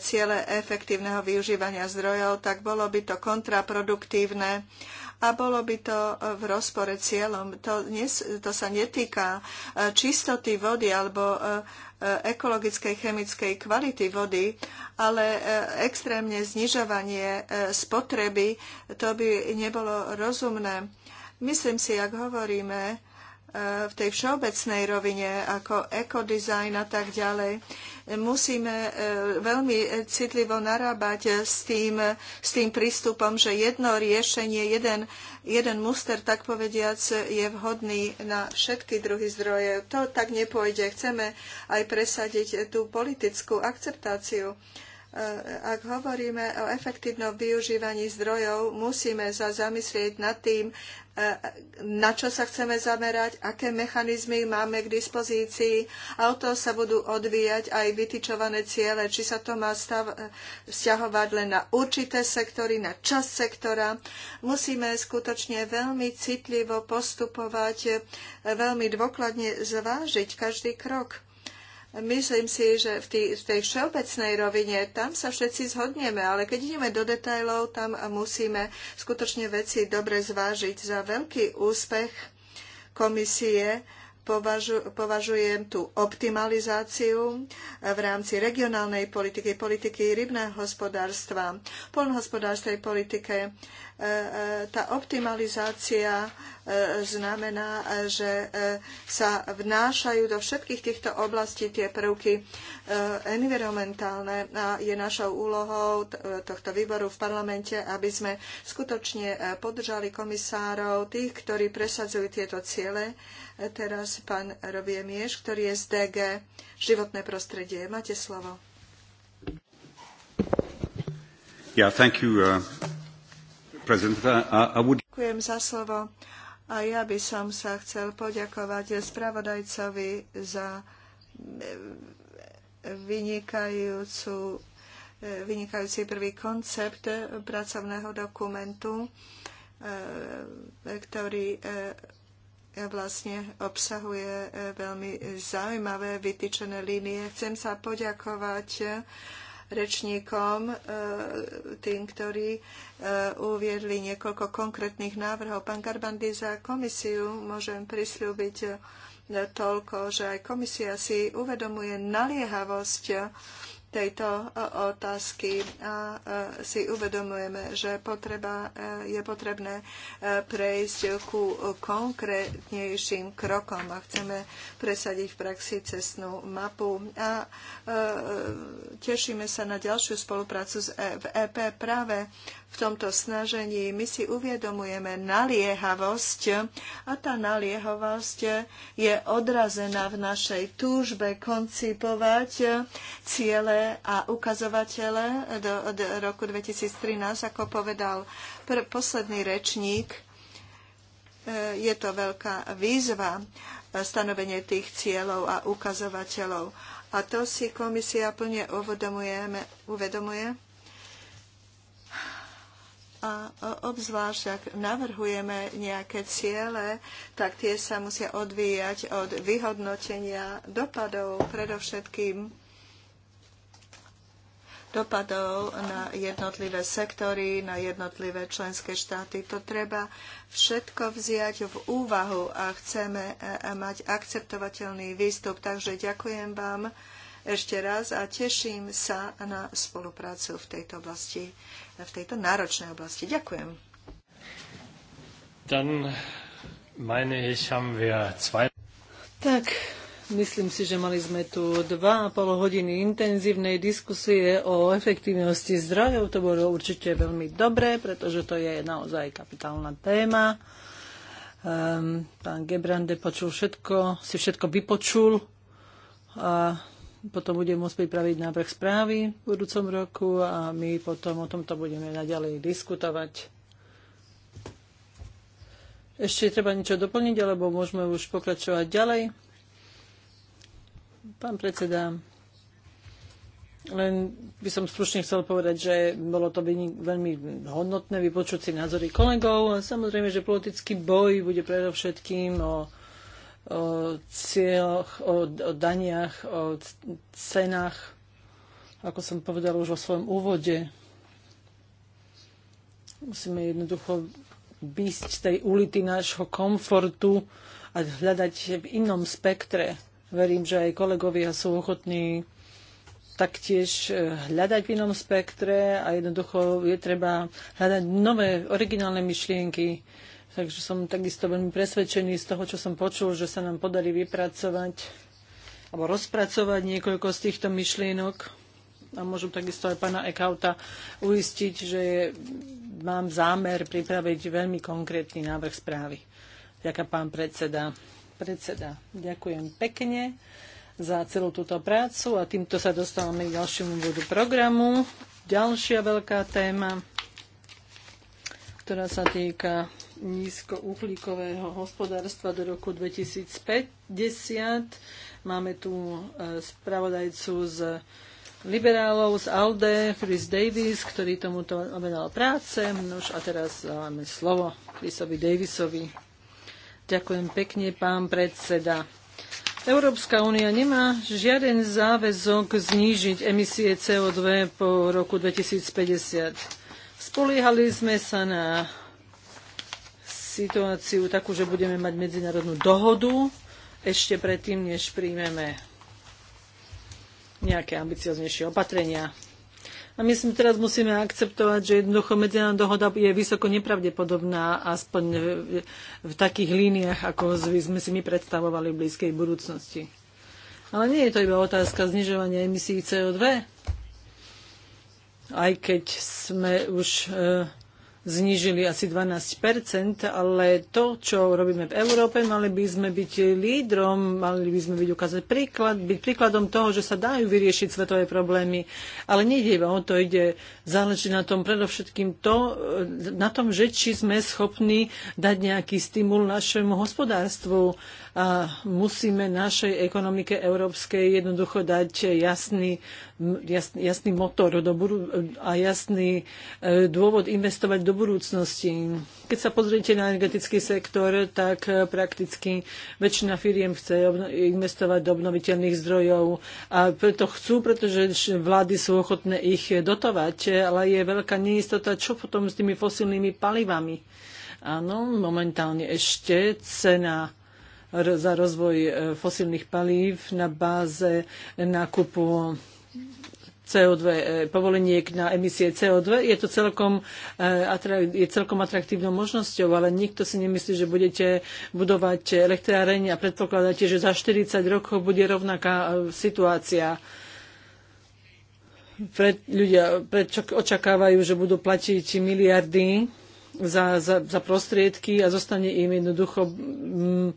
ciele efektívneho využívania zdrojov, tak bolo by to kontraproduktívne a bolo by to v rozpore cieľom. To, to sa netýka e, čistoty vody alebo e, ekologickej chemickej kvality vody, ale extrémne znižovanie spotreby, to by nebolo rozumné. Myslím si, ak hovoríme v tej všeobecnej rovine, ako ekodizajn a tak ďalej, musíme e, veľmi citlivo narábať s tým, s tým prístupom, že jedno riešenie, jeden, jeden muster, tak povediac, je vhodný na všetky druhy zdroje. To tak nepôjde. Chceme aj presadiť tú politickú akceptáciu Eh, ak hovoríme o efektívnom využívaní zdrojov, musíme sa zamyslieť nad tým, eh, na čo sa chceme zamerať, aké mechanizmy máme k dispozícii a o to sa budú odvíjať aj vytičované ciele, či sa to má stav, eh, vzťahovať len na určité sektory, na časť sektora. Musíme skutočne veľmi citlivo postupovať, veľmi dôkladne zvážiť každý krok Myslím si, že v, tý, v tej všeobecnej rovine tam sa všetci zhodneme, ale keď ideme do detajlov, tam musíme skutočne veci dobre zvážiť. Za veľký úspech komisie považujem tú optimalizáciu eh, v rámci regionálnej politiky, politiky rybného hospodárstva, polnohospodárskej politike. Eh, eh, tá optimalizácia znamená, že sa vnášajú do všetkých týchto oblastí tie prvky environmentálne a je našou úlohou tohto výboru v parlamente, aby sme skutočne podržali komisárov, tých, ktorí presadzujú tieto ciele Teraz pán Robie Mieš, ktorý je z DG životné prostredie. Máte slovo. Yeah, thank you, uh, President. I, I would... Ďakujem za slovo. A ja by som sa chcel poďakovať spravodajcovi za eh, vynikajúcu, eh, vynikajúci prvý koncept pracovného dokumentu, eh, ktorý vlastne obsahuje e, veľmi zaujímavé vytýčené línie. Chcem sa poďakovať e, rečníkom, e, tým, ktorí uviedli niekoľko konkrétnych návrhov. Pán Garbandy, za komisiu môžem prislúbiť toľko, že aj komisia si uvedomuje naliehavosť tejto e, otázky a e, si uvedomujeme, že potreba, e, je potrebné prejsť ku konkrétnejším krokom a chceme presadiť v praxi cestnú mapu. A tešíme sa na ďalšiu spoluprácu v EP práve v tomto snažení. My si uviedomujeme naliehavosť a tá naliehavosť je odrazená v našej túžbe koncipovať ciele a ukazovatele do, do roku 2013, ako povedal pr- posledný rečník. E, je to veľká výzva e, stanovenie tých cieľov a ukazovateľov. A to si komisia plne uvedomuje, uvedomuje a obzvlášť, ak navrhujeme nejaké ciele, tak tie sa musia odvíjať od vyhodnotenia dopadov, predovšetkým dopadov na jednotlivé sektory, na jednotlivé členské štáty. To treba všetko vziať v úvahu a chceme e, e, mať akceptovateľný výstup. Takže ďakujem vám ešte raz a teším sa na spoluprácu v tejto oblasti v tejto náročnej oblasti. Ďakujem. Dann meine ich, haben wir zwei... Tak, Myslím si, že mali sme tu dva a pol hodiny intenzívnej diskusie o efektívnosti zdrojov. To bolo určite veľmi dobré, pretože to je naozaj kapitálna téma. Um, pán Gebrande počul všetko, si všetko vypočul a potom budeme môcť pripraviť návrh správy v budúcom roku a my potom o tomto budeme naďalej diskutovať. Ešte treba niečo doplniť, alebo môžeme už pokračovať ďalej. Pán predseda, len by som stručne chcel povedať, že bolo to veľmi hodnotné vypočuť si názory kolegov a samozrejme, že politický boj bude predovšetkým o o cieľoch, o, o daniach, o cenách, ako som povedal už vo svojom úvode. Musíme jednoducho bysť tej ulity nášho komfortu a hľadať v inom spektre. Verím, že aj kolegovia sú ochotní taktiež e, hľadať v inom spektre a jednoducho je treba hľadať nové originálne myšlienky, Takže som takisto veľmi presvedčený z toho, čo som počul, že sa nám podarí vypracovať alebo rozpracovať niekoľko z týchto myšlienok. A môžem takisto aj pána Ekauta uistiť, že mám zámer pripraviť veľmi konkrétny návrh správy. Ďakujem, pán predseda. Predseda, ďakujem pekne za celú túto prácu a týmto sa dostávame k ďalšiemu bodu programu. Ďalšia veľká téma, ktorá sa týka nízkouhlíkového hospodárstva do roku 2050. Máme tu e, spravodajcu z liberálov z ALDE, Chris Davis, ktorý tomuto obenal práce. Nož a teraz dávame slovo Chrisovi Davisovi. Ďakujem pekne, pán predseda. Európska únia nemá žiaden záväzok znížiť emisie CO2 po roku 2050. Spoliehali sme sa na situáciu takú, že budeme mať medzinárodnú dohodu ešte predtým, než príjmeme nejaké ambicioznejšie opatrenia. A my sme teraz musíme akceptovať, že jednoducho medzinárodná dohoda je vysoko nepravdepodobná, aspoň v, v takých líniách, ako sme si my predstavovali v blízkej budúcnosti. Ale nie je to iba otázka znižovania emisí CO2. Aj keď sme už e, znížili asi 12 ale to, čo robíme v Európe, mali by sme byť lídrom, mali by sme byť ukázať príklad, byť príkladom toho, že sa dajú vyriešiť svetové problémy. Ale nejde iba o to, ide záleží na tom predovšetkým to, na tom, že či sme schopní dať nejaký stimul našemu hospodárstvu a musíme našej ekonomike európskej jednoducho dať jasný, jasný, jasný motor do budu- a jasný e, dôvod investovať do budúcnosti. Keď sa pozriete na energetický sektor, tak eh, prakticky väčšina firiem chce investovať do obnoviteľných zdrojov a preto chcú, pretože vlády sú ochotné ich dotovať, eh, ale je veľká neistota, čo potom s tými fosilnými palivami. Áno, momentálne ešte cena za rozvoj eh, fosilných palív na báze nákupu CO2, e, povoleniek na emisie CO2. Je to celkom, e, je celkom atraktívnou možnosťou, ale nikto si nemyslí, že budete budovať elektráreň a predpokladáte, že za 40 rokov bude rovnaká e, situácia pre, ľudia prečo, očakávajú, že budú platiť miliardy za, za, za prostriedky a zostane im jednoducho mm,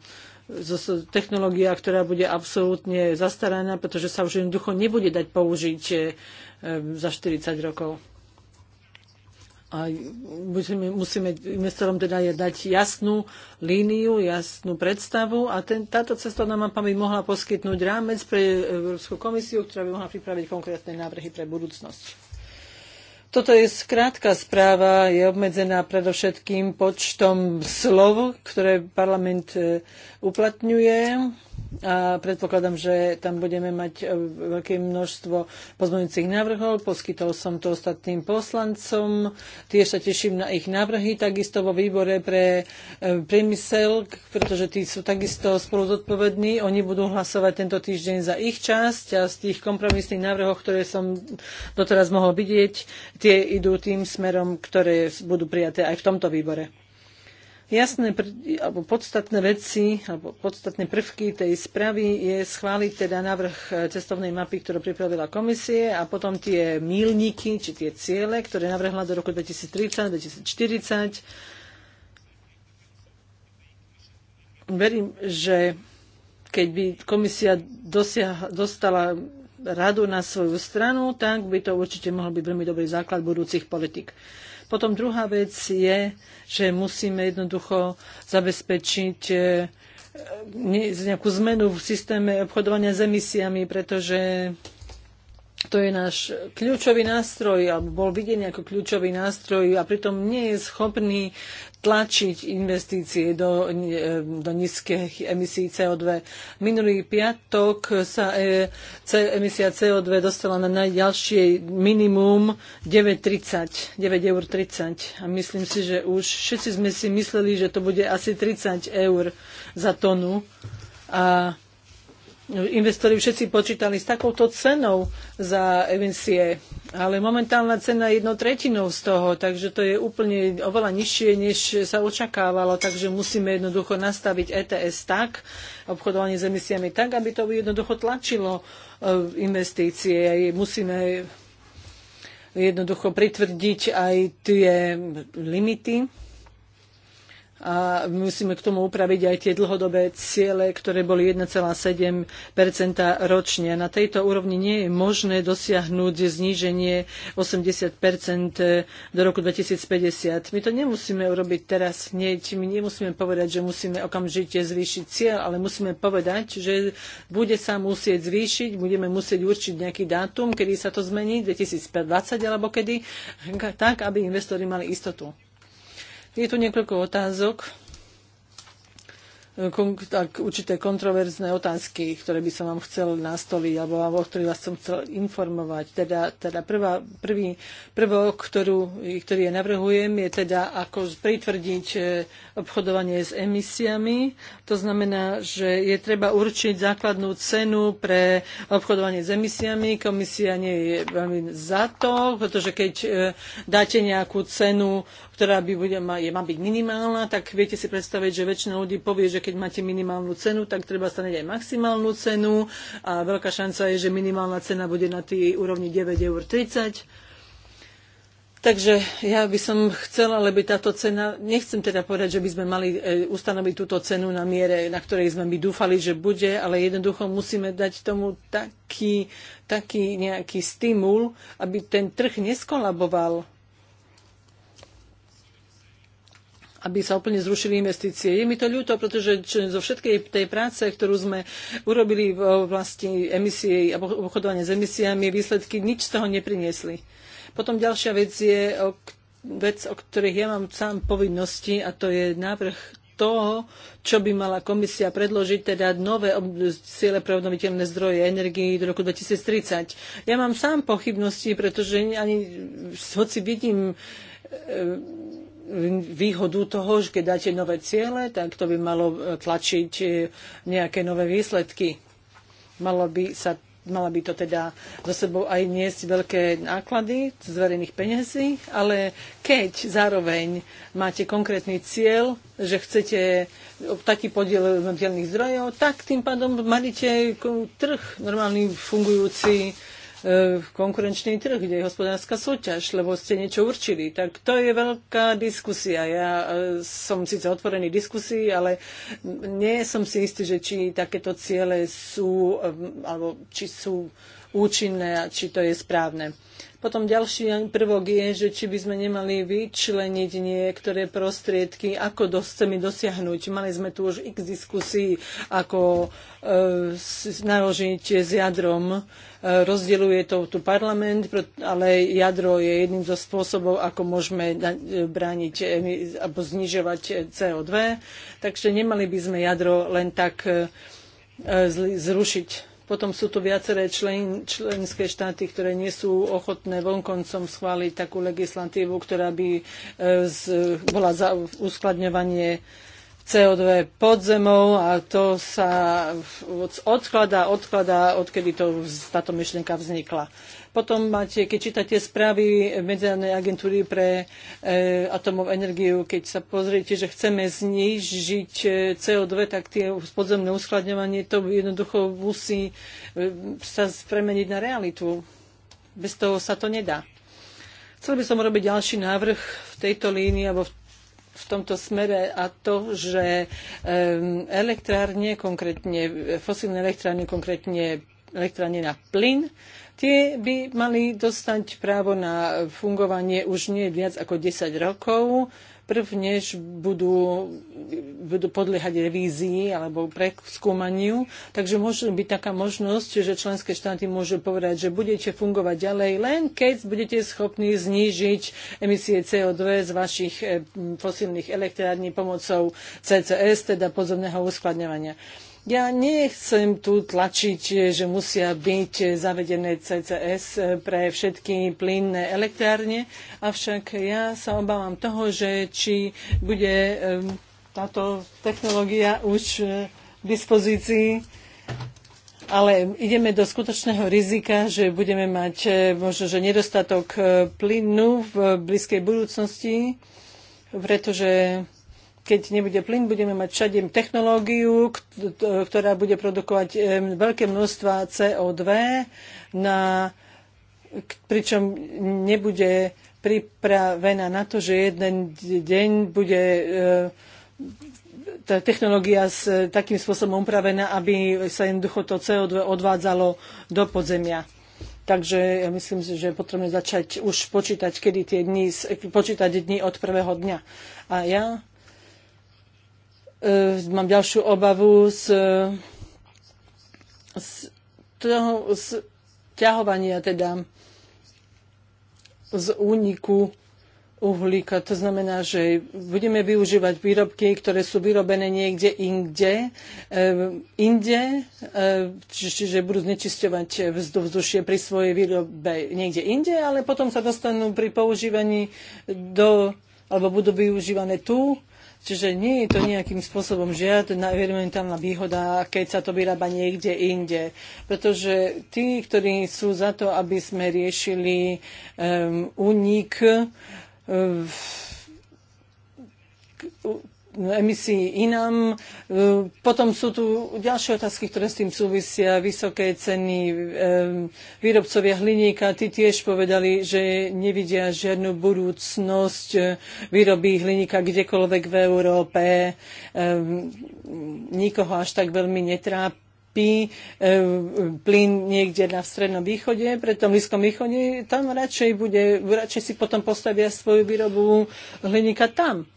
technológia, ktorá bude absolútne zastaraná, pretože sa už jednoducho nebude dať použiť e, za 40 rokov. A musíme, musíme investorom teda dať jasnú líniu, jasnú predstavu a ten, táto cestovná mapa by mohla poskytnúť rámec pre Európsku komisiu, ktorá by mohla pripraviť konkrétne návrhy pre budúcnosť. Toto je skrátka správa, je obmedzená predovšetkým počtom slov, ktoré parlament e, uplatňuje a predpokladám, že tam budeme mať e, veľké množstvo pozmeňujúcich návrhov. Poskytol som to ostatným poslancom. Tiež sa teším na ich návrhy, takisto vo výbore pre e, priemysel, pretože tí sú takisto spolu zodpovední. Oni budú hlasovať tento týždeň za ich časť a z tých kompromisných návrhov, ktoré som doteraz mohol vidieť, tie idú tým smerom, ktoré budú prijaté aj v tomto výbore. Jasné alebo podstatné veci alebo podstatné prvky tej správy je schváliť teda návrh e, cestovnej mapy, ktorú pripravila komisie a potom tie mílniky či tie ciele, ktoré navrhla do roku 2030, 2040. Verím, že keď by komisia dosiah, dostala radu na svoju stranu, tak by to určite mohol byť veľmi dobrý základ budúcich politik. Potom druhá vec je, že musíme jednoducho zabezpečiť e, nejakú zmenu v systéme obchodovania s emisiami, pretože to je náš kľúčový nástroj, alebo bol videný ako kľúčový nástroj a pritom nie je schopný tlačiť investície do, e, do nízkych emisí CO2. Minulý piatok sa e, emisia CO2 dostala na najďalšie minimum 9,30 eur. A myslím si, že už všetci sme si mysleli, že to bude asi 30 eur za tonu. A investori všetci počítali s takouto cenou za emisie, ale momentálna cena je jednou tretinou z toho, takže to je úplne oveľa nižšie, než sa očakávalo, takže musíme jednoducho nastaviť ETS tak, obchodovanie s emisiami tak, aby to jednoducho tlačilo e, investície. Musíme jednoducho pritvrdiť aj tie limity a musíme k tomu upraviť aj tie dlhodobé ciele, ktoré boli 1,7 ročne. Na tejto úrovni nie je možné dosiahnuť zníženie 80 do roku 2050. My to nemusíme urobiť teraz hneď, my nemusíme povedať, že musíme okamžite zvýšiť cieľ, ale musíme povedať, že bude sa musieť zvýšiť, budeme musieť určiť nejaký dátum, kedy sa to zmení, 2020 alebo kedy, tak aby investori mali istotu. Je tu niekoľko otázok, e, tak určité kontroverzné otázky, ktoré by som vám chcel nastoliť, alebo o ktorých vás som chcel informovať. Teda, teda prvá, prvý prvok, ktorú, ktorý ja navrhujem, je teda ako pritvrdiť e, obchodovanie s emisiami. To znamená, že je treba určiť základnú cenu pre obchodovanie s emisiami. Komisia nie je veľmi za to, pretože keď e, dáte nejakú cenu ktorá by bude, má, je, má byť minimálna, tak viete si predstaviť, že väčšina ľudí povie, že keď máte minimálnu cenu, tak treba stanoviť aj maximálnu cenu a veľká šanca je, že minimálna cena bude na tej úrovni 9,30 eur. Takže ja by som chcela, lebo táto cena, nechcem teda povedať, že by sme mali e, ustanoviť túto cenu na miere, na ktorej sme by dúfali, že bude, ale jednoducho musíme dať tomu taký, taký nejaký stimul, aby ten trh neskolaboval aby sa úplne zrušili investície. Je mi to ľúto, pretože zo všetkej tej práce, ktorú sme urobili v oblasti emisie a obchodovania s emisiami, výsledky nič z toho nepriniesli. Potom ďalšia vec je o, vec, o ktorých ja mám sám povinnosti a to je návrh toho, čo by mala komisia predložiť, teda nové ciele pre obnoviteľné zdroje energii do roku 2030. Ja mám sám pochybnosti, pretože ani, hoci vidím e, výhodu toho, že keď dáte nové ciele, tak to by malo e, tlačiť e, nejaké nové výsledky. Malo by sa mala by to teda so sebou aj niesť veľké náklady z verejných peniazí, ale keď zároveň máte konkrétny cieľ, že chcete e, taký podiel obnoviteľných zdrojov, tak tým pádom máte trh normálny fungujúci E, konkurenčný trh, kde je hospodárska súťaž, lebo ste niečo určili. Tak to je veľká diskusia. Ja e, som síce otvorený diskusii, ale nie som si istý, že či takéto ciele sú, e, alebo či sú účinné a či to je správne. Potom ďalší prvok je, že či by sme nemali vyčleniť niektoré prostriedky, ako dos- chceme dosiahnuť. Mali sme tu už x diskusí, ako e, naložiť s jadrom. E, rozdieluje to tu parlament, ale jadro je jedným zo spôsobov, ako môžeme e, brániť alebo znižovať CO2. Takže nemali by sme jadro len tak e, zrušiť potom sú tu viaceré člen, členské štáty, ktoré nie sú ochotné vonkoncom schváliť takú legislatívu, ktorá by e, z, bola za uskladňovanie CO2 pod zemou a to sa odkladá, odkladá, odkedy to, táto myšlienka vznikla. Potom máte, keď čítate správy Medzinárodnej agentúry pre e, atomovú energiu, keď sa pozriete, že chceme znížiť e, CO2, tak tie podzemné uskladňovanie to jednoducho musí e, sa premeniť na realitu. Bez toho sa to nedá. Chcel by som robiť ďalší návrh v tejto línii alebo v v tomto smere a to, že elektrárne, konkrétne fosílne elektrárne, konkrétne elektrárne na plyn, tie by mali dostať právo na fungovanie už nie viac ako 10 rokov prvnež budú, budú podliehať revízii alebo preskúmaniu. Takže môže byť taká možnosť, že členské štáty môžu povedať, že budete fungovať ďalej len keď budete schopní znížiť emisie CO2 z vašich eh, fosílnych elektrární pomocou CCS, teda pozemného uskladňovania. Ja nechcem tu tlačiť, že musia byť zavedené CCS pre všetky plynné elektrárne, avšak ja sa obávam toho, že či bude táto technológia už v dispozícii, ale ideme do skutočného rizika, že budeme mať eh, možno, že nedostatok eh, plynu v blízkej budúcnosti, pretože keď nebude plyn, budeme mať všade technológiu, ktorá bude produkovať veľké množstva CO2, na, pričom nebude pripravená na to, že jeden deň bude e, tá technológia s takým spôsobom upravená, aby sa jednoducho to CO2 odvádzalo do podzemia. Takže ja myslím si, že je potrebné začať už počítať, kedy tie dni, počítať dni od prvého dňa. A ja E, mám ďalšiu obavu z, z toho z ťahovania teda z úniku uhlíka. To znamená, že budeme využívať výrobky, ktoré sú vyrobené niekde inde, e, inde e, čiže budú znečisťovať vzdušie pri svojej výrobe niekde inde, ale potom sa dostanú pri používaní do, alebo budú využívané tu Čiže nie je to nejakým spôsobom žiadna environmentálna výhoda, keď sa to vyrába niekde inde. Pretože tí, ktorí sú za to, aby sme riešili um, únik um, emisií inám. E, potom sú tu ďalšie otázky, ktoré s tým súvisia. Vysoké ceny e, výrobcovia hliníka. Tí tiež povedali, že nevidia žiadnu budúcnosť e, výroby hliníka kdekoľvek v Európe. Nikoho až tak veľmi netrápi pí plyn niekde na strednom východe, pre tom blízkom východe, tam radšej, bude, radšej si potom postavia svoju výrobu hliníka tam.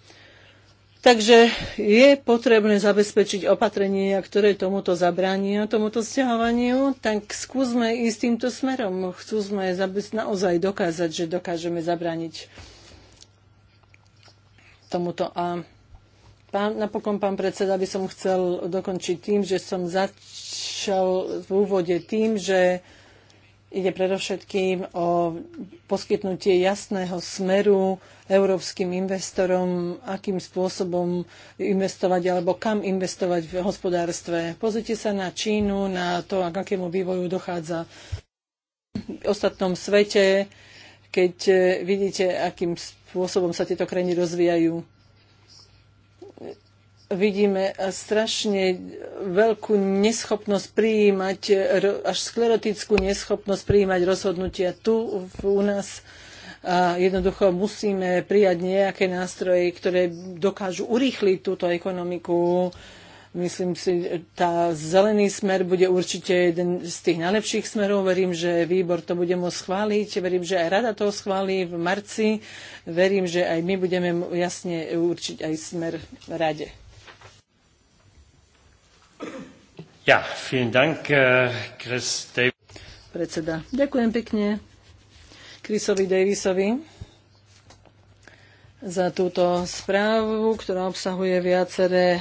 Takže je potrebné zabezpečiť opatrenia, ktoré tomuto zabránia, tomuto stiahovaniu, tak skúsme ísť týmto smerom. sme naozaj dokázať, že dokážeme zabrániť tomuto. A pán, napokon, pán predseda, by som chcel dokončiť tým, že som začal v úvode tým, že ide predovšetkým o poskytnutie jasného smeru európskym investorom, akým spôsobom investovať alebo kam investovať v hospodárstve. Pozrite sa na Čínu, na to, k akému vývoju dochádza v ostatnom svete, keď eh, vidíte, akým spôsobom sa tieto krajiny rozvíjajú vidíme strašne veľkú neschopnosť prijímať, až sklerotickú neschopnosť prijímať rozhodnutia tu u nás. A jednoducho musíme prijať nejaké nástroje, ktoré dokážu urýchliť túto ekonomiku. Myslím si, tá zelený smer bude určite jeden z tých najlepších smerov. Verím, že výbor to bude môcť schváliť. Verím, že aj rada to schválí v marci. Verím, že aj my budeme jasne určiť aj smer rade. Ja, vielen Dank, äh, Chris Davis. Predseda, ďakujem pekne Chrisovi Davisovi za túto správu, ktorá obsahuje viaceré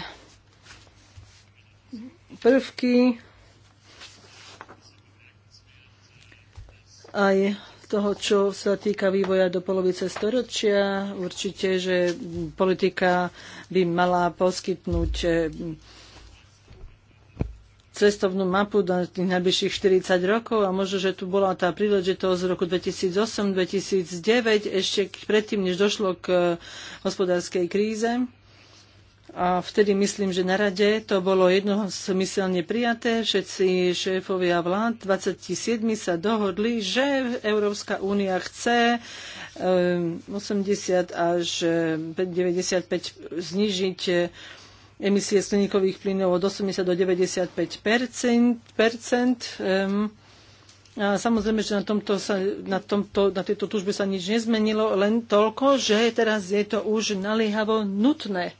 prvky aj toho, čo sa týka vývoja do polovice storočia. Určite, že politika by mala poskytnúť cestovnú mapu na tých najbližších 40 rokov a možno, že tu bola tá príležitosť z roku 2008-2009, ešte predtým, než došlo k eh, hospodárskej kríze. A vtedy myslím, že na rade to bolo jednosmyselne prijaté. Všetci šéfovia vlád 27 sa dohodli, že Európska únia chce 80 eh, až 95 eh, znižiť emisie skleníkových plynov od 80 do 95 percent. Um, a samozrejme, že na, tomto sa, na, tomto, na tejto túžbe sa nič nezmenilo, len toľko, že teraz je to už naliehavo nutné.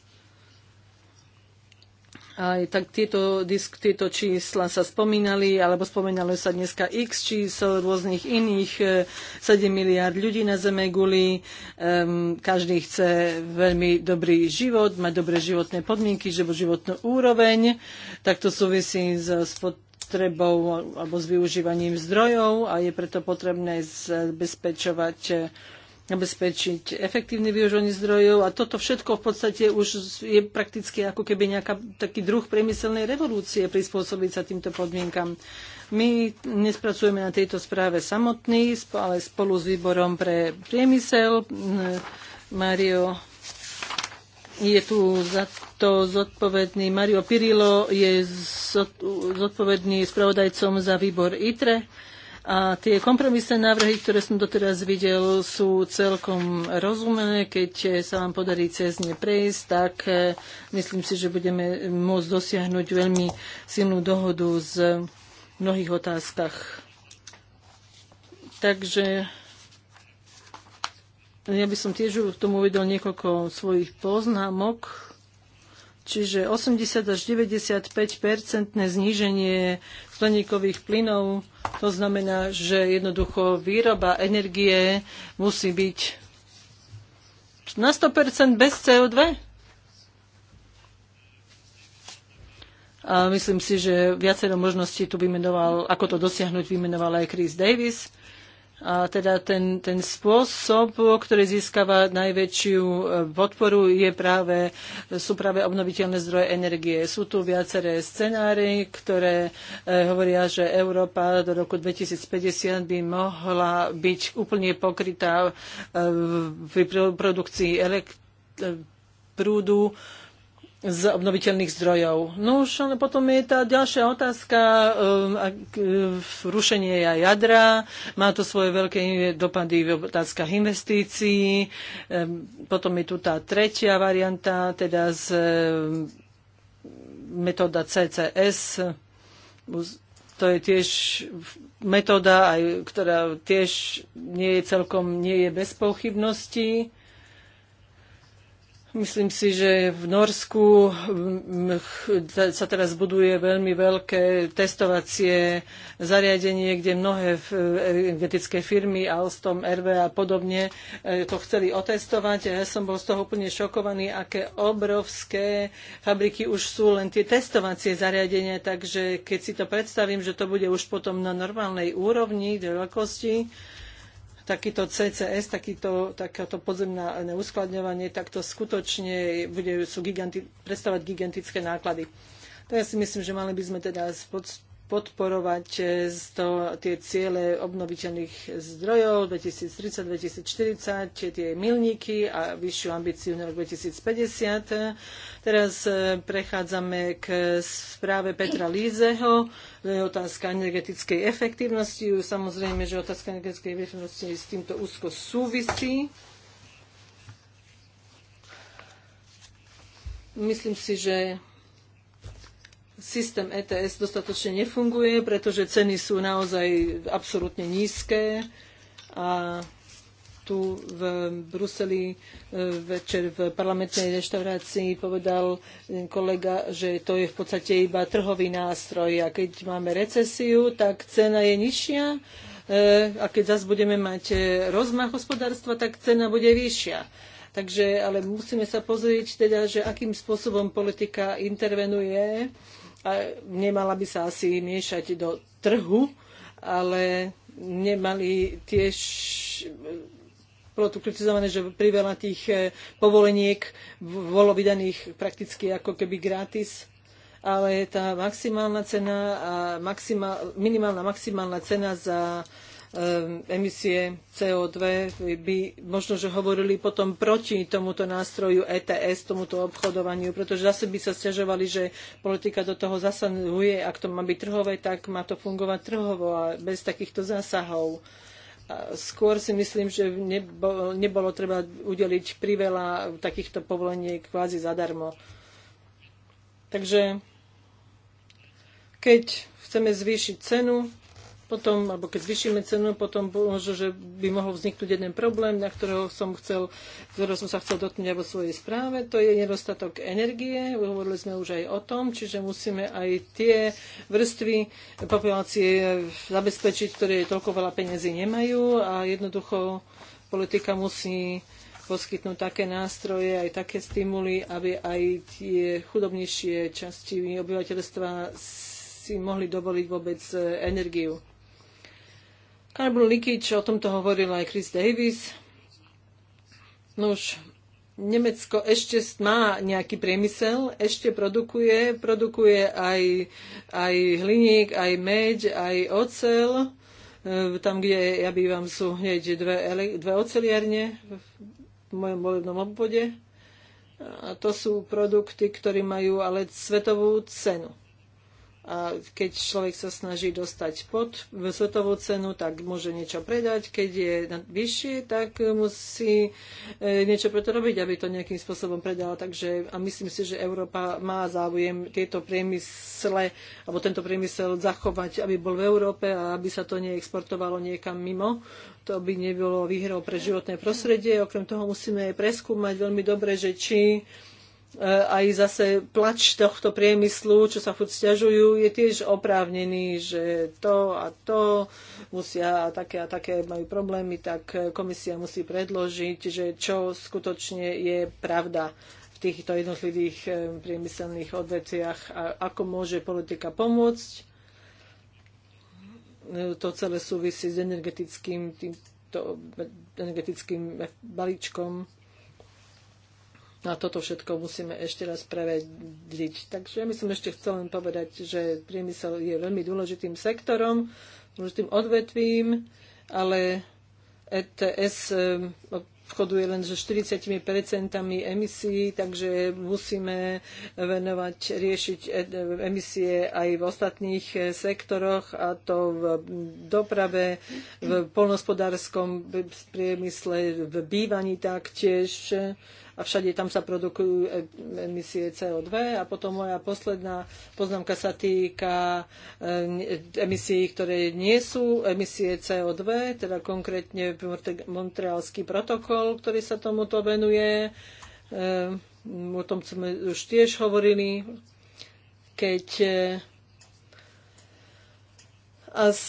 Aj tak tieto, disk, tieto čísla sa spomínali, alebo spomínalo sa dneska x čísel rôznych iných, 7 e, miliard ľudí na Zeme guli, um, každý chce veľmi dobrý život, mať dobré životné podmienky, životnú úroveň, tak to súvisí s spotrebou alebo s využívaním zdrojov a je preto potrebné zabezpečovať e, zabezpečiť efektívne využívanie zdrojov a toto všetko v podstate už je prakticky ako keby nejaká taký druh priemyselnej revolúcie prispôsobiť sa týmto podmienkam. My nespracujeme na tejto správe samotný, ale spolu s výborom pre priemysel. Mario je tu za to zodpovedný. Mario Pirilo je zodpovedný spravodajcom za výbor ITRE a tie kompromisné návrhy, ktoré som doteraz videl, sú celkom rozumné. Keď sa vám podarí cez ne prejsť, tak e, myslím si, že budeme môcť dosiahnuť veľmi silnú dohodu z mnohých otázkach. Takže ja by som tiež k tomu uvedel niekoľko svojich poznámok. Čiže 80 až 95 percentné zníženie skleníkových plynov, to znamená, že jednoducho výroba energie musí byť na 100 bez CO2. A myslím si, že viacero možností tu vymenoval, ako to dosiahnuť, vymenoval aj Chris Davis. A teda ten, ten spôsob, ktorý získava najväčšiu e, podporu, je práve, sú práve obnoviteľné zdroje energie. Sú tu viaceré scenáry, ktoré e, hovoria, že Európa do roku 2050 by mohla byť úplne pokrytá e, v produkcii elekt- prúdu z obnoviteľných zdrojov. No už ale potom je tá ďalšia otázka, um, um, rušenie jadra, má to svoje veľké dopady v otázkach investícií, um, potom je tu tá tretia varianta, teda z metóda CCS, to je tiež metóda, ktorá tiež nie je celkom, nie je bez pochybností Myslím si, že v Norsku mm, sa teraz buduje veľmi veľké testovacie zariadenie, kde mnohé e, energetické firmy, Alstom, RV a podobne e, to chceli otestovať. Ja som bol z toho úplne šokovaný, aké obrovské fabriky už sú len tie testovacie zariadenia, takže keď si to predstavím, že to bude už potom na normálnej úrovni, veľkosti, takýto CCS, takýto, takáto podzemná eh, uskladňovanie, tak to skutočne bude, sú giganti, predstavať gigantické náklady. Tak ja si myslím, že mali by sme teda podporovať e, to, tie ciele obnoviteľných zdrojov 2030-2040, tie milníky a vyššiu ambíciu na rok 2050. Teraz e, prechádzame k správe Petra Lízeho, otázka energetickej efektívnosti. Samozrejme, že otázka energetickej efektívnosti s týmto úzko súvisí. Myslím si, že systém ETS dostatočne nefunguje, pretože ceny sú naozaj absolútne nízke a tu v Bruseli e, večer v parlamentnej reštaurácii povedal kolega, že to je v podstate iba trhový nástroj a keď máme recesiu, tak cena je nižšia e, a keď zase budeme mať e, rozmach hospodárstva, tak cena bude vyššia. Takže, ale musíme sa pozrieť teda, že akým spôsobom politika intervenuje nemala by sa asi miešať do trhu, ale nemali tiež eh, bolo tu kritizované, že pri veľa tých eh, povoleniek bolo vydaných prakticky ako keby gratis, ale tá maximálna cena a maximál, minimálna maximálna cena za Ehm, emisie CO2 by možno, že hovorili potom proti tomuto nástroju ETS, tomuto obchodovaniu, pretože zase by sa stiažovali, že politika do toho zasahuje. Ak to má byť trhové, tak má to fungovať trhovo a bez takýchto zásahov. skôr si myslím, že nebolo, nebolo treba udeliť priveľa takýchto povoleniek kvázi zadarmo. Takže keď chceme zvýšiť cenu, potom, alebo keď zvýšime cenu, potom možno, že by mohol vzniknúť jeden problém, na ktorého som chcel, ktorého som sa chcel dotknúť vo svojej správe, to je nedostatok energie, hovorili sme už aj o tom, čiže musíme aj tie vrstvy populácie zabezpečiť, ktoré toľko veľa peniazy nemajú a jednoducho politika musí poskytnúť také nástroje, aj také stimuly, aby aj tie chudobnejšie časti obyvateľstva si mohli dovoliť vôbec energiu. Carbon leakage, o tomto hovoril aj Chris Davis. No už Nemecko ešte má nejaký priemysel, ešte produkuje, produkuje aj, aj hliník, aj meď, aj ocel. E, tam, kde ja bývam, sú hneď dve, dve oceliarne v mojom volebnom obvode. A to sú produkty, ktoré majú ale svetovú cenu a keď človek sa snaží dostať pod svetovú cenu, tak môže niečo predať. Keď je vyššie, tak musí e, niečo preto robiť, aby to nejakým spôsobom predala. Takže, a myslím si, že Európa má záujem tieto priemysle, alebo tento priemysel zachovať, aby bol v Európe a aby sa to neexportovalo niekam mimo. To by nebolo výhrou pre životné prostredie. Okrem toho musíme aj preskúmať veľmi dobre, že či E, aj zase plač tohto priemyslu, čo sa furt stiažujú, je tiež oprávnený, že to a to musia a také a také majú problémy, tak komisia musí predložiť, že čo skutočne je pravda v týchto jednotlivých e, priemyselných odvetiach a ako môže politika pomôcť. E, to celé súvisí s energetickým, týmto, energetickým balíčkom na toto všetko musíme ešte raz prevediť. Takže ja by som ešte chcel len povedať, že priemysel je veľmi dôležitým sektorom, dôležitým odvetvím, ale ETS e, obchoduje len so 40 emisí, takže musíme venovať, riešiť e, emisie aj v ostatných e, sektoroch, a to v doprave, v polnospodárskom priemysle, v bývaní taktiež a všade tam sa produkujú e, emisie CO2. A potom moja posledná poznámka sa týka e, emisí, ktoré nie sú emisie CO2, teda konkrétne Montrealský protokol, ktorý sa tomuto venuje. E, o tom sme už tiež hovorili, keď a z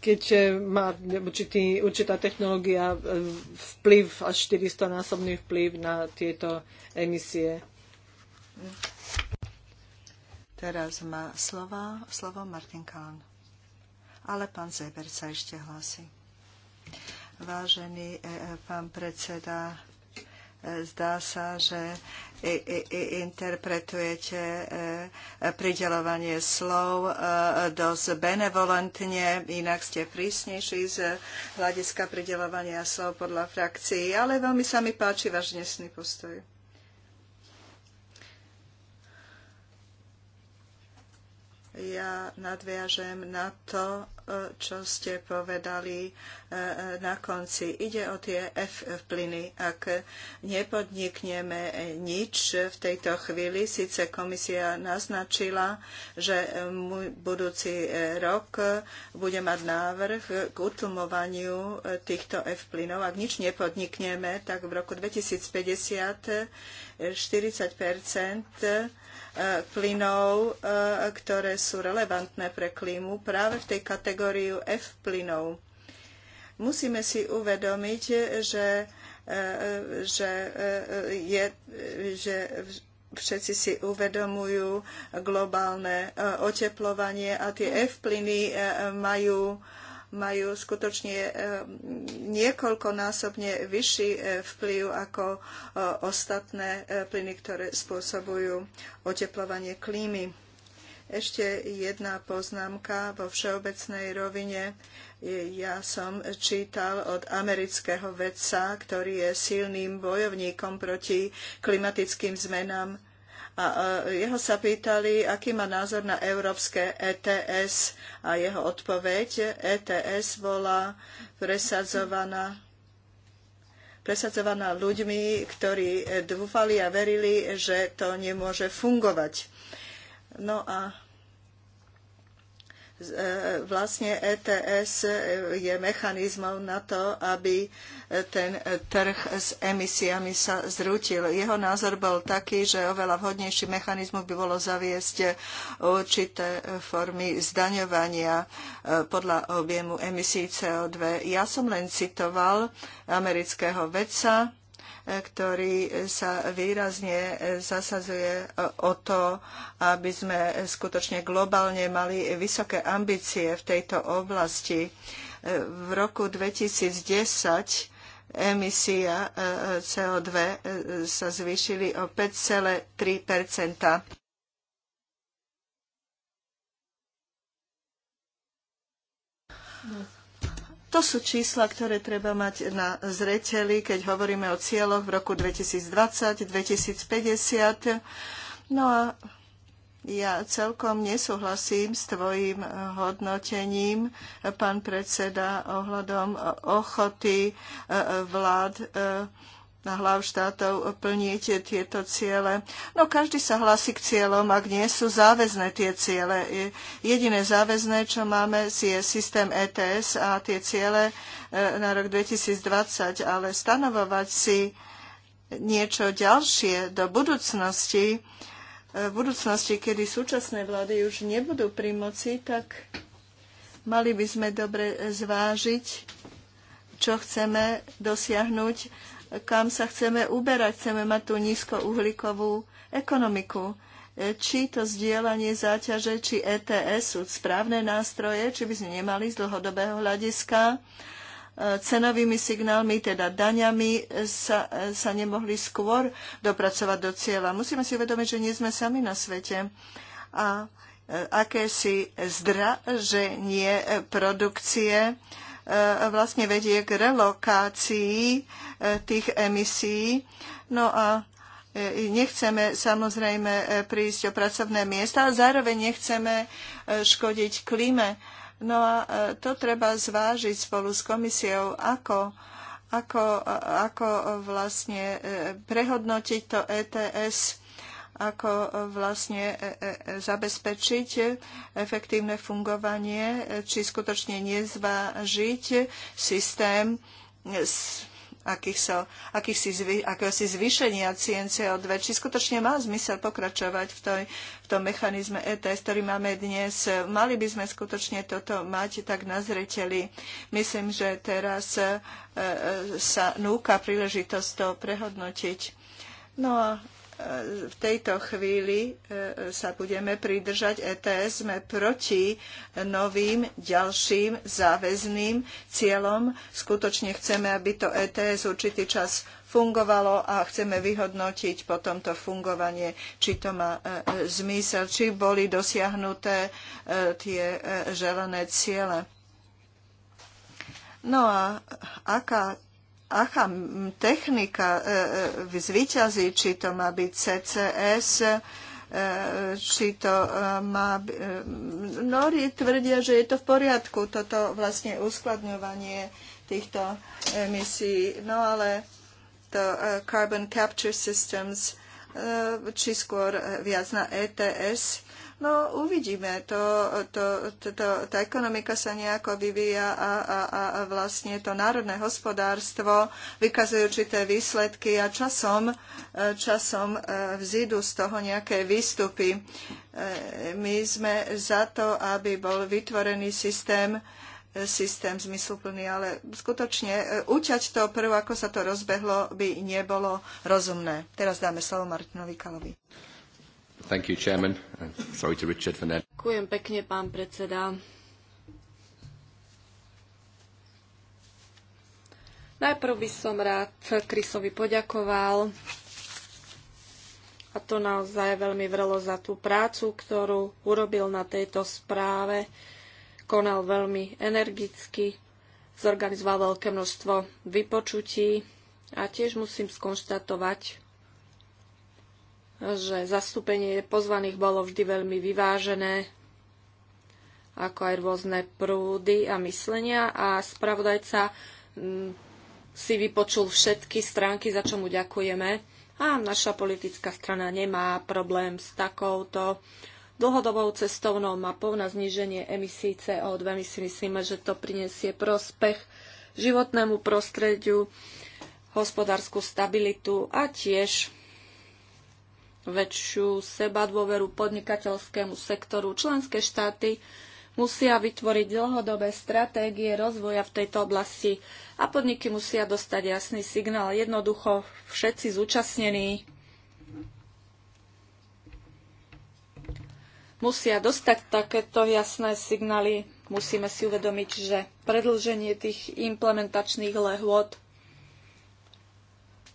keď e, má určitý, určitá technológia e, vplyv až 400 násobný vplyv na tieto emisie. Teraz má slova, slovo Martin Kahn. Ale pán Zeber sa ešte hlási. Vážený e, pán predseda, Zdá sa, že interpretujete e, pridelovanie slov e, dosť benevolentne, inak ste prísnejší z hľadiska pridelovania slov podľa frakcií, ale veľmi sa mi páči váš dnesný postoj. Ja nadviažem na to, e, čo ste povedali e, e, na konci. Ide o tie F plyny. Ak nepodnikneme nič v tejto chvíli, síce komisia naznačila, že budúci rok bude mať návrh k utlmovaniu týchto F plynov. Ak nič nepodnikneme, tak v roku 2050 40 E, plynov, e, ktoré sú relevantné pre klímu práve v tej kategóriu F plynov. Musíme si uvedomiť, že, e, že, je, že všetci si uvedomujú globálne oteplovanie a tie F plyny majú majú skutočne eh, niekoľkonásobne vyšší eh, vplyv ako eh, ostatné plyny, ktoré spôsobujú oteplovanie klímy. Ešte jedna poznámka vo všeobecnej rovine. Ja som čítal od amerického vedca, ktorý je silným bojovníkom proti klimatickým zmenám a jeho sa pýtali, aký má názor na európske ETS a jeho odpoveď ETS bola presadzovaná presadzovaná ľuďmi, ktorí dúfali a verili, že to nemôže fungovať. No a E, vlastne ETS je mechanizmom na to, aby e, ten trh s emisiami sa zrútil. Jeho názor bol taký, že oveľa vhodnejší mechanizmus by bolo zaviesť určité formy zdaňovania e, podľa objemu emisí CO2. Ja som len citoval amerického vedca, ktorý sa výrazne e, zasazuje e, o to, aby sme skutočne globálne mali vysoké ambície v tejto oblasti. E, v roku 2010 emisia CO2 sa zvýšili o 5,3 Yes. To sú čísla, ktoré treba mať na zreteli, keď hovoríme o cieľoch v roku 2020, 2050. No a ja celkom nesúhlasím s tvojim hodnotením, pán predseda, ohľadom ochoty eh, vlád eh, na hlav štátov plniť tieto ciele. No každý sa hlási k cieľom, ak nie sú záväzné tie ciele. Jediné záväzné, čo máme, je systém ETS a tie ciele e, na rok 2020, ale stanovovať si niečo ďalšie do budúcnosti, e, v budúcnosti, kedy súčasné vlády už nebudú pri moci, tak mali by sme dobre zvážiť, čo chceme dosiahnuť kam sa chceme uberať. Chceme mať tú nízkouhlíkovú ekonomiku. E, či to zdieľanie záťaže, či ETS sú správne nástroje, či by sme nemali z dlhodobého hľadiska e, cenovými signálmi, teda daňami, e, sa, sa nemohli skôr dopracovať do cieľa. Musíme si uvedomiť, že nie sme sami na svete. A akési zdraženie produkcie vlastne vedie k relokácii e, tých emisí. No a e, nechceme samozrejme e, prísť o pracovné miesta a zároveň nechceme škodiť klíme. No a to treba zvážiť spolu s komisiou, ako, ako, ako vlastne prehodnotiť to ETS ako e, vlastne e, e, zabezpečiť efektívne fungovanie, či skutočne nezvážiť systém akýchso, akýchsi akéhosi zvýšenia cien CO2, či skutočne má zmysel pokračovať v, toj, v tom mechanizme ETS, ktorý máme dnes. Mali by sme skutočne toto mať tak na zreteli. Myslím, že teraz e, sa núka príležitosť to prehodnotiť. No a v tejto chvíli e, sa budeme pridržať ETS. Sme proti novým ďalším záväzným cieľom. Skutočne chceme, aby to ETS určitý čas fungovalo a chceme vyhodnotiť potom to fungovanie, či to má e, e, zmysel, či boli dosiahnuté tie želané ciele. No a aká aká technika e, e, zvíťazí, či to má byť CCS, e, či to má... Nori tvrdia, že je to v poriadku, toto vlastne uskladňovanie týchto emisí. No ale to Carbon Capture Systems, či skôr viac na ETS, No uvidíme, to, to, to, to, tá ekonomika sa nejako vyvíja a, a, a vlastne to národné hospodárstvo vykazuje určité výsledky a časom, e, časom e, vzídu z toho nejaké výstupy. E, my sme za to, aby bol vytvorený systém, systém zmysluplný, ale skutočne uťať to prv, ako sa to rozbehlo, by nebolo rozumné. Teraz dáme slovo Martinovi Kalovi. Thank you, Chairman. Uh, sorry to Richard for that. Ďakujem pekne, pán predseda. Najprv by som rád Krisovi poďakoval a to naozaj veľmi vrelo za tú prácu, ktorú urobil na tejto správe. Konal veľmi energicky, zorganizoval veľké množstvo vypočutí a tiež musím skonštatovať, že zastúpenie pozvaných bolo vždy veľmi vyvážené, ako aj rôzne prúdy a myslenia a spravodajca mm, si vypočul všetky stránky, za čo mu ďakujeme. A naša politická strana nemá problém s takouto dlhodobou cestovnou mapou na zníženie emisí CO2. My si myslíme, že to prinesie prospech životnému prostrediu, hospodárskú stabilitu a tiež väčšiu seba dôveru podnikateľskému sektoru. Členské štáty musia vytvoriť dlhodobé stratégie rozvoja v tejto oblasti a podniky musia dostať jasný signál. Jednoducho všetci zúčastnení musia dostať takéto jasné signály. Musíme si uvedomiť, že predlženie tých implementačných lehôd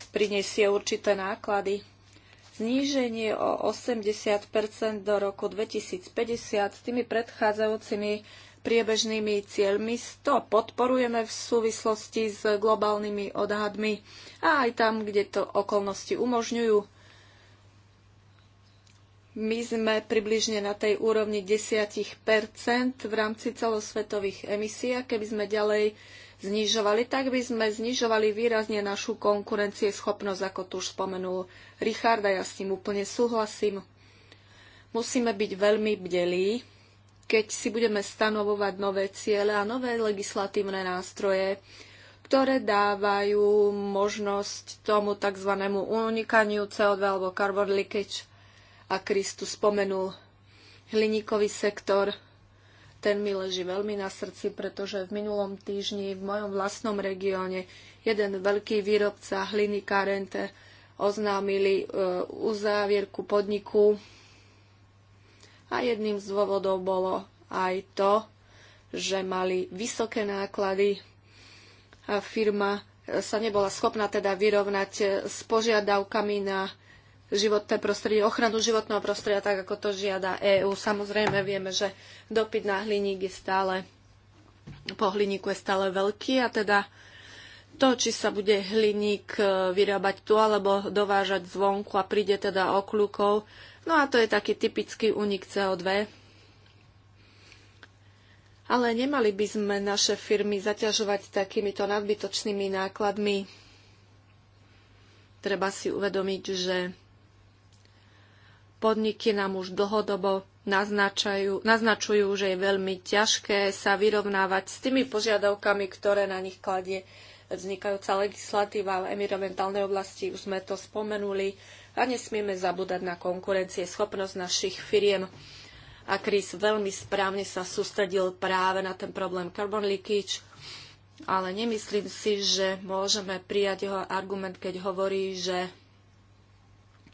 priniesie určité náklady zníženie o 80 do roku 2050 s tými predchádzajúcimi priebežnými cieľmi. To podporujeme v súvislosti s globálnymi odhadmi a aj tam, kde to okolnosti umožňujú. My sme približne na tej úrovni 10 v rámci celosvetových emisí a keby sme ďalej znižovali, tak by sme znižovali výrazne našu konkurencieschopnosť, ako tu už spomenul Richard a ja s ním úplne súhlasím. Musíme byť veľmi bdelí, keď si budeme stanovovať nové ciele a nové legislatívne nástroje, ktoré dávajú možnosť tomu tzv. unikaniu CO2 alebo carbon leakage. A Kristus spomenul hliníkový sektor – ten mi leží veľmi na srdci, pretože v minulom týždni v mojom vlastnom regióne jeden veľký výrobca hliny Karente oznámili e, uzávierku podniku a jedným z dôvodov bolo aj to, že mali vysoké náklady a firma e, sa nebola schopná teda vyrovnať e, s požiadavkami na životné prostredie, ochranu životného prostredia, tak ako to žiada EÚ. Samozrejme vieme, že dopyt na hliník je stále, po hliníku je stále veľký a teda to, či sa bude hliník e, vyrábať tu alebo dovážať zvonku a príde teda okľukov. No a to je taký typický únik CO2. Ale nemali by sme naše firmy zaťažovať takýmito nadbytočnými nákladmi. Treba si uvedomiť, že podniky nám už dlhodobo naznačajú, naznačujú, že je veľmi ťažké sa vyrovnávať s tými požiadavkami, ktoré na nich kladie vznikajúca legislatíva v environmentálnej oblasti. Už sme to spomenuli a nesmieme zabúdať na konkurencie, schopnosť našich firiem. A Chris veľmi správne sa sústredil práve na ten problém carbon leakage, ale nemyslím si, že môžeme prijať jeho argument, keď hovorí, že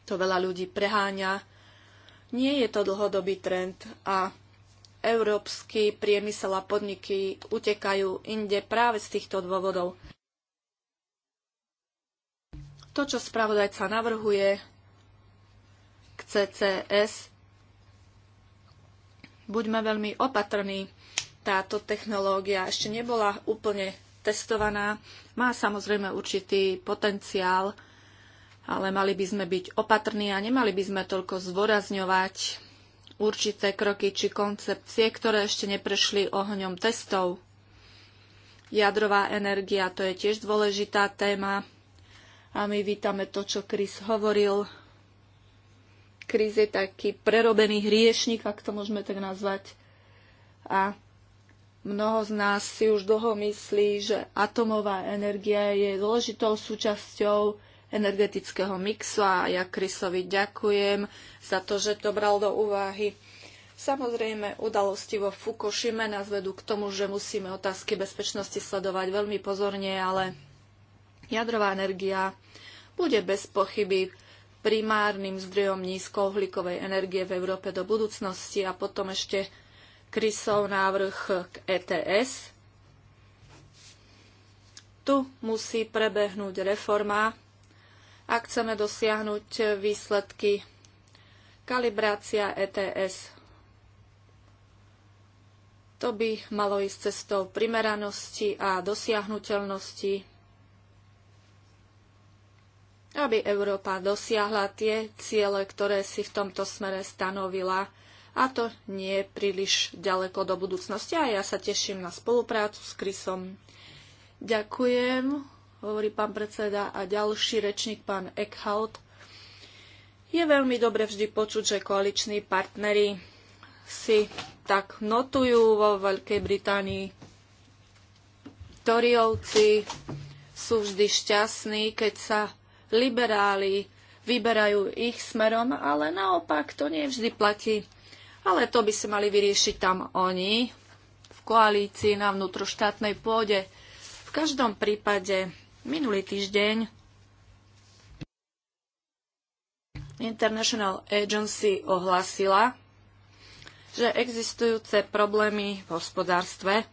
to veľa ľudí preháňa nie je to dlhodobý trend a európsky priemysel a podniky utekajú inde práve z týchto dôvodov. To, čo spravodajca navrhuje k CCS, buďme veľmi opatrní. Táto technológia ešte nebola úplne testovaná. Má samozrejme určitý potenciál, ale mali by sme byť opatrní a nemali by sme toľko zvorazňovať určité kroky či koncepcie, ktoré ešte neprešli ohňom testov. Jadrová energia to je tiež dôležitá téma a my vítame to, čo Chris hovoril. Chris je taký prerobený hriešnik, ak to môžeme tak nazvať. A mnoho z nás si už dlho myslí, že atomová energia je dôležitou súčasťou energetického mixu a ja Krysovi ďakujem za to, že to bral do úvahy. Samozrejme, udalosti vo Fukushime nás vedú k tomu, že musíme otázky bezpečnosti sledovať veľmi pozorne, ale jadrová energia bude bez pochyby primárnym zdrojom nízkouhlíkovej energie v Európe do budúcnosti a potom ešte Krysov návrh k ETS. Tu musí prebehnúť reforma ak chceme dosiahnuť výsledky kalibrácia ETS. To by malo ísť cestou primeranosti a dosiahnutelnosti, aby Európa dosiahla tie ciele, ktoré si v tomto smere stanovila, a to nie príliš ďaleko do budúcnosti. A ja sa teším na spoluprácu s Krysom. Ďakujem hovorí pán predseda a ďalší rečník pán Eckhout. Je veľmi dobre vždy počuť, že koaliční partnery si tak notujú vo Veľkej Británii. Toriovci sú vždy šťastní, keď sa liberáli vyberajú ich smerom, ale naopak to nie vždy platí. Ale to by si mali vyriešiť tam oni, v koalícii na vnútroštátnej pôde. V každom prípade Minulý týždeň International Agency ohlasila, že existujúce problémy v hospodárstve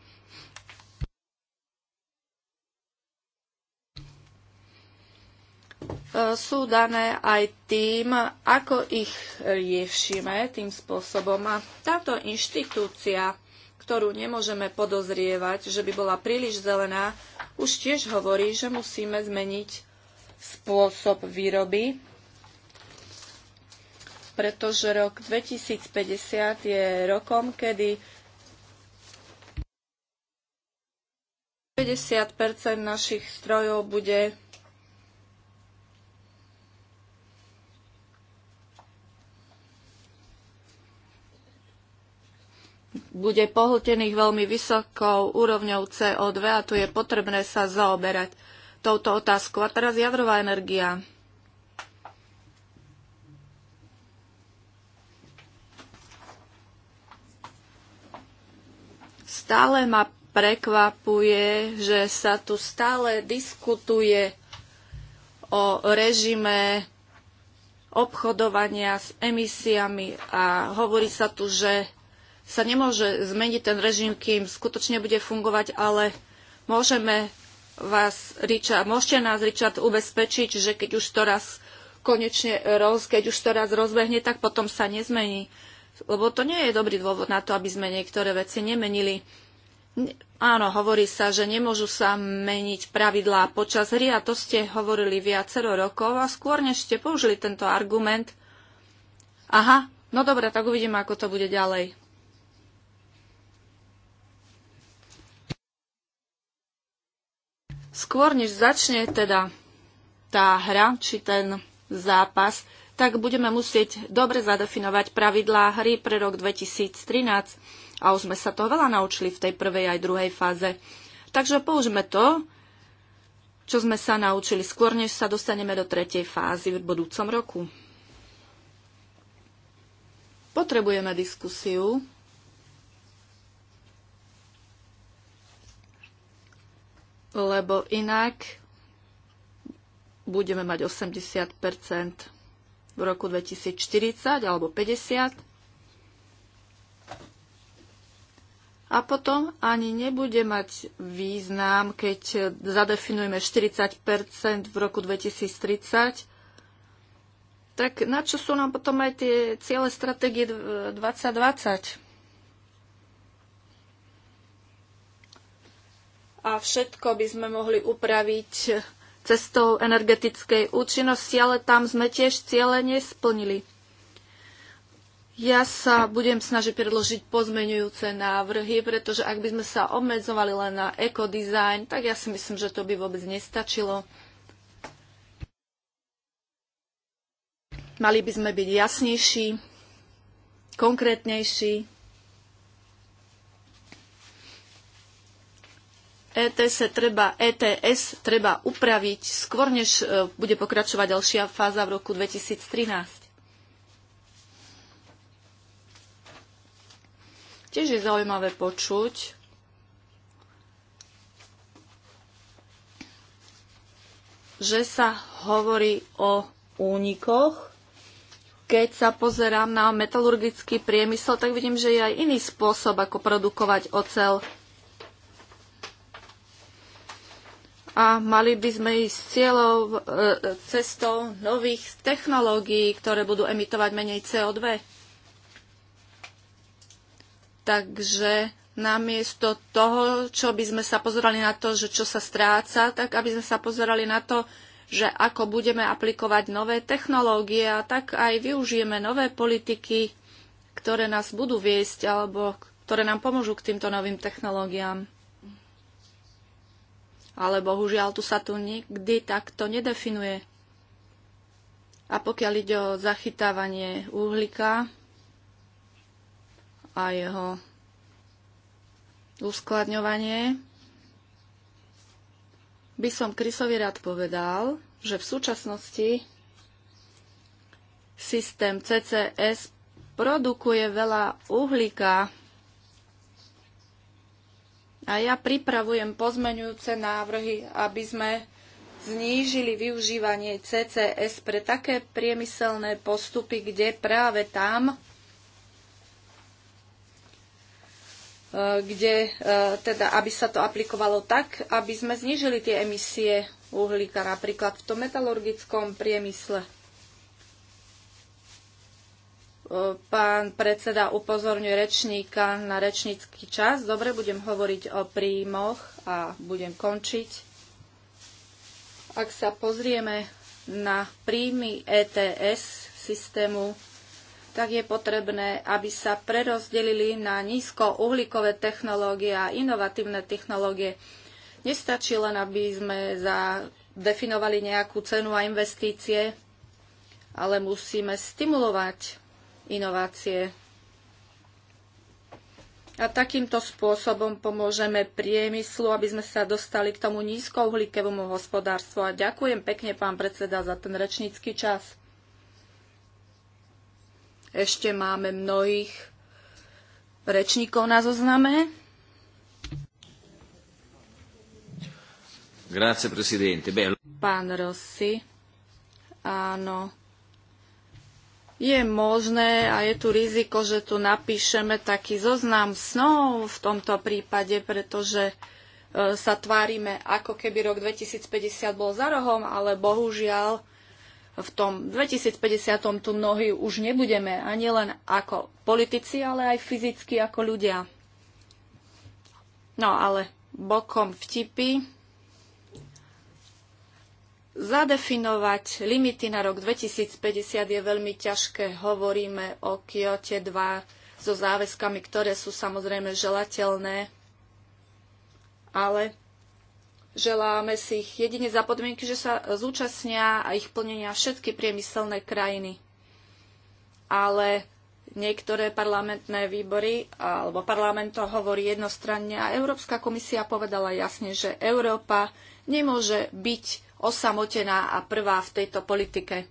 sú dané aj tým, ako ich riešime tým spôsobom. A táto inštitúcia, ktorú nemôžeme podozrievať, že by bola príliš zelená, už tiež hovorí, že musíme zmeniť spôsob výroby, pretože rok 2050 je rokom, kedy 50 našich strojov bude bude pohltených veľmi vysokou úrovňou CO2 a tu je potrebné sa zaoberať touto otázkou. A teraz jadrová energia. Stále ma prekvapuje, že sa tu stále diskutuje o režime obchodovania s emisiami a hovorí sa tu, že sa nemôže zmeniť ten režim, kým skutočne bude fungovať, ale môžeme vás, Richard, môžete nás, Richard, ubezpečiť, že keď už to raz konečne, roz, keď už to raz rozbehne, tak potom sa nezmení. Lebo to nie je dobrý dôvod na to, aby sme niektoré veci nemenili. Áno, hovorí sa, že nemôžu sa meniť pravidlá počas hry a to ste hovorili viacero rokov a skôr než ste použili tento argument. Aha, no dobre, tak uvidíme, ako to bude ďalej. Skôr než začne teda tá hra či ten zápas, tak budeme musieť dobre zadefinovať pravidlá hry pre rok 2013 a už sme sa to veľa naučili v tej prvej aj druhej fáze. Takže použíme to, čo sme sa naučili skôr, než sa dostaneme do tretej fázy v budúcom roku. Potrebujeme diskusiu lebo inak budeme mať 80 v roku 2040 alebo 50 A potom ani nebude mať význam, keď zadefinujeme 40 v roku 2030. Tak na čo sú nám potom aj tie ciele stratégie 2020? a všetko by sme mohli upraviť cestou energetickej účinnosti, ale tam sme tiež ciele nesplnili. Ja sa budem snažiť predložiť pozmenujúce návrhy, pretože ak by sme sa obmedzovali len na ekodizajn, tak ja si myslím, že to by vôbec nestačilo. Mali by sme byť jasnejší, konkrétnejší, ETS treba, ETS treba upraviť skôr, než e, bude pokračovať ďalšia fáza v roku 2013. Tiež je zaujímavé počuť, že sa hovorí o únikoch. Keď sa pozerám na metalurgický priemysel, tak vidím, že je aj iný spôsob, ako produkovať ocel. a mali by sme ísť cieľov, e, cestou nových technológií, ktoré budú emitovať menej CO2. Takže namiesto toho, čo by sme sa pozerali na to, že čo sa stráca, tak aby sme sa pozerali na to, že ako budeme aplikovať nové technológie a tak aj využijeme nové politiky, ktoré nás budú viesť alebo ktoré nám pomôžu k týmto novým technológiám ale bohužiaľ tu sa tu nikdy takto nedefinuje. A pokiaľ ide o zachytávanie uhlíka a jeho uskladňovanie, by som Krysovi rád povedal, že v súčasnosti systém CCS produkuje veľa uhlíka a ja pripravujem pozmeňujúce návrhy, aby sme znížili využívanie CCS pre také priemyselné postupy, kde práve tam, e, kde e, teda, aby sa to aplikovalo tak, aby sme znížili tie emisie uhlíka napríklad v tom metalurgickom priemysle. Pán predseda upozorňuje rečníka na rečnícky čas. Dobre, budem hovoriť o príjmoch a budem končiť. Ak sa pozrieme na príjmy ETS systému, tak je potrebné, aby sa prerozdelili na nízkouhlíkové technológie a inovatívne technológie. Nestačí len, aby sme zadefinovali nejakú cenu a investície, ale musíme stimulovať inovácie. A takýmto spôsobom pomôžeme priemyslu, aby sme sa dostali k tomu nízkouhlíkevomu hospodárstvu. A ďakujem pekne, pán predseda, za ten rečnícky čas. Ešte máme mnohých rečníkov na zozname. Grazie, presidente. Pán Rossi, áno, je možné a je tu riziko, že tu napíšeme taký zoznam snov v tomto prípade, pretože e, sa tvárime, ako keby rok 2050 bol za rohom, ale bohužiaľ v tom 2050 tu mnohí už nebudeme ani len ako politici, ale aj fyzicky ako ľudia. No ale bokom vtipy Zadefinovať limity na rok 2050 je veľmi ťažké. Hovoríme o Kyoto 2 so záväzkami, ktoré sú samozrejme želateľné, ale želáme si ich jedine za podmienky, že sa zúčastnia a ich plnenia všetky priemyselné krajiny. Ale niektoré parlamentné výbory alebo parlament to hovorí jednostranne a Európska komisia povedala jasne, že Európa nemôže byť osamotená a prvá v tejto politike.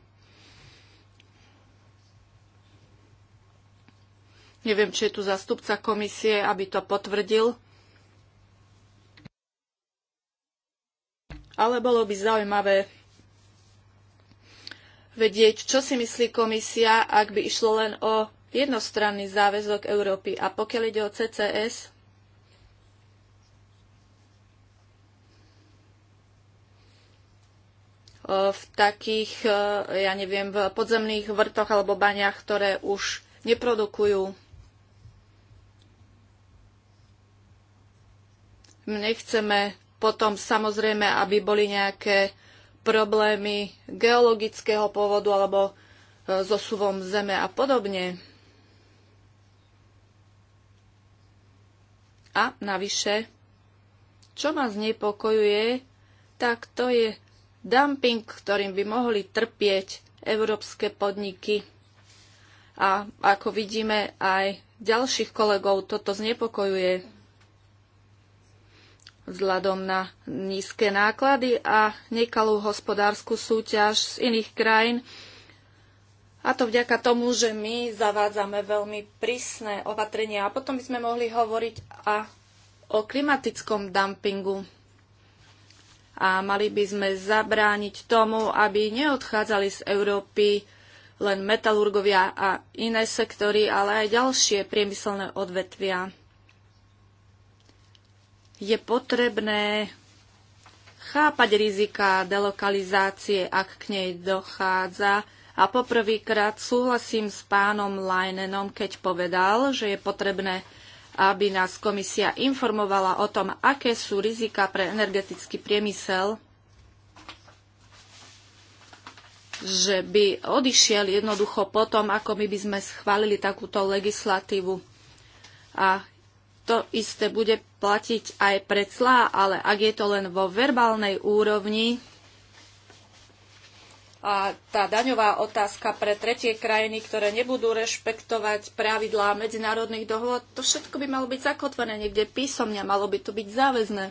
Neviem, či je tu zastupca komisie, aby to potvrdil. Ale bolo by zaujímavé vedieť, čo si myslí komisia, ak by išlo len o jednostranný záväzok Európy. A pokiaľ ide o CCS, v takých, e, ja neviem, v podzemných vrtoch alebo baniach, ktoré už neprodukujú. Nechceme potom samozrejme, aby boli nejaké problémy geologického pôvodu alebo e, so suvom zeme a podobne. A navyše, čo ma znepokojuje, tak to je dumping, ktorým by mohli trpieť európske podniky. A ako vidíme, aj ďalších kolegov toto znepokojuje vzhľadom na nízke náklady a nekalú hospodárskú súťaž z iných krajín. A to vďaka tomu, že my zavádzame veľmi prísne opatrenia. A potom by sme mohli hovoriť a o klimatickom dumpingu a mali by sme zabrániť tomu, aby neodchádzali z Európy len metalurgovia a iné sektory, ale aj ďalšie priemyselné odvetvia. Je potrebné chápať rizika delokalizácie, ak k nej dochádza. A poprvýkrát súhlasím s pánom Leinenom, keď povedal, že je potrebné aby nás komisia informovala o tom, aké sú rizika pre energetický priemysel, že by odišiel jednoducho potom, ako my by sme schválili takúto legislatívu. A to isté bude platiť aj pre clá, ale ak je to len vo verbálnej úrovni, a tá daňová otázka pre tretie krajiny, ktoré nebudú rešpektovať pravidlá medzinárodných dohôd, to všetko by malo byť zakotvené niekde písomne, malo by to byť záväzné.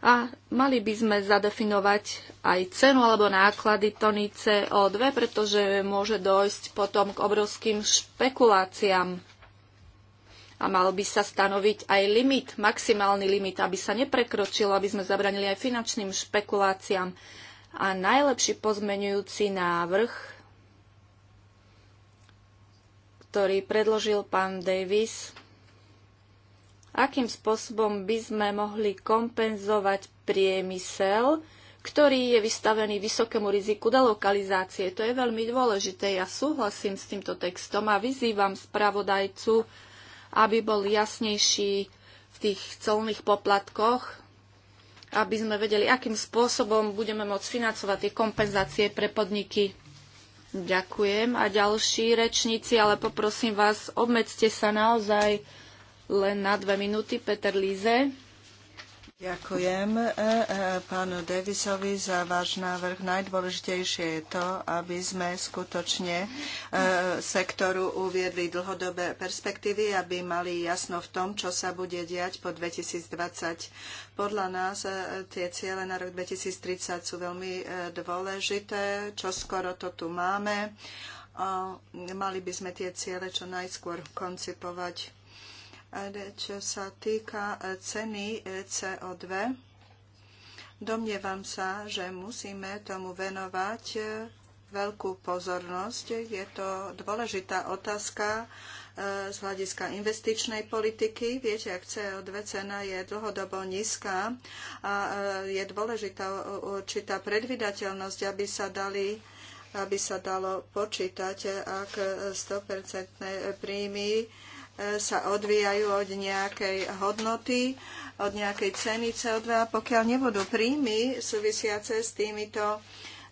A mali by sme zadefinovať aj cenu alebo náklady tony CO2, pretože môže dojsť potom k obrovským špekuláciám. A mal by sa stanoviť aj limit, maximálny limit, aby sa neprekročilo, aby sme zabranili aj finančným špekuláciám. A najlepší pozmenujúci návrh, ktorý predložil pán Davis, akým spôsobom by sme mohli kompenzovať priemysel, ktorý je vystavený vysokému riziku delokalizácie. To je veľmi dôležité. Ja súhlasím s týmto textom a vyzývam spravodajcu, aby bol jasnejší v tých colných poplatkoch, aby sme vedeli, akým spôsobom budeme môcť financovať tie kompenzácie pre podniky. Ďakujem. A ďalší rečníci, ale poprosím vás, obmedzte sa naozaj len na dve minúty. Peter Líze. Ďakujem e, e, pánu Davisovi za váš návrh. Najdôležitejšie je to, aby sme skutočne e, sektoru uviedli dlhodobé perspektívy, aby mali jasno v tom, čo sa bude diať po 2020. Podľa nás tie ciele na rok 2030 sú veľmi dôležité, čo skoro to tu máme. A mali by sme tie ciele čo najskôr koncipovať čo sa týka e, ceny e, CO2, domnievam sa, že musíme tomu venovať e, veľkú pozornosť. Je to dôležitá otázka z hľadiska investičnej politiky. Viete, ak CO2 cena je dlhodobo nízka a je dôležitá určitá predvydateľnosť, aby sa dali aby sa dalo počítať, ak 100% príjmy sa odvíjajú od nejakej hodnoty, od nejakej ceny CO2. Pokiaľ nebudú príjmy súvisiace s týmito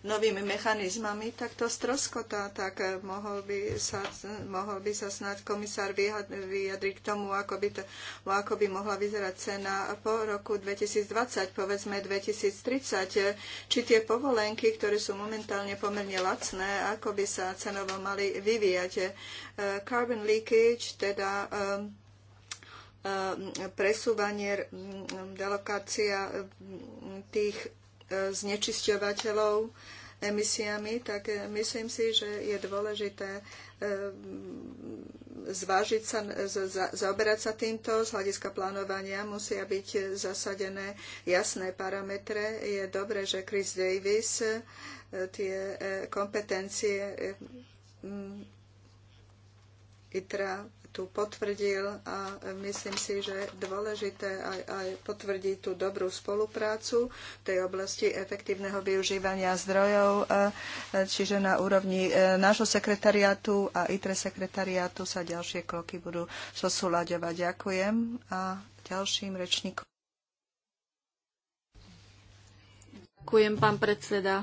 novými mechanizmami, tak to stroskotá, tak eh, mohol by sa, mohol by sa snáď komisár vyjadriť k tomu, ako by, to, ako by mohla vyzerať cena po roku 2020, povedzme 2030, či tie povolenky, ktoré sú momentálne pomerne lacné, ako by sa cenovo mali vyvíjať. Eh, carbon leakage, teda ehm, ehm, presúvanie, mm, delokácia mm, tých znečisťovateľov emisiami, tak eh, myslím si, že je dôležité eh, zvážiť sa, eh, zaoberať sa týmto z hľadiska plánovania. Musia byť zasadené jasné parametre. Je dobré, že Chris Davis tie kompetencie mm, ITRA tu potvrdil a myslím si, že dôležité aj, aj potvrdiť tú dobrú spoluprácu v tej oblasti efektívneho využívania zdrojov, čiže na úrovni e, nášho sekretariátu a ITRE sekretariátu sa ďalšie kroky budú zosúľaďovať. Ďakujem a ďalším rečníkom. Ďakujem, pán predseda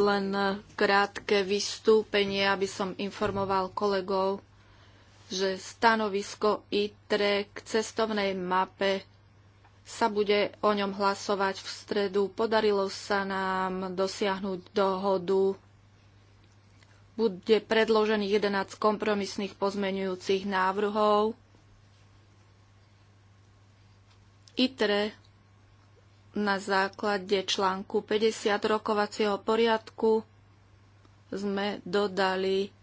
len krátke vystúpenie, aby som informoval kolegov že stanovisko ITRE k cestovnej mape sa bude o ňom hlasovať v stredu. Podarilo sa nám dosiahnuť dohodu. Bude predložených 11 kompromisných pozmenujúcich návrhov. ITRE na základe článku 50 rokovacieho poriadku sme dodali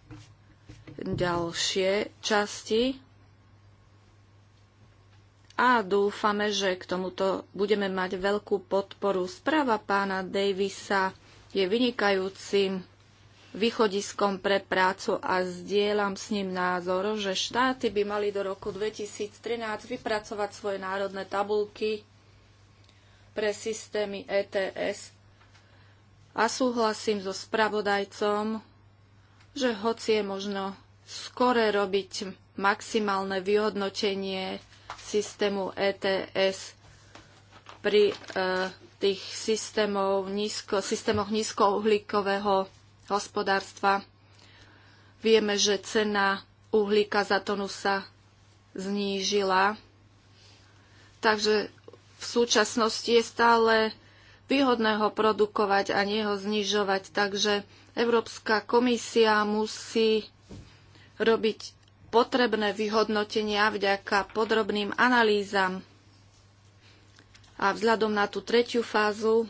ďalšie časti a dúfame, že k tomuto budeme mať veľkú podporu. Správa pána Davisa je vynikajúcim východiskom pre prácu a zdieľam s ním názor, že štáty by mali do roku 2013 vypracovať svoje národné tabulky pre systémy ETS a súhlasím so spravodajcom, že hoci je možno skore robiť maximálne vyhodnotenie systému ETS pri e, tých systémov nízko, systémoch nízkouhlíkového hospodárstva. Vieme, že cena uhlíka za tonu sa znížila, takže v súčasnosti je stále výhodné ho produkovať a nie ho znižovať. Takže Európska komisia musí robiť potrebné vyhodnotenia vďaka podrobným analýzam. A vzhľadom na tú tretiu fázu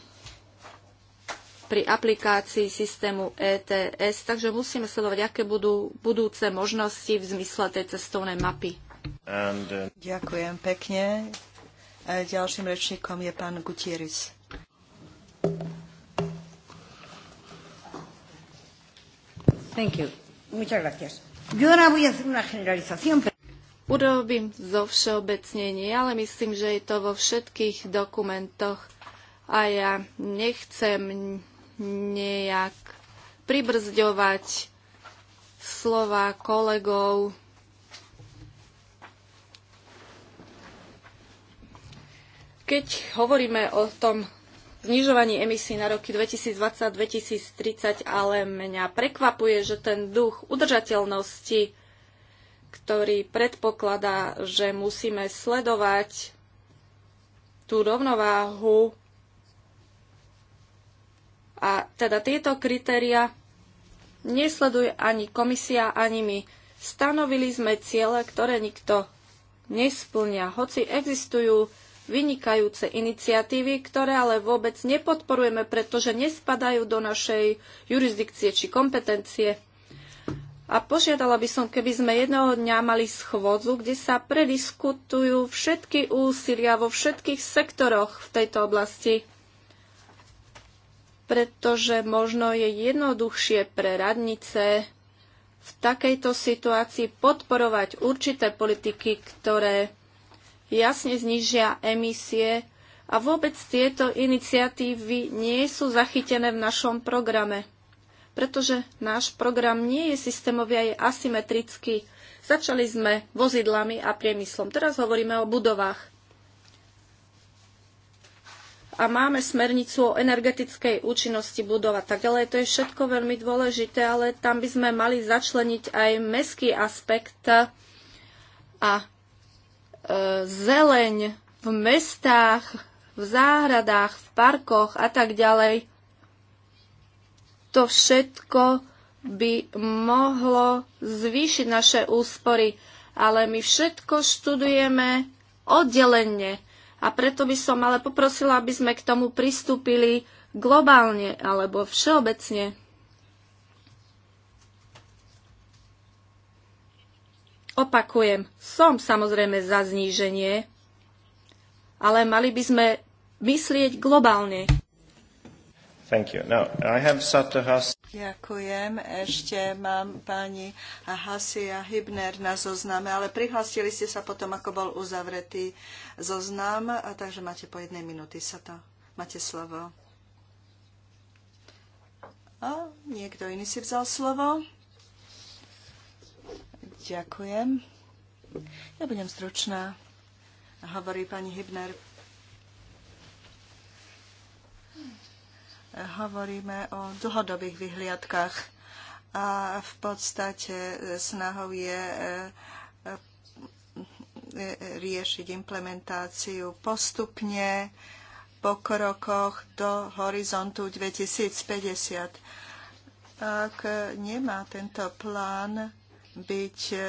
pri aplikácii systému ETS, takže musíme sledovať, aké budú budúce možnosti v zmysle tej cestovnej mapy. And, uh... Ďakujem pekne. Ďalším rečníkom je pán gutieris. Thank you. Muchas gracias. Yo ahora voy a hacer una generalización. Pero... Urobím zo všeobecnenie, ale myslím, že je to vo všetkých dokumentoch a ja nechcem nejak pribrzďovať slova kolegov. Keď hovoríme o tom znižovaní emisí na roky 2020-2030, ale mňa prekvapuje, že ten duch udržateľnosti, ktorý predpokladá, že musíme sledovať tú rovnováhu a teda tieto kritéria nesleduje ani komisia, ani my. Stanovili sme ciele, ktoré nikto nesplňa, hoci existujú vynikajúce iniciatívy, ktoré ale vôbec nepodporujeme, pretože nespadajú do našej jurisdikcie či kompetencie. A požiadala by som, keby sme jedného dňa mali schôdzu, kde sa prediskutujú všetky úsilia vo všetkých sektoroch v tejto oblasti. Pretože možno je jednoduchšie pre radnice v takejto situácii podporovať určité politiky, ktoré jasne znížia emisie a vôbec tieto iniciatívy nie sú zachytené v našom programe, pretože náš program nie je systémový a je asymetrický. Začali sme vozidlami a priemyslom, teraz hovoríme o budovách. A máme smernicu o energetickej účinnosti budova tak ďalej. To je všetko veľmi dôležité, ale tam by sme mali začleniť aj meský aspekt a zeleň v mestách, v záhradách, v parkoch a tak ďalej. To všetko by mohlo zvýšiť naše úspory, ale my všetko študujeme oddelenie. A preto by som ale poprosila, aby sme k tomu pristúpili globálne alebo všeobecne. Opakujem, som samozrejme za zníženie, ale mali by sme myslieť globálne. Thank you. Now, I have Has- Ďakujem. Ešte mám pani Hasia Hibner na zozname, ale prihlásili ste sa potom, ako bol uzavretý zoznam, a takže máte po jednej minúty sa to. Máte slovo. A niekto iný si vzal slovo? Ďakujem. Ja budem stručná, hovorí pani Hybner. Hovoríme o dlhodobých vyhliadkách a v podstate snahou je e, e, riešiť implementáciu postupne po krokoch do horizontu 2050. Ak nemá tento plán byť e,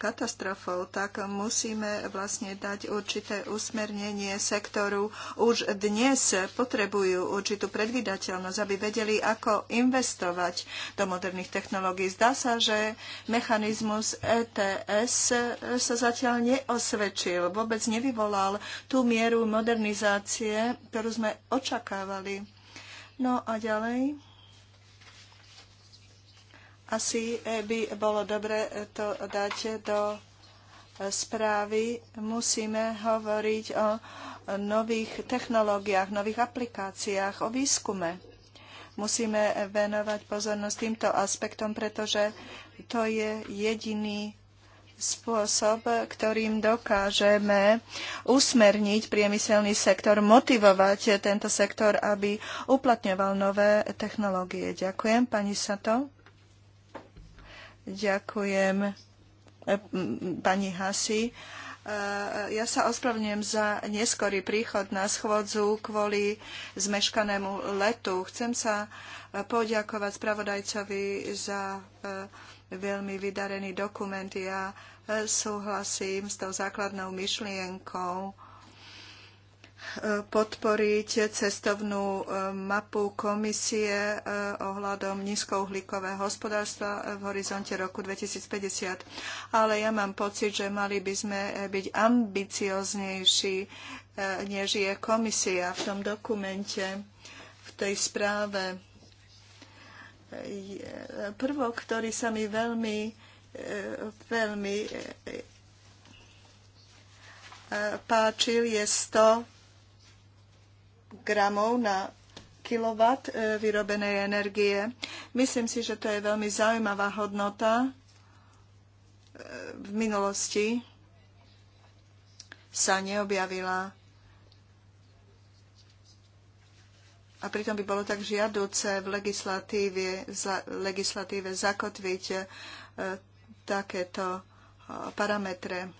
katastrofou, tak musíme vlastne dať určité usmernenie sektoru. Už dnes potrebujú určitú predvydateľnosť, aby vedeli, ako investovať do moderných technológií. Zdá sa, že mechanizmus ETS sa zatiaľ neosvedčil, vôbec nevyvolal tú mieru modernizácie, ktorú sme očakávali. No a ďalej. Asi eh, by bolo dobre eh, to dať do eh, správy. Musíme hovoriť o nových technológiách, nových aplikáciách, o výskume. Musíme venovať pozornosť týmto aspektom, pretože to je jediný spôsob, ktorým dokážeme usmerniť priemyselný sektor, motivovať tento sektor, aby uplatňoval nové technológie. Ďakujem, pani Sato. Ďakujem eh, pani Hasi. Eh, ja sa ospravňujem za neskorý príchod na schôdzu kvôli zmeškanému letu. Chcem sa eh, poďakovať spravodajcovi za veľmi vydarený dokument. Ja súhlasím s tou základnou myšlienkou podporiť cestovnú e, mapu komisie e, ohľadom nízkouhlíkového hospodárstva v horizonte roku 2050. Ale ja mám pocit, že mali by sme byť ambicioznejší, e, než je komisia v tom dokumente, v tej správe. Prvok, ktorý sa mi veľmi, veľmi páčil, je 100 gramov na kilowatt e, vyrobenej energie. Myslím si, že to je veľmi zaujímavá hodnota. E, v minulosti sa neobjavila a pritom by bolo tak žiaduce v legislatíve, za, legislatíve zakotviť e, takéto parametre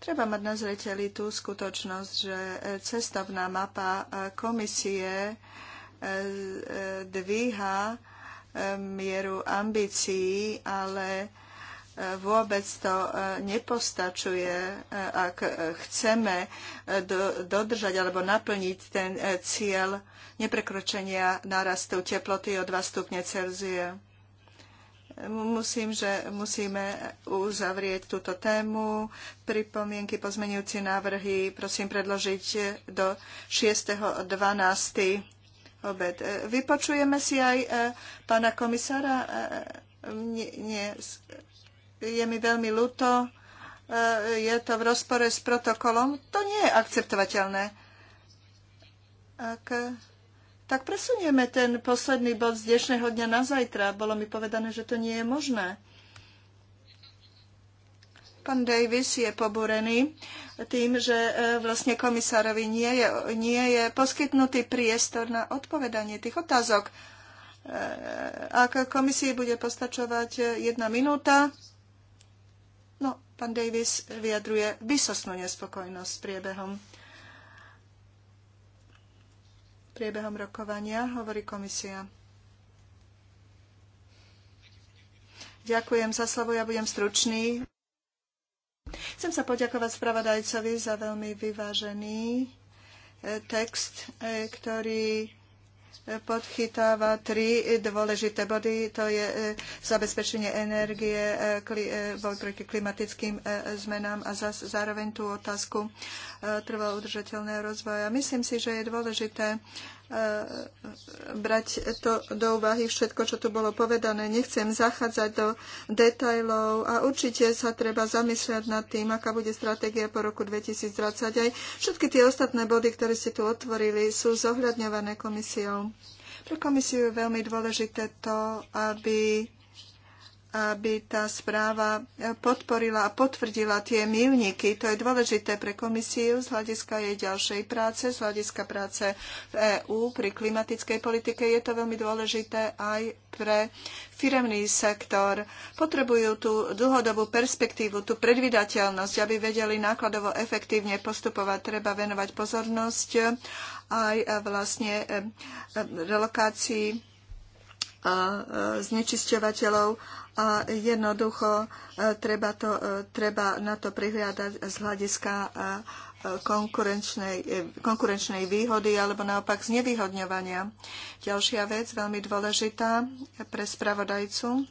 Treba mať na zreteli tú skutočnosť, že e, cestovná mapa e, komisie e, dvíha mieru ambícií, ale vôbec to nepostačuje, ak chceme dodržať alebo naplniť ten cieľ neprekročenia nárastu teploty o 2 stupne Celzia. Musím, že musíme uzavrieť túto tému. Pripomienky, pozmenujúci návrhy prosím predložiť do 6.12. obed. E, vypočujeme si aj e, pána komisára. E, nie, nie. Je mi veľmi ľúto. Je to v rozpore s protokolom. To nie je akceptovateľné. Ak tak presunieme ten posledný bod z dnešného dňa na zajtra. Bolo mi povedané, že to nie je možné. Pán Davis je poborený tým, že e, vlastne komisárovi nie je, nie je poskytnutý priestor na odpovedanie tých otázok. E, ak komisii bude postačovať e, jedna minúta, no, pán Davis vyjadruje vysosnú nespokojnosť s priebehom priebehom rokovania, hovorí komisia. Ďakujem za slovo, ja budem stručný. Chcem sa poďakovať spravodajcovi za veľmi vyvážený eh, text, eh, ktorý podchytáva tri dôležité body. To je e, zabezpečenie energie, e, e, boj proti klimatickým zmenám a zároveň tú otázku trvalo udržateľného rozvoja. Myslím si, že je dôležité brať to do úvahy všetko, čo tu bolo povedané. Nechcem zachádzať do detajlov a určite sa treba zamyslieť nad tým, aká bude stratégia po roku 2020. Aj všetky tie ostatné body, ktoré ste tu otvorili, sú zohľadňované komisiou. Pre komisiu je veľmi dôležité to, aby aby tá správa podporila a potvrdila tie milníky. To je dôležité pre komisiu z hľadiska jej ďalšej práce, z hľadiska práce v EÚ pri klimatickej politike. Je to veľmi dôležité aj pre firemný sektor. Potrebujú tú dlhodobú perspektívu, tú predvydateľnosť, aby vedeli nákladovo efektívne postupovať. Treba venovať pozornosť aj eh, vlastne eh, eh, relokácii a e, znečisťovateľov a jednoducho e, treba, to, e, treba na to prihľadať z hľadiska konkurenčnej, konkurenčnej výhody alebo naopak znevýhodňovania. Ďalšia vec, veľmi dôležitá pre spravodajcu,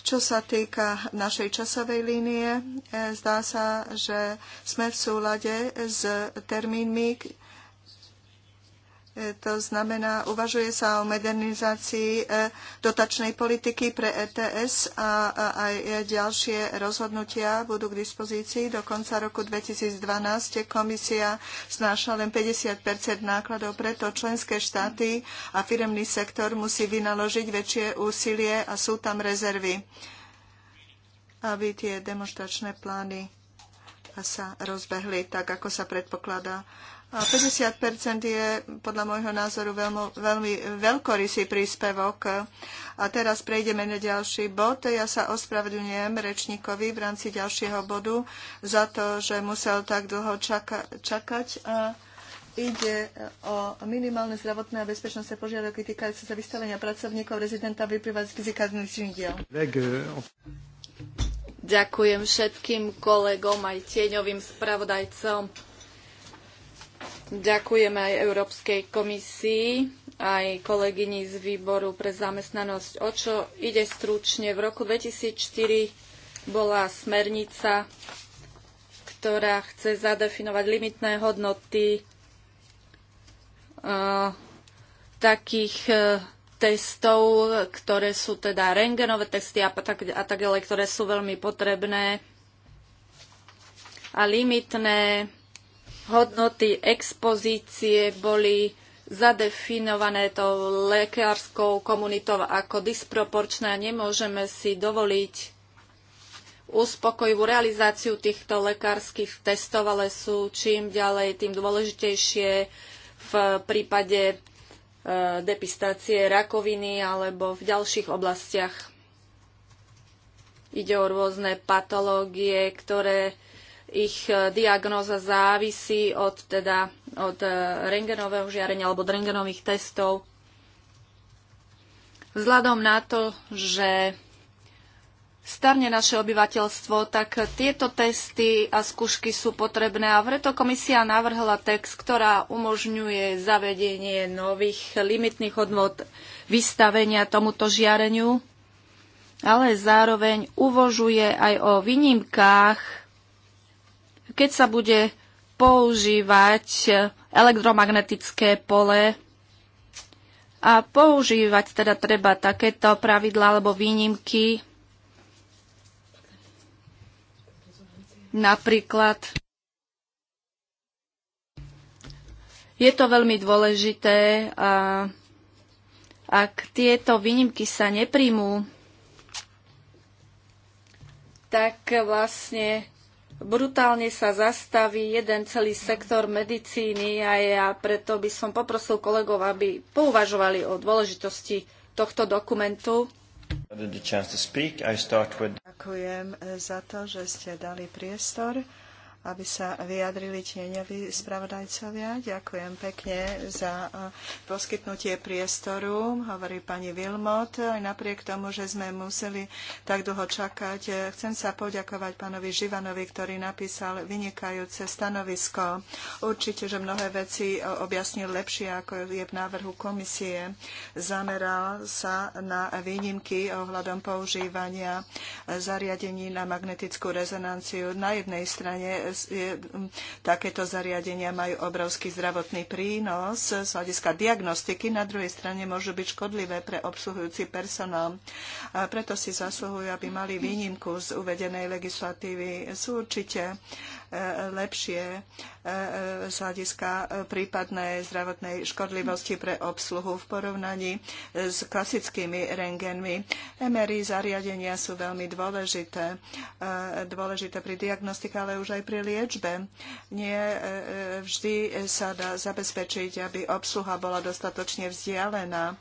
čo sa týka našej časovej línie, zdá sa, že sme v súlade s termínmi, E, to znamená, uvažuje sa o modernizácii e, dotačnej politiky pre ETS a aj ďalšie rozhodnutia budú k dispozícii. Do konca roku 2012 komisia znáša len 50 nákladov, preto členské štáty a firemný sektor musí vynaložiť väčšie úsilie a sú tam rezervy, aby tie demonstračné plány sa rozbehli tak, ako sa predpokladá. A 50 je podľa môjho názoru veľmi, veľmi veľkorysý príspevok. A teraz prejdeme na ďalší bod. Ja sa ospravedlňujem rečníkovi v rámci ďalšieho bodu za to, že musel tak dlho čaka- čakať. A ide o minimálne zdravotné a bezpečnostné požiadavky týkajúce sa vystavenia pracovníkov rezidenta vyplývať z fyzikálnych diel. Ďakujem všetkým kolegom aj tieňovým spravodajcom Ďakujem aj Európskej komisii, aj kolegyni z výboru pre zamestnanosť. O čo ide stručne? V roku 2004 bola smernica, ktorá chce zadefinovať limitné hodnoty uh, takých uh, testov, ktoré sú teda rengenové testy a tak, a tak ďalej, ktoré sú veľmi potrebné a limitné hodnoty expozície boli zadefinované tou lekárskou komunitou ako disproporčné a nemôžeme si dovoliť uspokojivú realizáciu týchto lekárskych testov, ale sú čím ďalej tým dôležitejšie v prípade e, depistácie rakoviny alebo v ďalších oblastiach. Ide o rôzne patológie, ktoré ich e, diagnóza závisí od, teda, od e, rengenového žiarenia alebo od rengenových testov. Vzhľadom na to, že starne naše obyvateľstvo, tak tieto testy a skúšky sú potrebné a preto komisia navrhla text, ktorá umožňuje zavedenie nových limitných hodnot vystavenia tomuto žiareniu, ale zároveň uvožuje aj o výnimkách keď sa bude používať elektromagnetické pole a používať teda treba takéto pravidlá alebo výnimky, napríklad je to veľmi dôležité a ak tieto výnimky sa nepríjmú, tak vlastne brutálne sa zastaví jeden celý sektor medicíny a ja preto by som poprosil kolegov, aby pouvažovali o dôležitosti tohto dokumentu. Ďakujem za to, že ste dali priestor aby sa vyjadrili tieňoví spravodajcovia. Ďakujem pekne za poskytnutie priestoru, hovorí pani Vilmot. Aj napriek tomu, že sme museli tak dlho čakať, e, chcem sa poďakovať pánovi Živanovi, ktorý napísal vynikajúce stanovisko. Určite, že mnohé veci e, objasnil lepšie, ako je v návrhu komisie. Zameral sa na výnimky ohľadom používania e, zariadení na magnetickú rezonanciu. Na jednej strane takéto zariadenia majú obrovský zdravotný prínos z hľadiska diagnostiky, na druhej strane môžu byť škodlivé pre obsluhujúci personál. A preto si zasluhujú, aby mali výnimku z uvedenej legislatívy. Sú určite lepšie e, e, z hľadiska e, prípadnej zdravotnej škodlivosti pre obsluhu v porovnaní s klasickými rengenmi. MRI zariadenia sú veľmi dôležité, dôležité pri diagnostike, ale už aj pri liečbe. Nie vždy sa dá zabezpečiť, aby obsluha bola dostatočne vzdialená.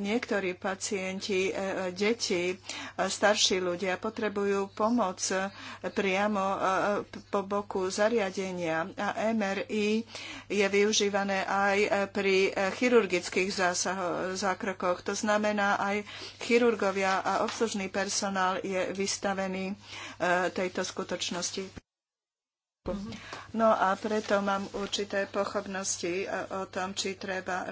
Niektorí pacienti, deti, starší ľudia potrebujú pomoc priamo po boku zariadenia a MRI je využívané aj pri chirurgických zákrokoch. To znamená, aj chirurgovia a obslužný personál je vystavený e, tejto skutočnosti. No a preto mám určité pochopnosti e, o tom, či treba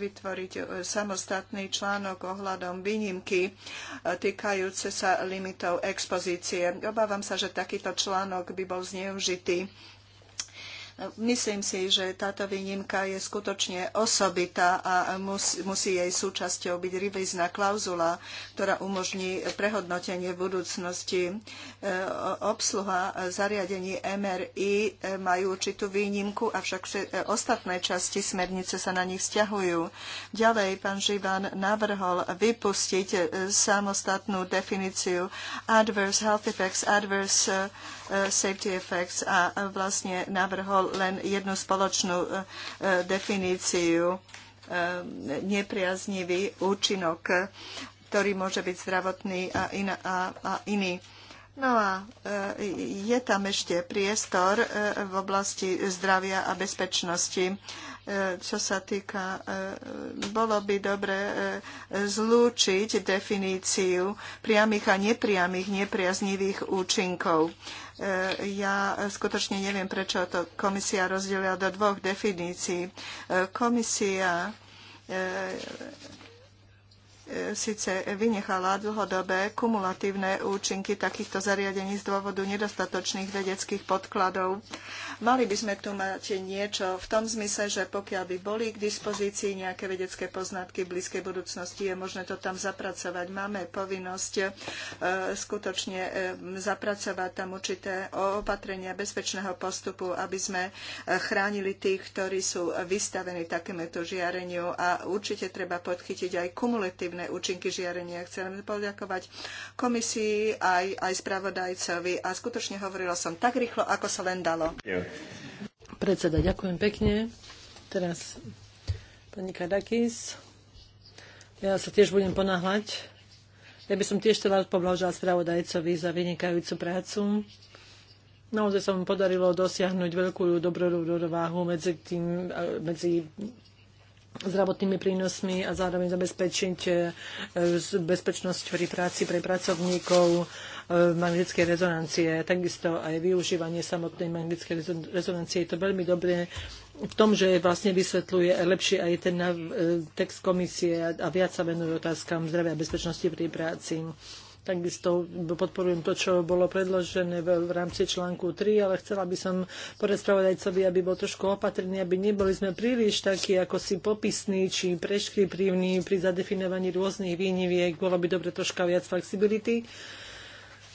vytvoriť e, samostatný článok ohľadom výnimky e, týkajúce sa limitov expozície. Obávam sa, že takýto článok by bol zneužitý Myslím si, že táto výnimka je skutočne osobitá a musí, musí jej súčasťou byť revízna klauzula, ktorá umožní prehodnotenie v budúcnosti. E, obsluha zariadení MRI e, majú určitú výnimku, avšak e, ostatné časti smernice sa na nich vzťahujú. Ďalej pán Živan navrhol vypustiť samostatnú definíciu adverse health effects, adverse safety effects a vlastne navrhol len jednu spoločnú e, e, definíciu e, nepriaznivý účinok, ktorý môže byť zdravotný a, in, a, a iný. No a je tam ešte priestor v oblasti zdravia a bezpečnosti. Čo sa týka, bolo by dobre zlúčiť definíciu priamých a nepriamých nepriaznivých účinkov E, ja skutočne neviem, prečo to komisia rozdelila do dvoch definícií. E, komisia e, síce vynechala dlhodobé kumulatívne účinky takýchto zariadení z dôvodu nedostatočných vedeckých podkladov, Mali by sme tu mať niečo v tom zmysle, že pokiaľ by boli k dispozícii nejaké vedecké poznatky v blízkej budúcnosti, je možné to tam zapracovať. Máme povinnosť e, skutočne e, zapracovať tam určité opatrenia bezpečného postupu, aby sme e, chránili tých, ktorí sú vystavení takémuto žiareniu a určite treba podchytiť aj kumulatívne účinky žiarenia. Chcem poďakovať komisii aj, aj spravodajcovi a skutočne hovorila som tak rýchlo, ako sa len dalo. Yeah. Predseda, ďakujem pekne. Teraz pani Kadakis. Ja sa tiež budem ponáhľať. Ja by som tiež chcela poblahožať spravodajcovi za vynikajúcu prácu. Naozaj sa mu podarilo dosiahnuť veľkú dobrú rovnováhu medzi, tým, eh, medzi zdravotnými prínosmi a zároveň zabezpečiť eh, bezpečnosť pri práci pre pracovníkov E, magnetickej rezonancie. Takisto aj využívanie samotnej magnetickej rezonancie je to veľmi dobré v tom, že vlastne vysvetľuje lepšie aj ten e, text komisie a viac sa venuje otázkam zdravia a bezpečnosti pri práci. Takisto podporujem to, čo bolo predložené v, rámci článku 3, ale chcela by som aj sobie, aby bol trošku opatrný, aby neboli sme príliš takí ako si popisní či preškriptívni pri zadefinovaní rôznych výnimiek. Bolo by dobre troška viac flexibility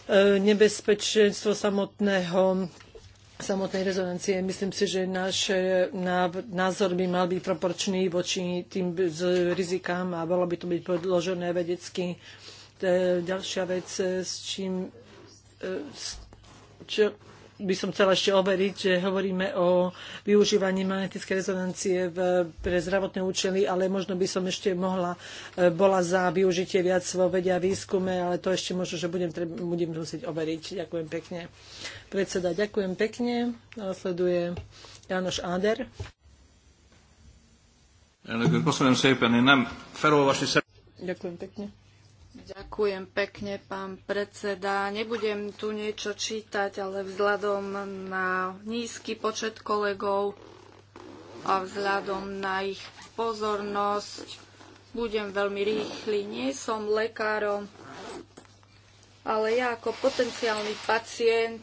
E, nebezpečenstvo samotného samotnej rezonancie. Myslím si, že náš e, názor by mal byť proporčný voči tým rizikám a bolo by to byť podložené vedecky. E, ďalšia vec, s čím, čo, by som chcela ešte overiť, že hovoríme o využívaní magnetickej rezonancie v, pre zdravotné účely, ale možno by som ešte mohla, e, bola za využitie viac vo vedia výskume, ale to ešte možno, že budem, treb, budem musieť overiť. Ďakujem pekne. Predseda, ďakujem pekne. Nasleduje Janoš Áder. Ďakujem pekne. Ďakujem pekne, pán predseda. Nebudem tu niečo čítať, ale vzhľadom na nízky počet kolegov a vzhľadom na ich pozornosť budem veľmi rýchly. Nie som lekárom, ale ja ako potenciálny pacient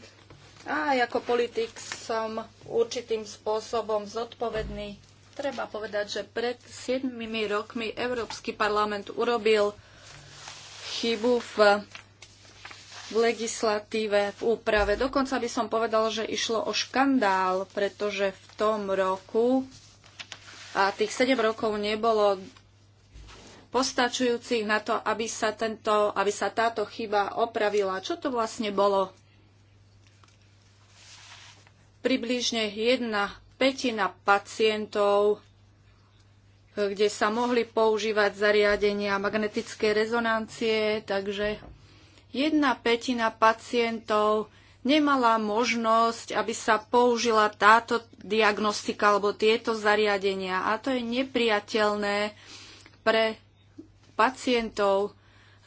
a aj ako politik som určitým spôsobom zodpovedný. Treba povedať, že pred 7 rokmi Európsky parlament urobil chybu v, v legislatíve, v úprave. Dokonca by som povedal, že išlo o škandál, pretože v tom roku a tých 7 rokov nebolo postačujúcich na to, aby sa, tento, aby sa táto chyba opravila. Čo to vlastne bolo? Približne jedna petina pacientov kde sa mohli používať zariadenia magnetické rezonancie, takže jedna petina pacientov nemala možnosť, aby sa použila táto diagnostika alebo tieto zariadenia. A to je nepriateľné pre pacientov.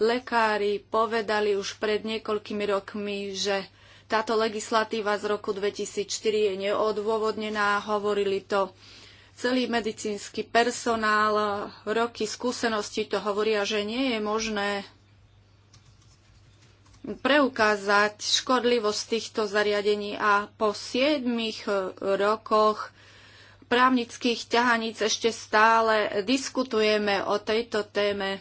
Lekári povedali už pred niekoľkými rokmi, že táto legislatíva z roku 2004 je neodôvodnená, hovorili to Celý medicínsky personál, roky skúsenosti to hovoria, že nie je možné preukázať škodlivosť týchto zariadení a po 7 eh, rokoch právnických ťahaníc ešte stále diskutujeme o tejto téme.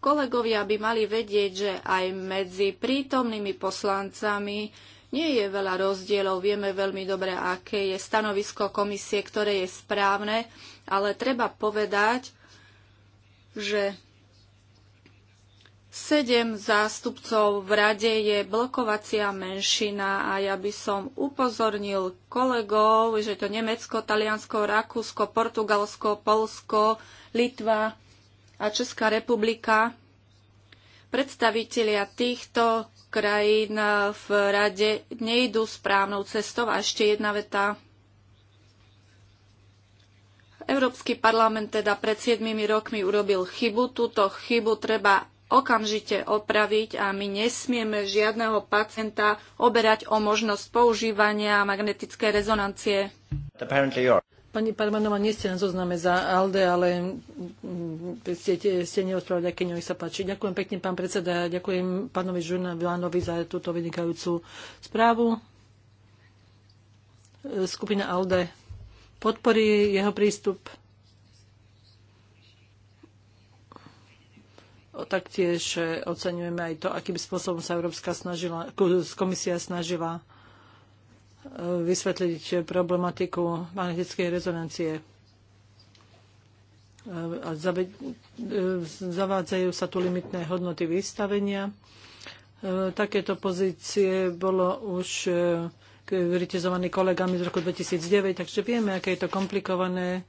Kolegovia by mali vedieť, že aj medzi prítomnými poslancami nie je veľa rozdielov. Vieme veľmi dobre, aké je stanovisko komisie, ktoré je správne, ale treba povedať, že sedem zástupcov v rade je blokovacia menšina a ja by som upozornil kolegov, že to Nemecko, Taliansko, Rakúsko, Portugalsko, Polsko, Litva a Česká republika, predstavitelia týchto krajín v rade nejdú správnou cestou. A ešte jedna veta. Európsky parlament teda pred 7 rokmi urobil chybu. Túto chybu treba okamžite opraviť a my nesmieme žiadneho pacienta oberať o možnosť používania magnetickej rezonancie. Pani Parmanová, nie ste na zozname za ALDE, ale mm, mm, ste, ste neospravodajkyňou, sa páči. Ďakujem pekne, pán predseda. a Ďakujem pánovi Žurna Vilánovi za túto vynikajúcu správu. Skupina ALDE podporí jeho prístup. Taktiež e, oceňujeme aj to, akým spôsobom sa Európska snažila, komisia snažila vysvetliť problematiku magnetickej rezonancie. A zavádzajú sa tu limitné hodnoty vystavenia. E, takéto pozície bolo už e, kritizovaný kolegami z roku 2009, takže vieme, aké je to komplikované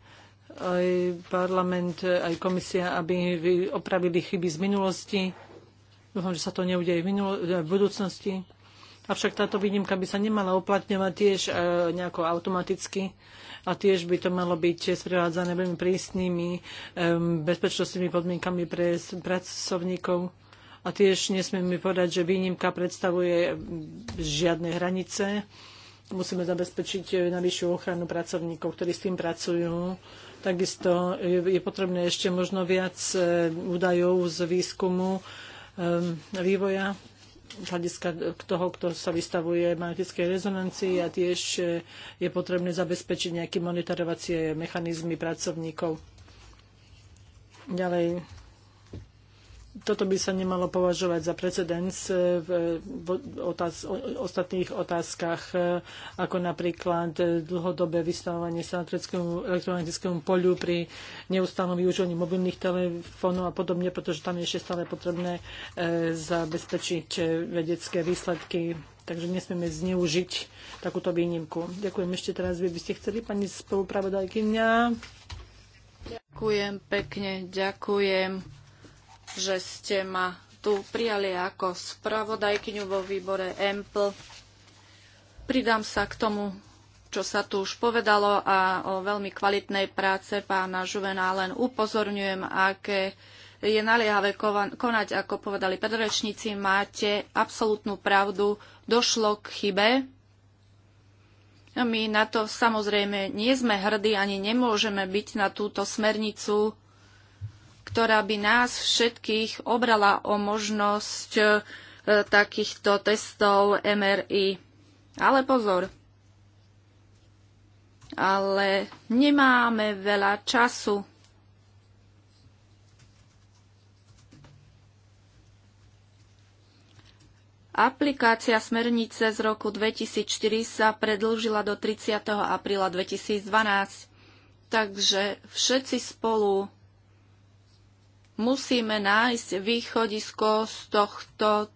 aj parlament, aj komisia, aby opravili chyby z minulosti. Dúfam, že sa to neudeje v, v budúcnosti. Avšak táto výnimka by sa nemala uplatňovať tiež e, nejako automaticky a tiež by to malo byť sprevádzané veľmi prísnymi e, bezpečnostnými podmienkami pre pracovníkov. A tiež nesmieme povedať, že výnimka predstavuje žiadne hranice. Musíme zabezpečiť e, najvyššiu ochranu pracovníkov, ktorí s tým pracujú. Takisto je potrebné ešte možno viac e, údajov z výskumu vývoja z hľadiska toho, kto sa vystavuje magnetickej rezonancii a tiež e, je potrebné zabezpečiť nejaké monitorovacie mechanizmy pracovníkov. Ďalej toto by sa nemalo považovať za precedens e, v otáz- ostatných otázkach, e, ako napríklad e, dlhodobé vystavovanie sa elektrickému, elektromagnetickému poľu pri neustálom využívaní mobilných telefónov a podobne, pretože tam je ešte stále potrebné zabezpečiť vedecké výsledky. Takže nesmieme zneužiť takúto výnimku. Ďakujem ešte teraz. Vy by ste chceli, pani spolupravodajkynia. Ďakujem pekne, ďakujem že ste ma tu prijali ako spravodajkyňu vo výbore EMPL. Pridám sa k tomu, čo sa tu už povedalo a o veľmi kvalitnej práce pána Žuvena len upozorňujem, aké je naliehavé konať, ako povedali predrečníci, máte absolútnu pravdu, došlo k chybe. My na to samozrejme nie sme hrdí, ani nemôžeme byť na túto smernicu ktorá by nás všetkých obrala o možnosť e, takýchto testov MRI. Ale pozor, ale nemáme veľa času. Aplikácia smernice z roku 2004 sa predlžila do 30. apríla 2012. Takže všetci spolu Musíme nájsť východisko z tohto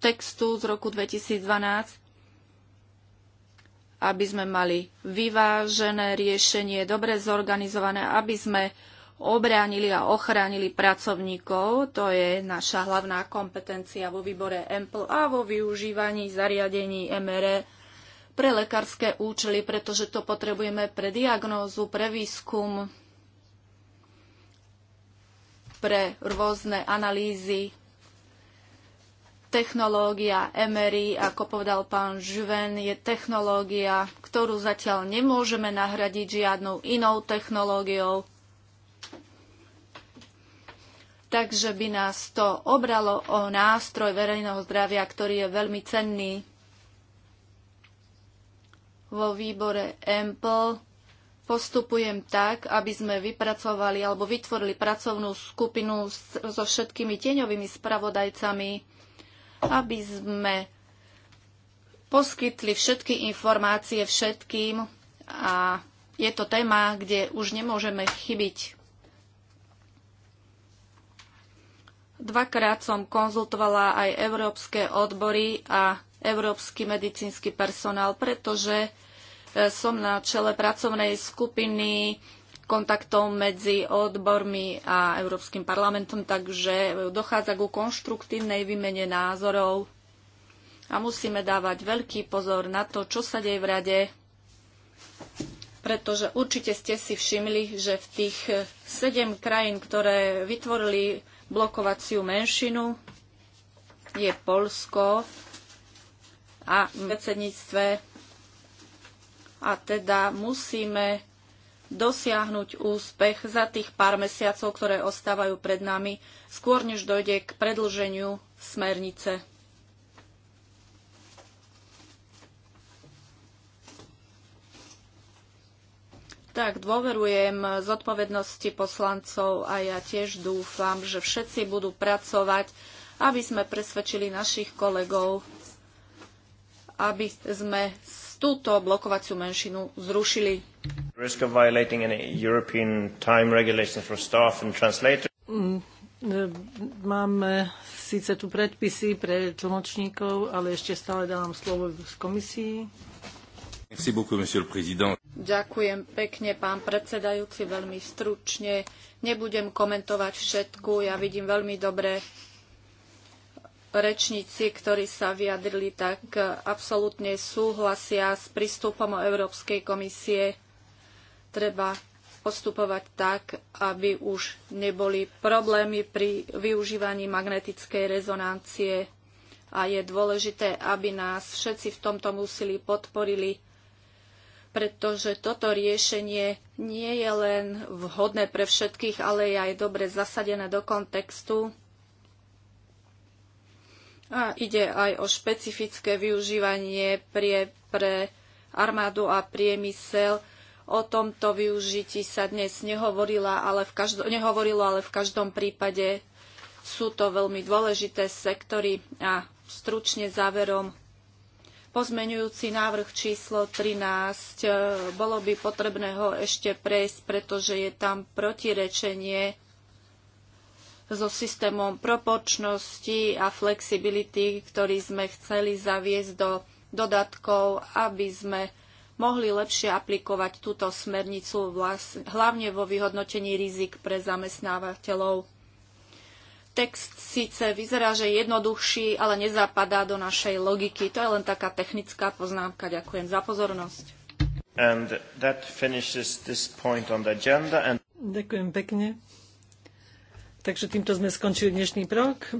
textu z roku 2012, aby sme mali vyvážené riešenie, dobre zorganizované, aby sme obránili a ochránili pracovníkov. To je naša hlavná kompetencia vo výbore EMPL a vo využívaní zariadení MRE pre lekárske účely, pretože to potrebujeme pre diagnózu, pre výskum, pre rôzne analýzy. Technológia MRI, ako povedal pán Žven, je technológia, ktorú zatiaľ nemôžeme nahradiť žiadnou inou technológiou. Takže by nás to obralo o nástroj verejného zdravia, ktorý je veľmi cenný. Vo výbore EMPL postupujem tak, aby sme vypracovali alebo vytvorili pracovnú skupinu so všetkými tieňovými spravodajcami, aby sme poskytli všetky informácie všetkým a je to téma, kde už nemôžeme chybiť. Dvakrát som konzultovala aj európske odbory a európsky medicínsky personál, pretože E, som na čele pracovnej skupiny kontaktov medzi odbormi a Európskym parlamentom, takže dochádza ku konštruktívnej výmene názorov a musíme dávať veľký pozor na to, čo sa deje v rade, pretože určite ste si všimli, že v tých sedem krajín, ktoré vytvorili blokovaciu menšinu, je Polsko a v predsedníctve a teda musíme dosiahnuť úspech za tých pár mesiacov, ktoré ostávajú pred nami, skôr než dojde k predlženiu smernice. Tak, dôverujem zodpovednosti poslancov a ja tiež dúfam, že všetci budú pracovať, aby sme presvedčili našich kolegov, aby sme túto blokovaciu menšinu zrušili. Mm, e, máme síce tu predpisy pre tlmočníkov, ale ešte stále dávam slovo z komisii. Ďakujem pekne, pán predsedajúci, veľmi stručne. Nebudem komentovať všetku, ja vidím veľmi dobre rečníci, ktorí sa vyjadrili, tak absolútne súhlasia s prístupom Európskej komisie. Treba postupovať tak, aby už neboli problémy pri využívaní magnetickej rezonancie a je dôležité, aby nás všetci v tomto úsilí podporili, pretože toto riešenie nie je len vhodné pre všetkých, ale je aj dobre zasadené do kontextu a ide aj o špecifické využívanie pre, pre armádu a priemysel. O tomto využití sa dnes nehovorila, ale v každo, nehovorilo, ale v každom prípade sú to veľmi dôležité sektory a stručne záverom pozmeňujúci návrh číslo 13. E, bolo by potrebné ho ešte prejsť, pretože je tam protirečenie so systémom proporčnosti a flexibility, ktorý sme chceli zaviesť do dodatkov, aby sme mohli lepšie aplikovať túto smernicu vlastne, hlavne vo vyhodnotení rizik pre zamestnávateľov. Text síce vyzerá, že je jednoduchší, ale nezapadá do našej logiky. To je len taká technická poznámka. Ďakujem za pozornosť. And that finishes this point on the agenda and... Ďakujem pekne. Takže týmto sme skončili dnešný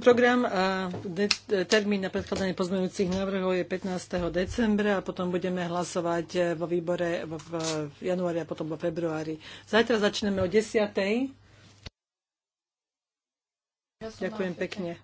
program a termín na predkladanie pozmeňujúcich návrhov je 15. decembra a potom budeme hlasovať vo výbore v, januári a potom vo februári. Zajtra začneme o 10. Ďakujem pekne.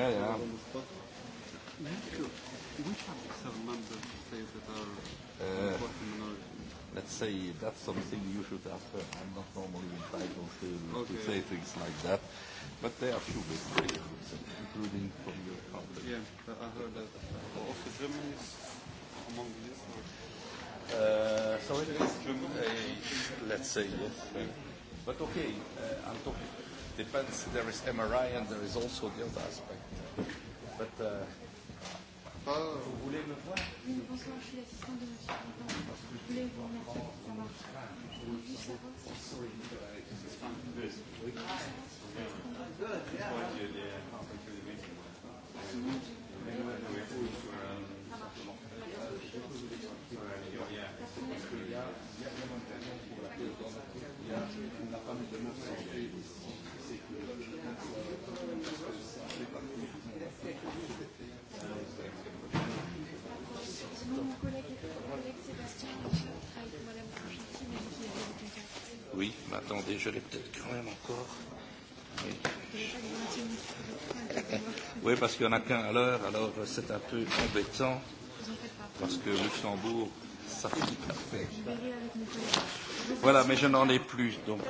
Yeah, yeah. Which are the members say that are uh, minority? Let's say that's something you should ask her. I'm not normally entitled to, okay. to say things like that, but they are few bits, including from your company. Yeah, I heard that. Also, Germany is among this. Or? Uh, so it is Germany. Uh, let's say yes. but okay, uh, I'm talking. Depends. There is MRI and there is also the other aspect But, uh, oh. Vous voulez me voir Oui, bonsoir, je suis l'assistante de M. Je voulais vous remercier pour sa marche. Je voulais juste savoir si... Sorry, it's fine. Good. Oui. Good, yeah. Sinon, j'ai... Parce qu'il y a un internet pour la on n'a pas mis de mots santé ici. Attendez, je l'ai peut-être quand même encore. Oui, oui parce qu'il n'y en a qu'un à l'heure, alors euh, c'est un peu embêtant. Parce que Luxembourg, ça fait parfait. Voilà, mais je n'en ai plus. Donc.